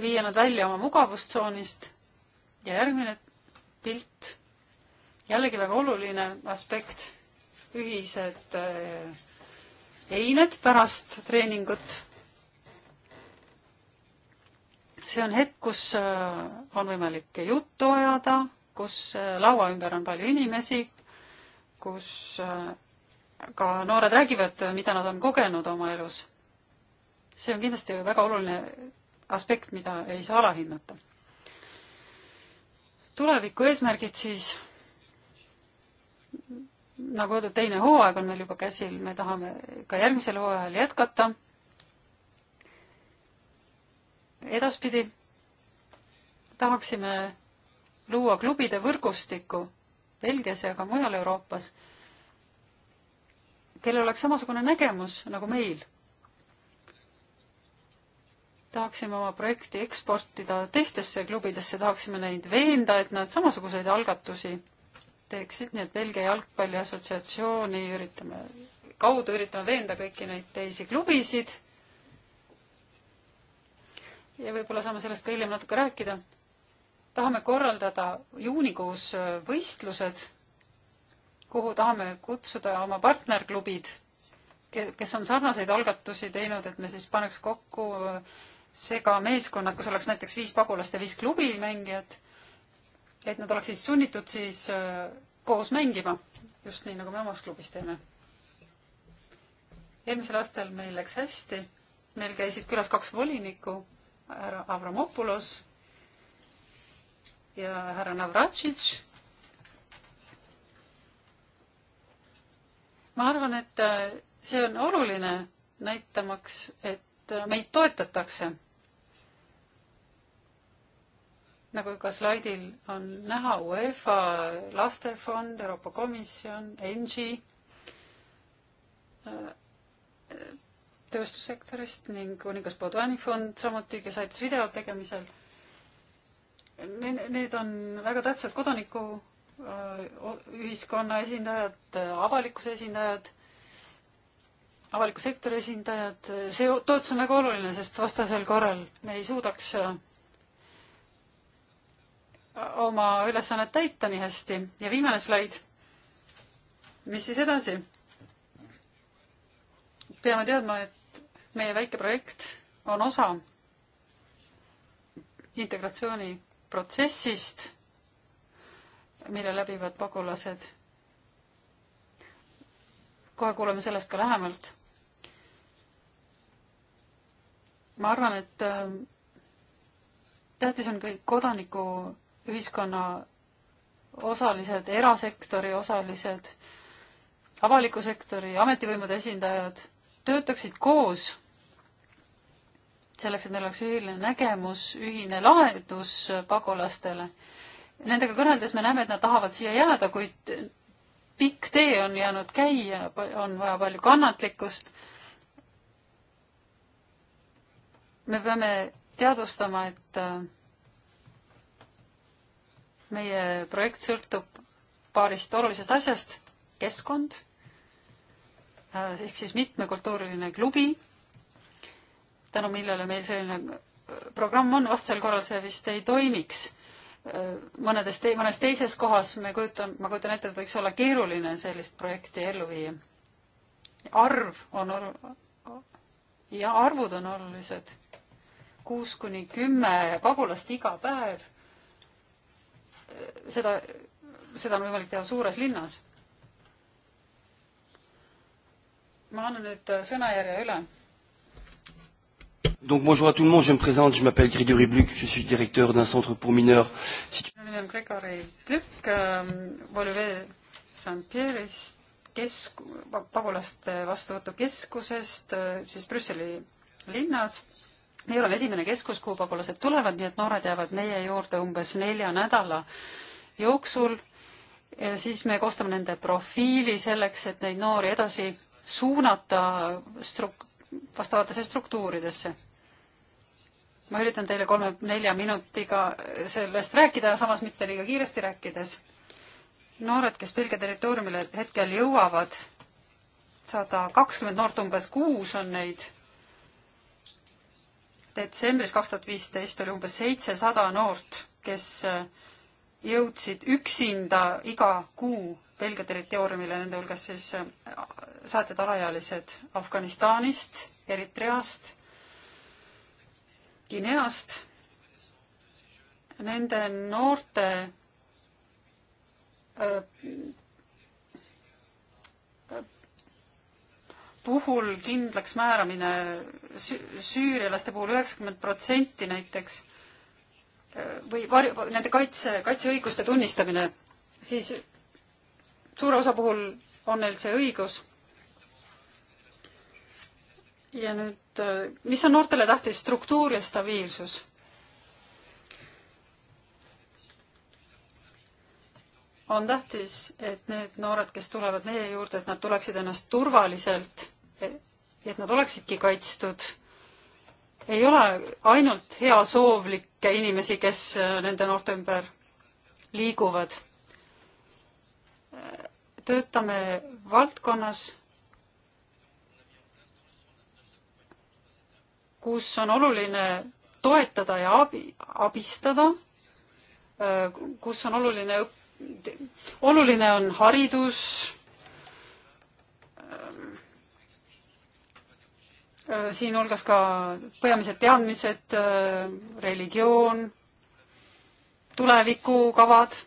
viia nad välja oma mugavustsoonist ja järgmine pilt, jällegi väga oluline aspekt, ühised äh, eined pärast treeningut. see on hetk, kus äh, on võimalik juttu ajada kus äh, laua ümber on palju inimesi, kus äh, ka noored räägivad, mida nad on kogenud oma elus. see on kindlasti väga oluline aspekt, mida ei saa alahinnata. tuleviku eesmärgid siis, nagu öeldud, teine hooaeg on meil juba käsil, me tahame ka järgmisel hooajal jätkata. edaspidi tahaksime luua klubide võrgustiku Belgias ja ka mujal Euroopas, kellel oleks samasugune nägemus nagu meil. tahaksime oma projekti eksportida teistesse klubidesse, tahaksime neid veenda, et nad samasuguseid algatusi teeksid, nii et Belgia Jalgpalli Assotsiatsiooni üritame, kaudu üritame veenda kõiki neid teisi klubisid. ja võib-olla saame sellest ka hiljem natuke rääkida tahame korraldada juunikuus äh, võistlused, kuhu tahame kutsuda oma partnerklubid, kes on sarnaseid algatusi teinud, et me siis paneks kokku äh, segameeskonnad, kus oleks näiteks viis pagulast ja viis klubimängijat, et nad oleksid sunnitud siis äh, koos mängima, just nii, nagu me omas klubis teeme. eelmisel aastal meil läks hästi, meil käisid külas kaks volinikku, härra Avramopulos ja härra Navratšitš. ma arvan, et äh, see on oluline, näitamaks, et äh, meid toetatakse. nagu ka slaidil on näha, UEFA, Lastefond, Euroopa Komisjon, ENGI äh, tööstussektorist ning kuningas Bodvani fond samuti, kes aitas video tegemisel Need on väga tähtsad kodaniku äh, ühiskonna esindajad, avalikkuse esindajad, avaliku sektori esindajad, see toetus on väga oluline, sest vastasel korral me ei suudaks äh, oma ülesannet täita nii hästi. ja viimane slaid. mis siis edasi? peame teadma, et meie väike projekt on osa integratsiooni protsessist, mille läbivad pagulased. kohe kuuleme sellest ka lähemalt. ma arvan, et äh, tähtis on kõik kodanikuühiskonna osalised, erasektori osalised, avaliku sektori, ametivõimude esindajad töötaksid koos selleks, et neil oleks ühine nägemus, ühine lahendus pagulastele. Nendega kõneldes me näeme, et nad tahavad siia jääda, kuid pikk tee on jäänud käia, on vaja palju kannatlikkust. me peame teadvustama, et äh, meie projekt sõltub paarist olulisest asjast, keskkond äh, ehk siis mitmekultuuriline klubi tänu millele meil selline äh, programm on, vastasel korral see vist ei toimiks. Äh, mõnedes te-, mõnes teises kohas me kujutan, ma kujutan ette, et võiks olla keeruline sellist projekti ellu viia. arv on olu-, ja arvud on olulised. kuus kuni kümme pagulast iga päev. Äh, seda, seda on võimalik teha suures linnas. ma annan nüüd sõnajärje üle Donc bonjour à tout le monde, je me présente, je m'appelle Grégory Bluc, je suis directeur d'un centre pour mineurs. Situ... mina olen Grégory Bluc äh,, euh, Volve Saint-Pierre'ist, kesk-, pagulaste vastuvõtukeskusest äh,, siis Brüsseli linnas. me oleme esimene keskus, kuhu pagulased tulevad, nii et noored jäävad meie juurde umbes nelja nädala jooksul. ja siis me koostame nende profiili selleks, et neid noori edasi suunata struk-, vastavatesse struktuuridesse ma üritan teile kolme-nelja minutiga sellest rääkida, samas mitte liiga kiiresti rääkides. noored, kes Belgia territooriumile hetkel jõuavad, sada kakskümmend noort umbes kuus on neid. detsembris kaks tuhat viisteist oli umbes seitsesada noort, kes äh, jõudsid üksinda iga kuu Belgia territooriumile, nende hulgas siis äh, saatjad alaealised Afganistanist, Eritreast Guineast. Nende noorte puhul kindlaks määramine süürialaste puhul üheksakümmend protsenti näiteks või varju, nende kaitse, kaitseõiguste tunnistamine, siis suure osa puhul on neil see õigus ja nüüd, äh, mis on noortele tähtis, struktuur ja stabiilsus? on tähtis, et need noored, kes tulevad meie juurde, et nad tuleksid ennast turvaliselt, e, et nad oleksidki kaitstud. ei ole ainult heasoovlikke inimesi, kes äh, nende noorte ümber liiguvad. Äh, töötame valdkonnas kus on oluline toetada ja abi, abistada, kus on oluline, oluline on haridus, siinhulgas ka peamised teadmised, religioon, tulevikukavad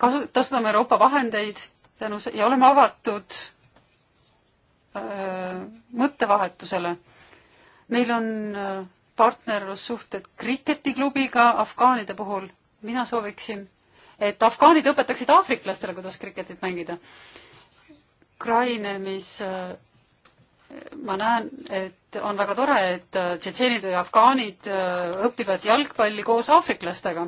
kasu-, tasutame Euroopa vahendeid tänu ja oleme avatud Äh, mõttevahetusele. Neil on äh, partnerlussuhted kriketiklubiga afgaanide puhul. mina sooviksin, et afgaanid õpetaksid aafriklastele, kuidas kriketit mängida. Ukraina, mis äh, ma näen, et on väga tore, et tšetšeenid ja afgaanid õpivad jalgpalli koos aafriklastega.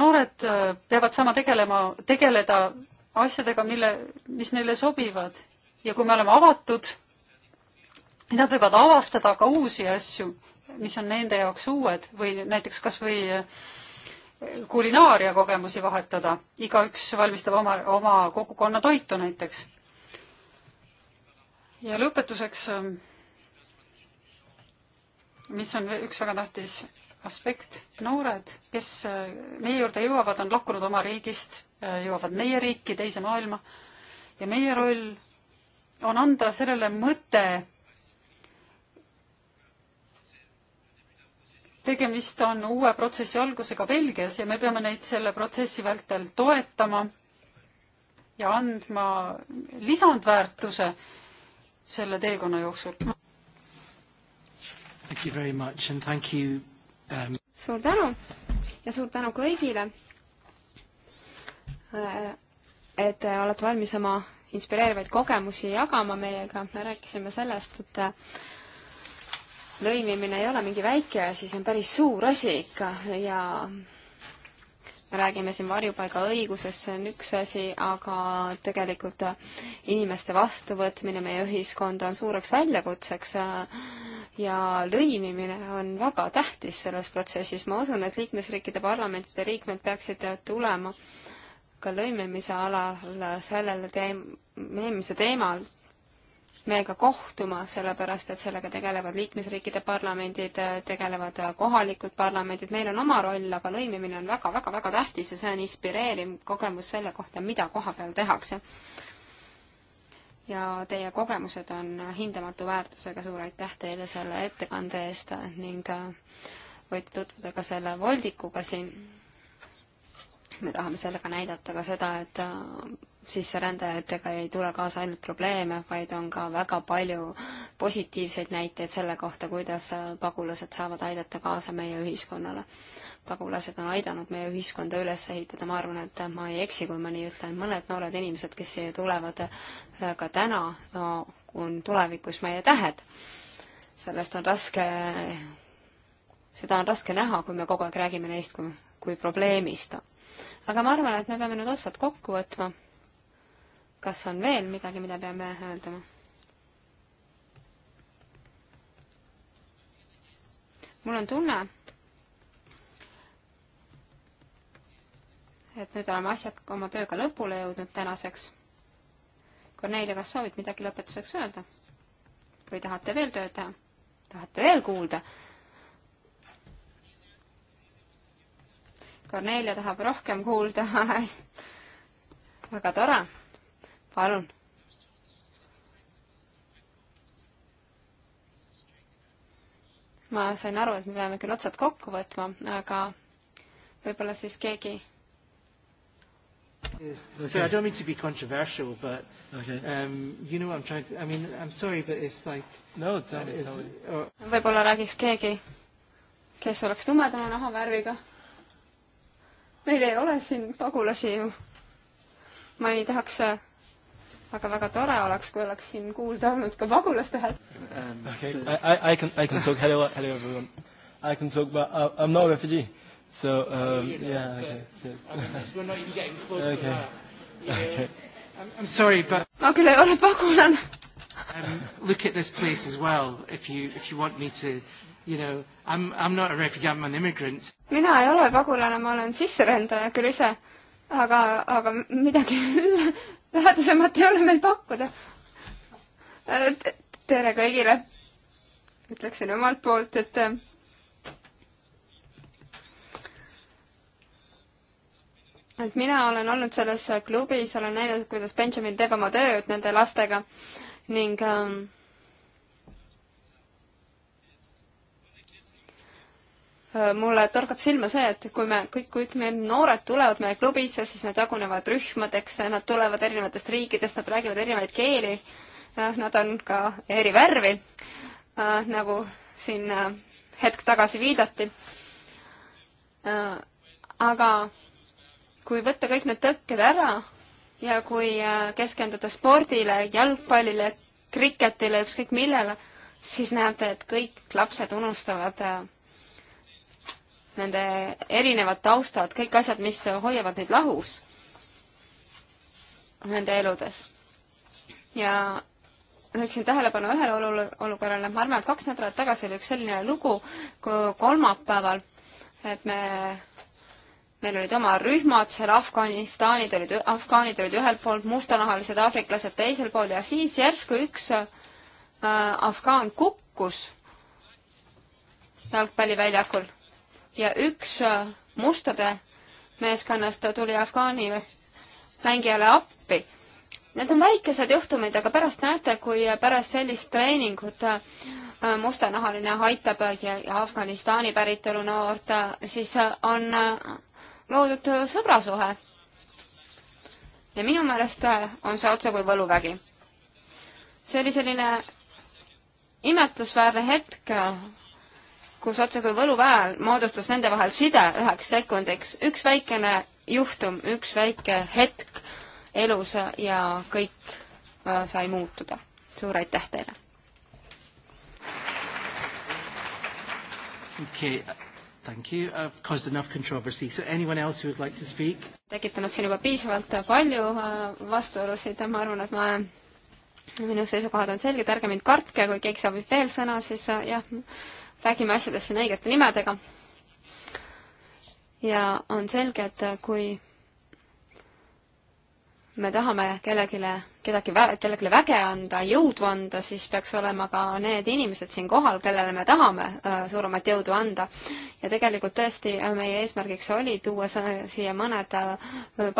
noored peavad saama tegelema, tegeleda asjadega, mille, mis neile sobivad ja kui me oleme avatud, nad võivad avastada ka uusi asju, mis on nende jaoks uued või näiteks kas või eh, kulinaaria kogemusi vahetada, igaüks valmistab oma, oma kogukonna toitu näiteks. ja lõpetuseks, eh, mis on üks väga tähtis aspekt, noored, kes eh, meie juurde jõuavad, on lahkunud oma riigist Äh, jõuavad meie riiki, teise maailma. ja meie roll on anda sellele mõte. tegemist on uue protsessi algusega Belgias ja me peame neid selle protsessi vältel toetama ja andma lisandväärtuse selle teekonna jooksul. Um... suur tänu ja suur tänu kõigile Äh, et te äh, olete valmis oma inspireerivaid kogemusi jagama meiega, me rääkisime sellest, et äh, lõimimine ei ole mingi väike asi, see on päris suur asi ikka ja me räägime siin varjupaigaõigusest, see on üks asi, aga tegelikult inimeste vastuvõtmine meie ühiskonda on suureks väljakutseks ja lõimimine on väga tähtis selles protsessis. ma usun, et liikmesriikide parlamentide liikmed peaksid tulema äh, ka lõimimise alal sellele teem-, lõimimise teemal meiega kohtuma, sellepärast et sellega tegelevad liikmesriikide parlamendid, tegelevad kohalikud parlamendid, meil on oma roll, aga lõimimine on väga-väga-väga tähtis ja see on inspireeriv kogemus selle kohta, mida koha peal tehakse. ja teie kogemused on hindamatu väärtusega, suur aitäh teile selle ettekande eest ning võite tutvuda ka selle voldikuga siin me tahame sellega näidata ka seda, et äh, sisserändajatega ei tule kaasa ainult probleeme, vaid on ka väga palju positiivseid näiteid selle kohta, kuidas äh, pagulased saavad aidata kaasa meie ühiskonnale. pagulased on aidanud meie ühiskonda üles ehitada, ma arvan, et ma ei eksi, kui ma nii ütlen, mõned noored inimesed, kes siia tulevad äh, ka täna no,, on tulevikus meie tähed. sellest on raske seda on raske näha, kui me kogu aeg räägime neist kui, kui probleemist aga ma arvan, et me peame nüüd otsad kokku võtma. kas on veel midagi, mida peame hääldama? mul on tunne, et nüüd oleme asjad oma tööga lõpule jõudnud tänaseks. Kornelia, kas soovid midagi lõpetuseks öelda? või tahate veel tööd teha? tahate veel kuulda? Kornelia tahab rohkem kuulda *laughs* väga tore. palun. ma sain aru, et me peame küll otsad kokku võtma, aga võib-olla siis keegi So I don't mean to be controversial, but okay. um, you know what I'm trying to. I mean, I'm sorry, but it's like. No, tell me, uh, tell me. Or... Uh, võib-olla räägiks keegi, kes oleks tumedama nahavärviga meil ei ole siin pagulasi ju. ma ei tahaks, äh, aga väga tore oleks, kui oleks siin kuulda olnud ka pagulaste häält um,. Okay, I, I can, I can talk, hello, hello everyone. I can talk but uh, I, am not a refugee. So um, you know, yeah, okay. Yes. I mean, we're not even getting close okay. to that. Yeah. Okay. I'm, I'm sorry, but ma küll ei ole pagulane. Um, look at this place as well, if you, if you want me to You know, I'm, I'm not a refugee, I'm an immigrant. mina ei ole pagulane, ma olen sisserändaja küll ise, aga, aga midagi lähedasemat *laughs* ei ole meil pakkuda äh, T. tere kõigile, ütleksin omalt poolt, et äh, et mina olen olnud selles klubis, olen näinud, kuidas Benjamin teeb oma tööd nende lastega ning ähm, mulle torkab silma see, et kui me kõik, kõik need noored tulevad meie klubisse, siis nad jagunevad rühmadeks, nad tulevad erinevatest riikidest, nad räägivad erinevaid keeli. Nad on ka eri värvi, äh, nagu siin äh, hetk tagasi viidati. Äh, aga kui võtta kõik need tõkked ära ja kui keskenduda spordile, jalgpallile, kriketile, ükskõik millele, siis näete, et kõik lapsed unustavad nende erinevad taustad, kõik asjad, mis hoiavad neid lahus nende eludes. ja juhiksin tähelepanu ühele olule, olukorrale, ma arvan, et kaks nädalat tagasi oli üks selline lugu, kui kolmapäeval, et me, meil olid oma rühmad seal, Afganistanid olid, afgaanid olid ühel pool, mustanahalised aafriklased teisel pool ja siis järsku üks äh, afgaan kukkus jalgpalliväljakul ja üks äh, mustade meeskonnast tuli Afgaani mängijale appi. Need on väikesed juhtumid, aga pärast näete, kui pärast sellist treeningut äh, mustanahaline aitab ja Afganistani päritolu noort, äh, siis on loodud sõbrasuhe. ja minu meelest on see otse kui võluvägi. see oli selline imetlusväärne hetk kus otse kui võluväel moodustus nende vahel side üheks sekundiks, üks väikene juhtum, üks väike hetk elus ja kõik äh, sai muutuda. suur aitäh teile! Okay, uh, thank you. I've caused enough controversy. So anyone else who would like to speak? tekitanud siin juba piisavalt palju äh, vastuolusid ja ma arvan, et ma, minu seisukohad on selged, ärge mind kartke, kui keegi soovib veel sõna, siis äh, jah, räägime asjadest siin õigete nimedega. ja on selge, et kui me tahame kellelegi, kedagi, kellelegi väge anda, jõudu anda, siis peaks olema ka need inimesed siin kohal, kellele me tahame äh, suuremat jõudu anda. ja tegelikult tõesti äh, meie eesmärgiks oli tuua siia mõned äh,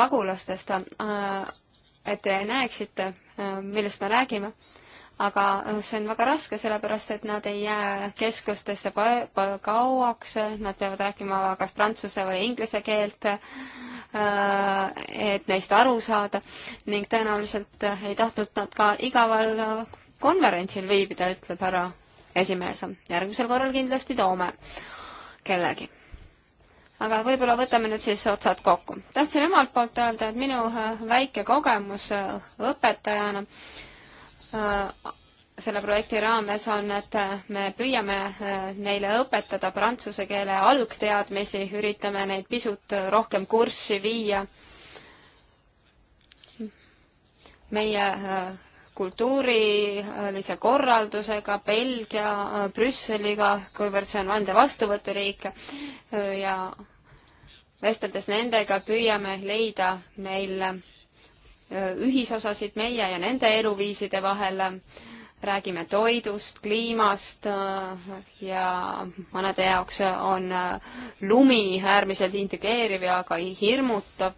pagulastest, et te näeksite, millest me räägime aga äh, see on väga raske, sellepärast et nad ei jää keskustesse kauaks, nad peavad rääkima kas prantsuse või inglise keelt, äh, et neist aru saada ning tõenäoliselt äh, ei tahtnud nad ka igaval konverentsil viibida, ütleb härra esimees. järgmisel korral kindlasti toome kellegi aga võib-olla võtame nüüd siis otsad kokku. tahtsin omalt poolt öelda, et minu väike kogemus õpetajana äh, Äh, selle projekti raames on, et äh, me püüame äh, neile õpetada prantsuse keele algteadmisi, üritame neid pisut rohkem kurssi viia meie kultuurilise korraldusega, Belgia, Brüsseliga, kuivõrd see on vande vastuvõturiik ja vesteldes nendega püüame leida meile ühisosasid meie ja nende eluviiside vahel, räägime toidust, kliimast äh, ja mõnede jaoks on äh, lumi äärmiselt integreeriv ja ka hirmutav.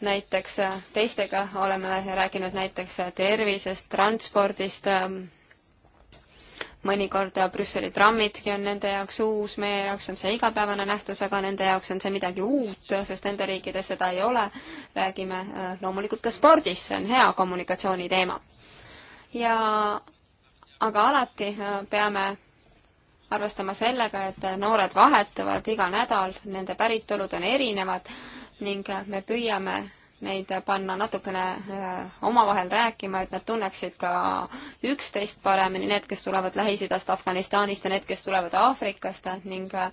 näiteks äh, teistega oleme rääkinud näiteks tervisest, transpordist ähm, mõnikord Brüsseli trammidki on nende jaoks uus, meie jaoks on see igapäevane nähtus, aga nende jaoks on see midagi uut, sest nende riikides seda ei ole. räägime äh, loomulikult ka spordist, see on hea kommunikatsiooniteema. ja aga alati äh, peame arvestama sellega, et äh, noored vahetuvad iga nädal, nende päritolud on erinevad ning me püüame neid panna natukene äh, omavahel rääkima, et nad tunneksid ka üksteist paremini, need, kes tulevad Lähis-Idast, Afganistanist ja need, kes tulevad Aafrikast ning äh,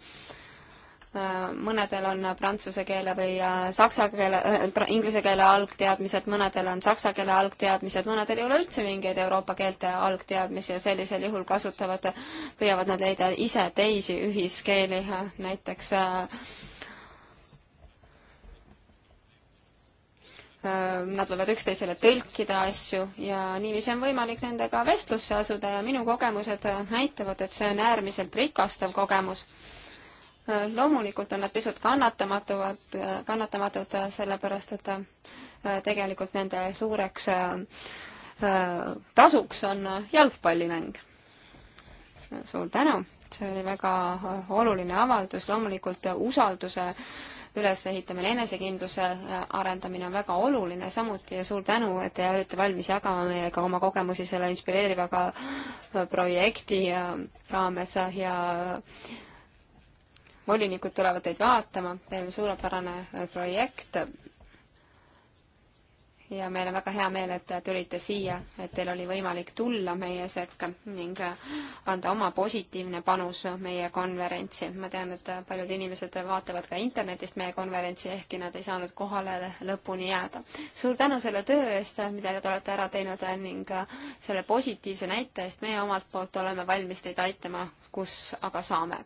mõnedel on prantsuse keele või äh, saksa keele äh,, inglise keele algteadmised, mõnedel on saksa keele algteadmised, mõnedel ei ole üldse mingeid Euroopa keelte algteadmisi ja sellisel juhul kasutavad, püüavad nad leida ise teisi ühiskeeli, näiteks äh, Äh, nad võivad üksteisele tõlkida asju ja niiviisi on võimalik nendega vestlusse asuda ja minu kogemused äh, näitavad, et see on äärmiselt rikastav kogemus. Äh, loomulikult on nad pisut kannatamatuvad, kannatamatud, sellepärast et tegelikult nende suureks tasuks on jalgpallimäng suur tänu, see oli väga oluline avaldus, loomulikult usalduse äh, ülesehitamine, enesekindluse äh, arendamine on väga oluline samuti ja suur tänu, et te olete valmis jagama meiega oma kogemusi selle inspireeriva ka äh, projekti äh, raames ja volinikud tulevad teid vaatama, teil on suurepärane projekt ja meil on väga hea meel, et te tulite siia, et teil oli võimalik tulla meie sekka ning anda oma positiivne panus meie konverentsi. ma tean, et paljud inimesed vaatavad ka internetist meie konverentsi, ehkki nad ei saanud kohale lõpuni jääda. suur tänu selle töö eest, mida te olete ära teinud ning selle positiivse näite eest. meie omalt poolt oleme valmis teid aitama, kus aga saame.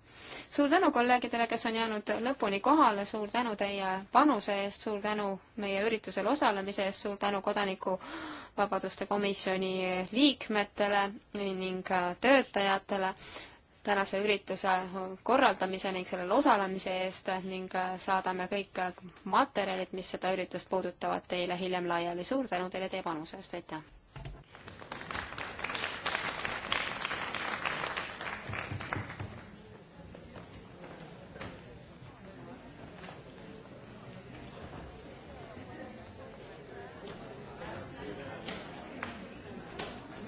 suur tänu kolleegidele, kes on jäänud lõpuni kohale, suur tänu teie panuse eest, suur tänu meie üritusel osalemise eest, suur tänu kodanikuvabaduste komisjoni liikmetele ning töötajatele tänase ürituse korraldamise ning sellel osalemise eest ning saadame kõik materjalid, mis seda üritust puudutavad, teile hiljem laiali. suur tänu teile teie panuse eest, aitäh!